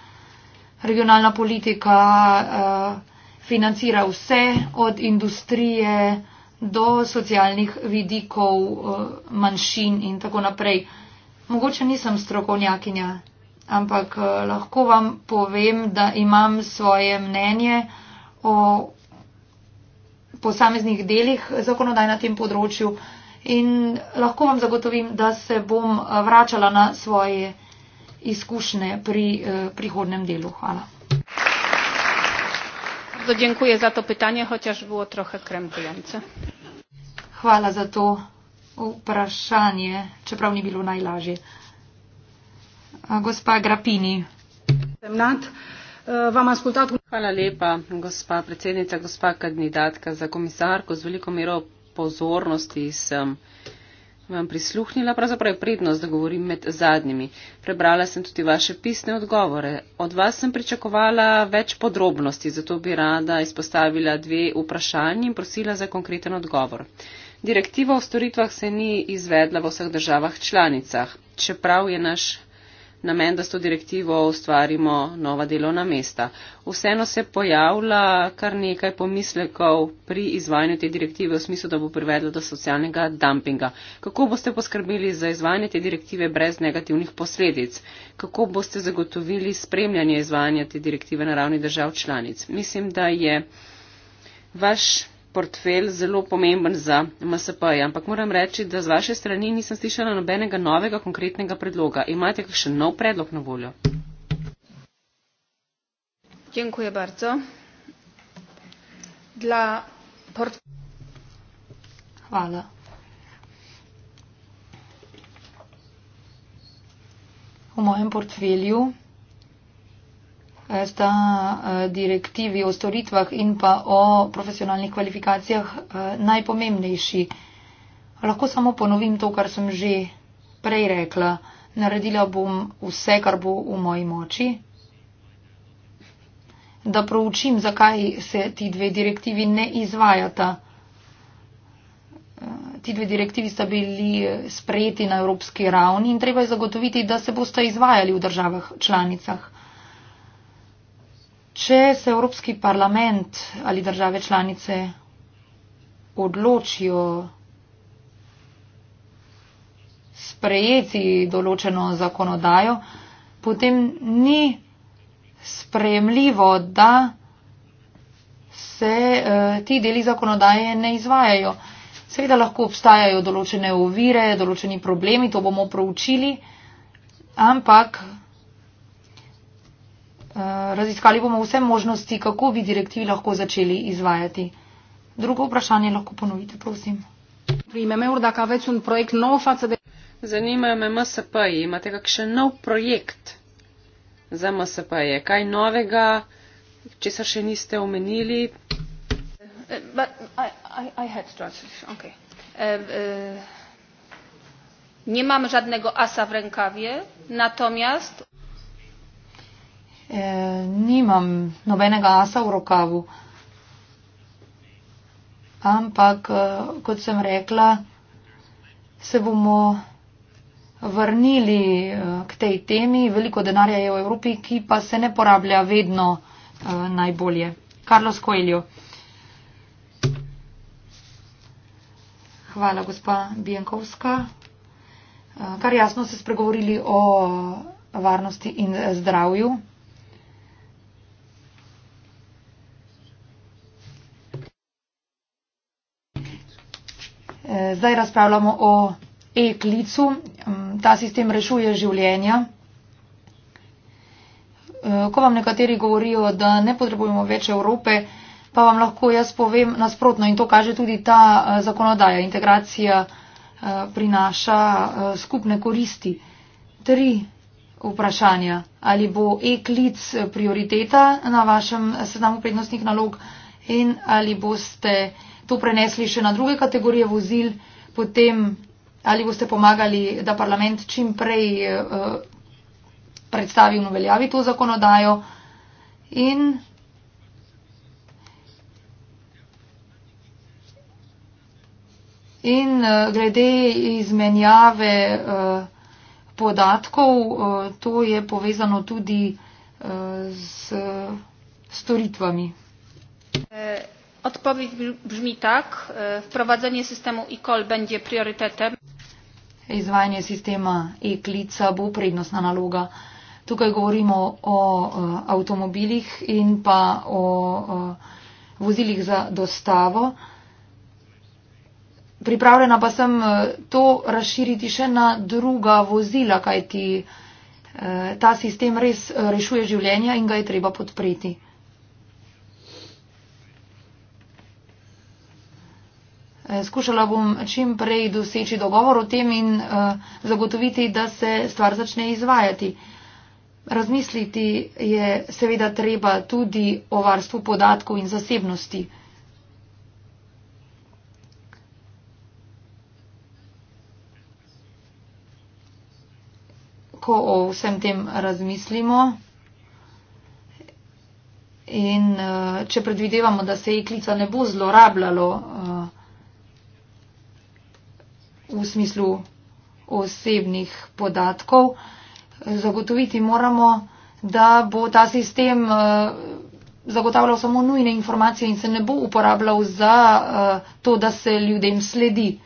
Regionalna politika eh, financira vse od industrije do socialnih vidikov eh, manjšin in tako naprej. Mogoče nisem strokovnjakinja, ampak lahko vam povem, da imam svoje mnenje o posameznih delih zakonodaj na tem področju in lahko vam zagotovim, da se bom eh, vračala na svoje izkušnje pri eh, prihodnem delu. Hvala. Dziękuję za to pytanie, chociaż było trochę krępujące. Hvala za to vprašanje, čeprav ni bilo najlažje. Gospa Grapini. Temnat. Uh, Eh, vam ascultat. Hvala lepa, gospa predsednica, gospa kandidatka za komisarko. Z veliko mero pozornosti sem vam prisluhnila, pravzaprav je prednost, da govorim med zadnjimi. Prebrala sem tudi vaše pisne odgovore. Od vas sem pričakovala več podrobnosti, zato bi rada izpostavila dve vprašanji in prosila za konkreten odgovor. Direktiva o storitvah se ni izvedla v vseh državah članicah, čeprav je naš namen, da s to direktivo ustvarimo nova delovna mesta. Vseeno se pojavlja kar nekaj pomislekov pri izvajanju te direktive v smislu, da bo privedlo do socialnega dumpinga. Kako boste poskrbeli za izvajanje te direktive brez negativnih posledic? Kako boste zagotovili spremljanje izvajanja te direktive na ravni držav članic? Mislim, da je vaš portfelj zelo pomemben za MSP. -je. Ampak moram reči, da z vaše strani nisem slišala nobenega novega konkretnega predloga. Imate kakšen nov predlog na voljo? Dziękuję bardzo. Dla Hvala. V mojem portfelju sta eh, direktivi o storitvah in pa o profesionalnih kvalifikacijah eh, najpomembnejši. Lahko samo ponovim to, kar sem že prej rekla. Naredila bom vse, kar bo v moji moči, da proučim, zakaj se ti dve direktivi ne izvajata. Eh, ti dve direktivi sta bili sprejeti na evropski ravni in treba je zagotoviti, da se bosta izvajali v državah članicah. Če se Evropski parlament ali države članice odločijo sprejeti določeno zakonodajo, potem ni sprejemljivo, da se eh, ti deli zakonodaje ne izvajajo. Seveda lahko obstajajo določene ovire, določeni problemi, to bomo proučili, ampak Eh, raziskali bomo vse možnosti, kako bi direktivi lahko začeli izvajati. Drugo vprašanje lahko ponovite, prosim. Zanima me MSP, imate kakšen nov projekt za MSP, je kaj novega, če se še niste omenili? Eh, eh, Nimam žadnega asa v rankavje, natomjast. E, nimam nobenega asa v rokavu. Ampak, eh, kot sem rekla, se bomo vrnili eh, k tej temi. Veliko denarja je v Evropi, ki pa se ne porablja vedno e, najbolje. Karlo Skojljo. Hvala, gospa Bienkovska. Kar jasno ste spregovorili o varnosti in zdravju. Eh, zdaj razpravljamo o e-klicu. Mm, ta sistem rešuje življenja. Eh, ko vam nekateri govorijo, da ne potrebujemo več Evrope, pa vam lahko jaz povem nasprotno in to kaže tudi ta eh, zakonodaja. Integracija prinaša skupne koristi. Tri vprašanja. Ali bo e-klic prioriteta na vašem seznamu prednostnih nalog in ali boste to prenesli še na druge kategorije vozil, potem ali boste pomagali, da parlament čim prej eh, predstavi in uveljavi to zakonodajo. In In eh, glede izmenjave eh, podatkov, to je povezano tudi s storitvami. Odpowiedź brzmi tak. E, wprowadzenie systemu e-call będzie priorytetem. Izvajanje sistema e-klica bo prednostna naloga. Tukaj govorimo o e, avtomobilih in pa o e, vozilih za dostavo. Pripravljena pa sem to razširiti še na druga vozila, kajti ta sistem res rešuje življenja in ga je treba podpreti. Eh, skušala bom čim prej doseči dogovor o tem in eh, zagotoviti, da se stvar začne izvajati. Razmisliti je seveda treba tudi o varstvu podatkov in zasebnosti. Ko o vsem tem razmislimo in eh, če predvidevamo, da se e-klica ne bo zlorabljalo, v smislu osebnih podatkov. Zagotoviti moramo, da bo ta sistem eh, zagotavljal samo nujne informacije in se ne bo uporabljal za eh, to, da se ljudem sledi.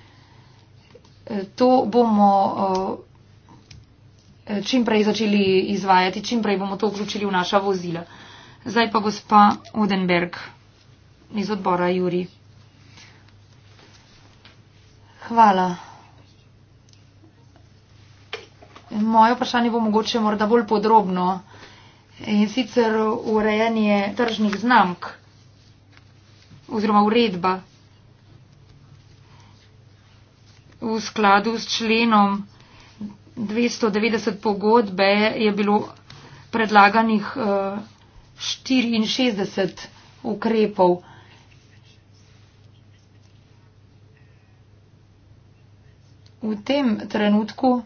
Eh, to bomo čim prej začeli izvajati, čim prej bomo to vključili v naša vozila. Zdaj pa gospa Odenberg iz odbora Juri. Hvala. Moje vprašanje bo mogoče morda bolj podrobno in sicer urejanje tržnih znamk oziroma uredba v skladu s členom 290 pogodbe je bilo predlaganih 64 eh, ukrepov. V tem trenutku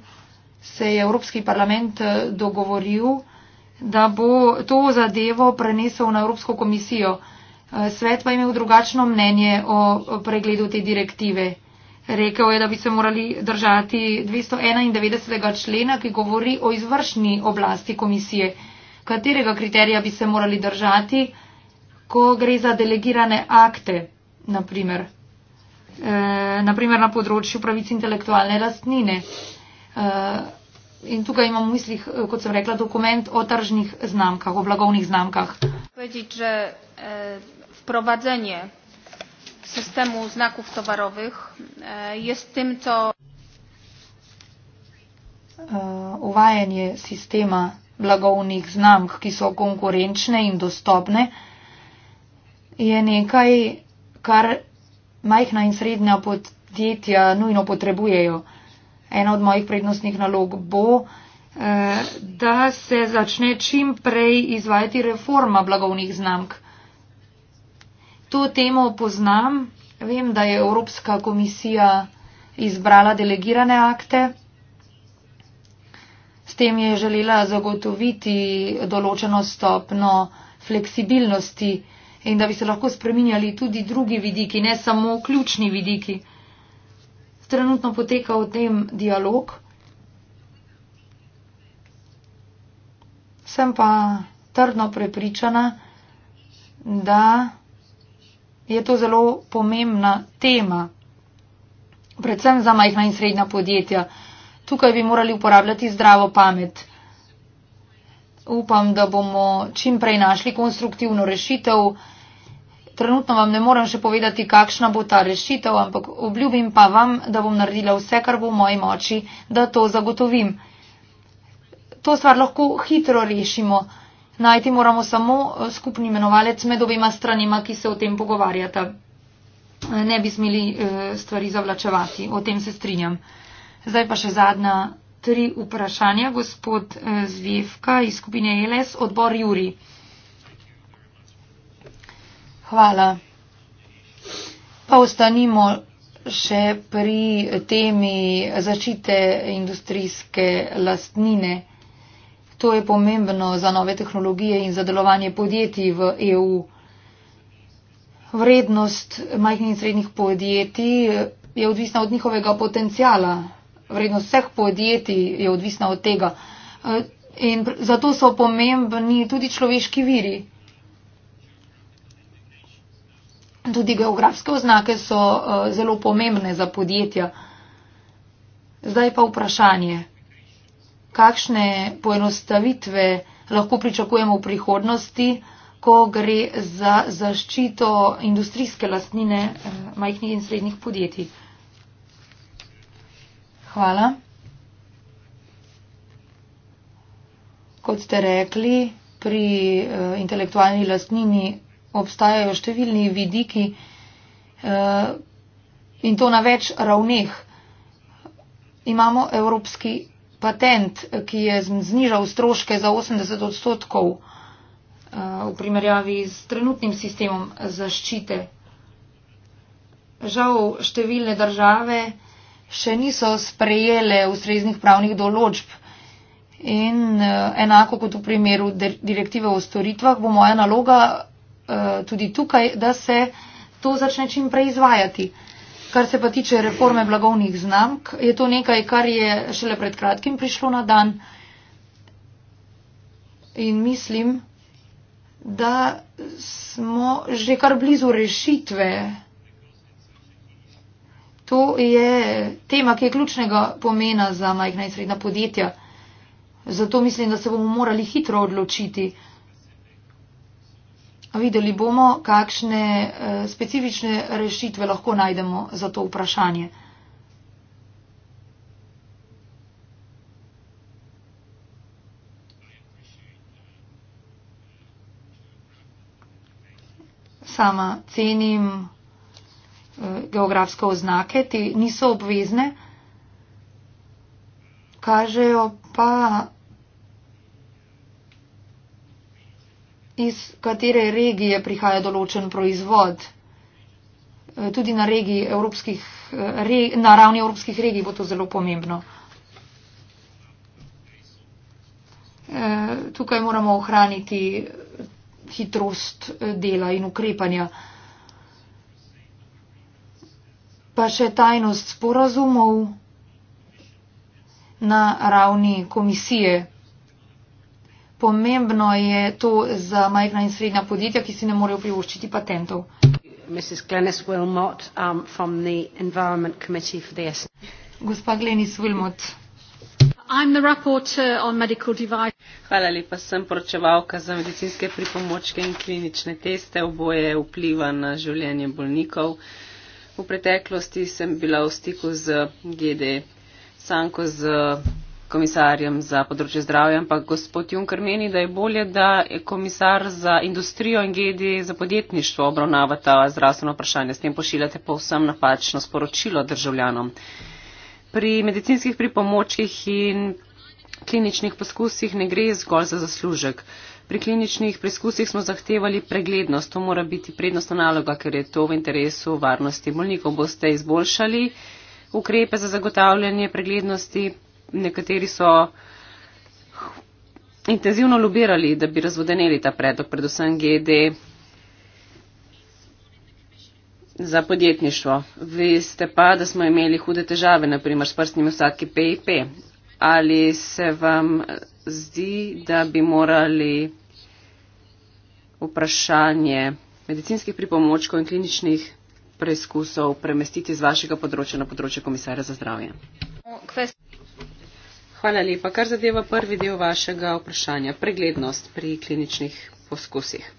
se je Evropski parlament eh, dogovoril, da bo to zadevo prenesel na Evropsko komisijo. Eh, svet pa je imel drugačno mnenje o pregledu te direktive. Rekel je, da bi se morali držati 291. člena, ki govori o izvršni oblasti komisije, katerega kriterija bi se morali držati, ko gre za delegirane akte, naprimer, e, eh, naprimer na področju pravic intelektualne lastnine. Eh, in tukaj imam v mislih, eh, kot sem rekla, dokument o tržnih znamkah, o blagovnih znamkah. Povedati, že vprovadzenje eh, sistemu znakov tovarovih je s tem, co... Uvajanje sistema blagovnih znamk, ki so konkurenčne in dostopne, je nekaj, kar majhna in srednja podjetja nujno potrebujejo ena od mojih prednostnih nalog bo, eh, da se začne čim prej izvajati reforma blagovnih znamk. To temo poznam, vem, da je Evropska komisija izbrala delegirane akte. S tem je želela zagotoviti določeno stopno fleksibilnosti in da bi se lahko spreminjali tudi drugi vidiki, ne samo ključni vidiki trenutno poteka v tem dialog. Sem pa trdno prepričana, da je to zelo pomembna tema, predvsem za majhna in srednja podjetja. Tukaj bi morali uporabljati zdravo pamet. Upam, da bomo čim prej našli konstruktivno rešitev. Trenutno vam ne morem še povedati, kakšna bo ta rešitev, ampak obljubim pa vam, da bom naredila vse, kar bo v moji moči, da to zagotovim. To stvar lahko hitro rešimo. Najti moramo samo eh, skupni imenovalec med obema stranima, ki se o tem pogovarjata. Ne bi smeli eh, stvari zavlačevati, o tem se strinjam. Zdaj pa še zadnja tri vprašanja. Gospod eh, Zvevka iz skupine LS, odbor Juri. Hvala. Pa ostanimo še pri temi zaščite industrijske lastnine. To je pomembno za nove tehnologije in za delovanje podjetij v EU. Vrednost majhnih in srednjih podjetij je odvisna od njihovega potencijala. Vrednost vseh podjetij je odvisna od tega. E, in zato so pomembni tudi človeški viri. tudi geografske oznake so eh, zelo pomembne za podjetja. Zdaj pa vprašanje, kakšne poenostavitve lahko pričakujemo v prihodnosti, ko gre za zaščito industrijske lastnine eh, majhnih in srednjih podjetij. Hvala. Kot ste rekli, pri eh, intelektualni lastnini obstajajo številni vidiki eh, in to na več ravneh. Imamo evropski patent, ki je znižal stroške za 80 odstotkov eh, v primerjavi s trenutnim sistemom zaščite. Žal številne države še niso sprejele ustreznih pravnih določb in eh, enako kot v primeru direktive o storitvah bo moja naloga Eh, tudi tukaj, da se to začne čim prej izvajati. Kar se pa tiče reforme blagovnih znamk, je to nekaj, kar je šele pred kratkim prišlo na dan. In mislim, da smo že kar blizu rešitve. To je tema, ki je ključnega pomena za majhna in srednja podjetja. Zato mislim, da se bomo morali hitro odločiti. Videli bomo, kakšne eh, specifične rešitve lahko najdemo za to vprašanje. Sama cenim eh, geografske oznake, te niso obvezne, kažejo pa iz katere regije prihaja določen proizvod. E, tudi na, regiji, evropskih, e, re, na ravni evropskih regij bo to zelo pomembno. E, tukaj moramo ohraniti hitrost dela in ukrepanja. Pa še tajnost sporazumov na ravni komisije pomembno je to za majhna in srednja podjetja, ki si ne morejo privoščiti patentov. Um, Gospa Glenis Wilmot. I'm the rapporteur on medical devices. Hvala lepa, sem poročevalka za medicinske pripomočke in klinične teste. Oboje vpliva na življenje bolnikov. V preteklosti sem bila v stiku z GD Sanko, z komisarjem za področje zdravja, ampak gospod Juncker meni, da je bolje, da je komisar za industrijo in gedi za podjetništvo obravnava ta zdravstveno vprašanje. S tem pošiljate povsem napačno sporočilo državljanom. Pri medicinskih pripomočkih in kliničnih poskusih ne gre zgolj za zaslužek. Pri kliničnih preizkusih smo zahtevali preglednost, to mora biti prednostna naloga, ker je to v interesu varnosti bolnikov. Boste izboljšali ukrepe za zagotavljanje preglednosti nekateri so intenzivno lobirali, da bi razvodeneli ta predlog, predvsem GED za podjetništvo. Veste pa, da smo imeli hude težave, naprimer s prstnimi vsadki PIP. Ali se vam zdi, da bi morali vprašanje medicinskih pripomočkov in kliničnih preizkusov premestiti z vašega področja na področje komisarja za zdravje? Kvesti. Hvala lepa. Kar zadeva prvi del vašega vprašanja, preglednost pri kliničnih poskusih.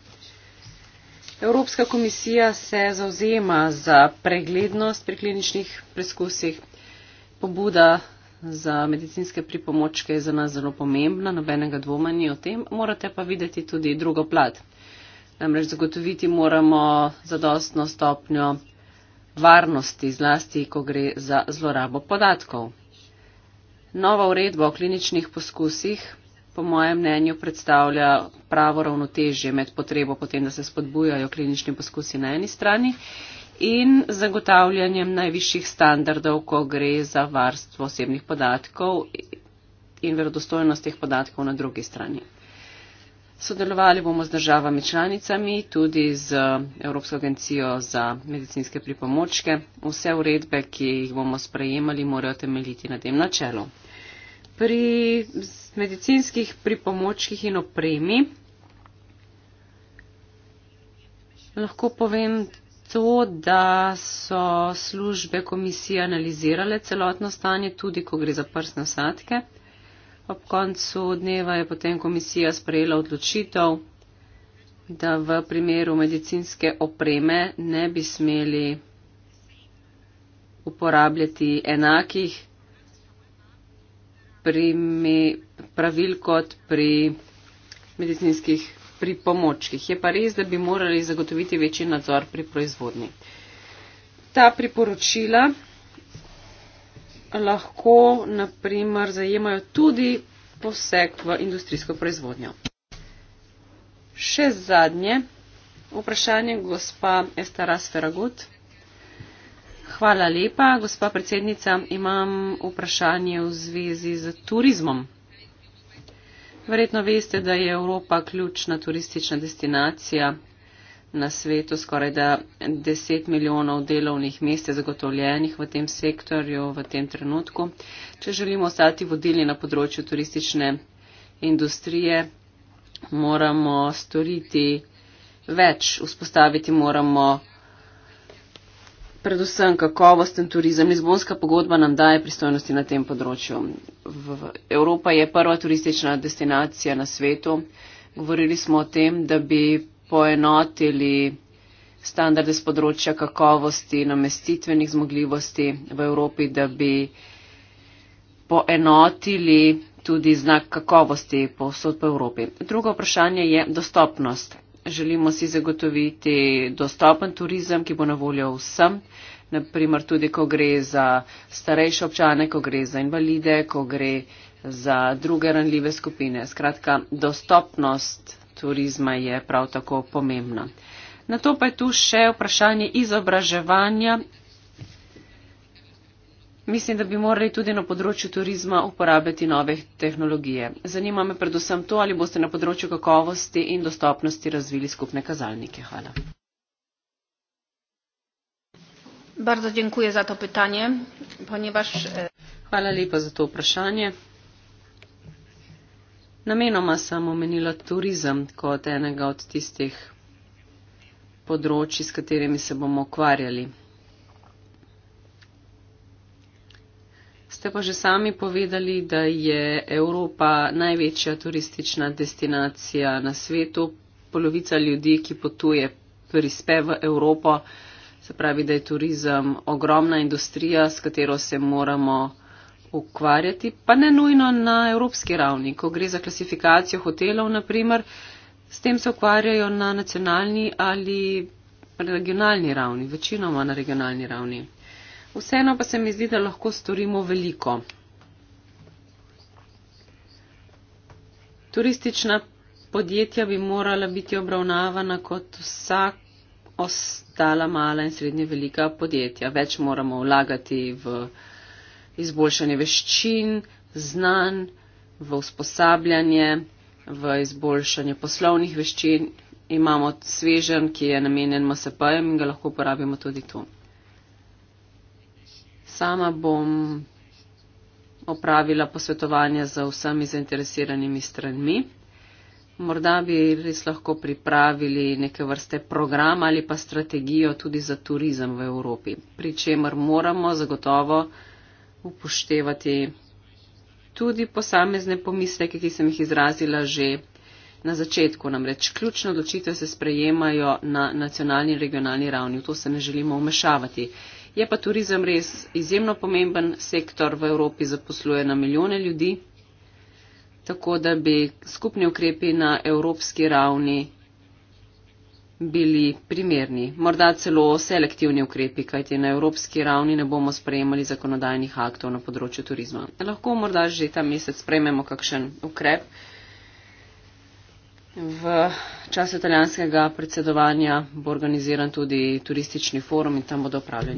Evropska komisija se zauzema za preglednost pri kliničnih preskusih. Pobuda za medicinske pripomočke je za nas zelo pomembna, nobenega dvoma ni o tem, morate pa videti tudi drugo plat. Namreč zagotoviti moramo zadostno stopnjo varnosti, zlasti, ko gre za zlorabo podatkov. Nova uredba o kliničnih poskusih po mojem mnenju predstavlja pravo ravnotežje med potrebo potem, da se spodbujajo klinični poskusi na eni strani in zagotavljanjem najvišjih standardov, ko gre za varstvo osebnih podatkov in verodostojnost teh podatkov na drugi strani. Sodelovali bomo z državami članicami, tudi z eh, Evropsko agencijo za medicinske pripomočke. Vse uredbe, ki jih bomo sprejemali, morajo temeljiti na tem načelu. Pri medicinskih pripomočkih in opremi lahko povem to, da so službe komisije analizirale celotno stanje, tudi ko gre za prsne sadke. Ob koncu dneva je potem komisija sprejela odločitev, da v primeru medicinske opreme ne bi smeli uporabljati enakih primi, pravil kot pri medicinskih pripomočkih. Je pa res, da bi morali zagotoviti večji nadzor pri proizvodni. Ta priporočila lahko naprimer zajemajo tudi poseg v industrijsko proizvodnjo. Še zadnje vprašanje, gospa Estaras Feragut. Hvala lepa, gospa predsednica. Imam vprašanje v zvezi z turizmom. Verjetno veste, da je Evropa ključna turistična destinacija na svetu skoraj da 10 milijonov delovnih mest je zagotovljenih v tem sektorju v tem trenutku. Če želimo ostati vodilni na področju turistične industrije, moramo storiti več, vzpostaviti moramo predvsem kakovosten turizem. Lizbonska pogodba nam daje pristojnosti na tem področju. V Evropa je prva turistična destinacija na svetu. Govorili smo o tem, da bi poenotili standarde z področja kakovosti, namestitvenih zmogljivosti v Evropi, da bi poenotili tudi znak kakovosti povsod po Evropi. Drugo vprašanje je dostopnost. Želimo si zagotoviti dostopen turizem, ki bo na voljo vsem, naprimer tudi, ko gre za starejše občane, ko gre za invalide, ko gre za druge ranljive skupine. Skratka, dostopnost turizma je prav tako pomembna. Na to pa je tu še vprašanje izobraževanja. Mislim, da bi morali tudi na področju turizma uporabiti nove tehnologije. Zanima me predvsem to, ali boste na področju kakovosti in dostopnosti razvili skupne kazalnike. Hvala. Bardzo dziękuję za to pytanie, ponieważ... E, Hvala lepa za to vprašanje. Namenoma sem omenila turizem kot enega od tistih področji, s katerimi se bomo ukvarjali. Ste pa že sami povedali, da je Evropa največja turistična destinacija na svetu. Polovica ljudi, ki potuje, prispe v Evropo. Se pravi, da je turizem ogromna industrija, s katero se moramo ukvarjati, pa ne nujno na evropski ravni, ko gre za klasifikacijo hotelov, naprimer, s tem se ukvarjajo na nacionalni ali regionalni ravni, večinoma na regionalni ravni. Vseeno pa se mi zdi, da lahko storimo veliko. Turistična podjetja bi morala biti obravnavana kot vsa ostala mala in srednje velika podjetja. Več moramo vlagati v izboljšanje veščin, znanj, v usposabljanje, v izboljšanje poslovnih veščin. Imamo svežen, ki je namenjen MSP-jem in ga lahko uporabimo tudi tu. Sama bom opravila posvetovanje z vsemi zainteresiranimi stranmi. Morda bi res lahko pripravili neke vrste program ali pa strategijo tudi za turizem v Evropi, pri čemer moramo zagotovo upoštevati tudi posamezne pomisleke, ki sem jih izrazila že na začetku. Namreč ključne odločitve se sprejemajo na nacionalni in regionalni ravni, v to se ne želimo umešavati. Je pa turizem res izjemno pomemben sektor v Evropi, zaposluje na milijone ljudi, tako da bi skupni ukrepi na evropski ravni bili primerni, morda celo selektivni ukrepi, kajti na evropski ravni ne bomo sprejemali zakonodajnih aktov na področju turizma. Lahko morda že ta mesec sprejmemo kakšen ukrep. V času italijanskega predsedovanja bo organiziran tudi turistični forum in tam bodo opravljeni.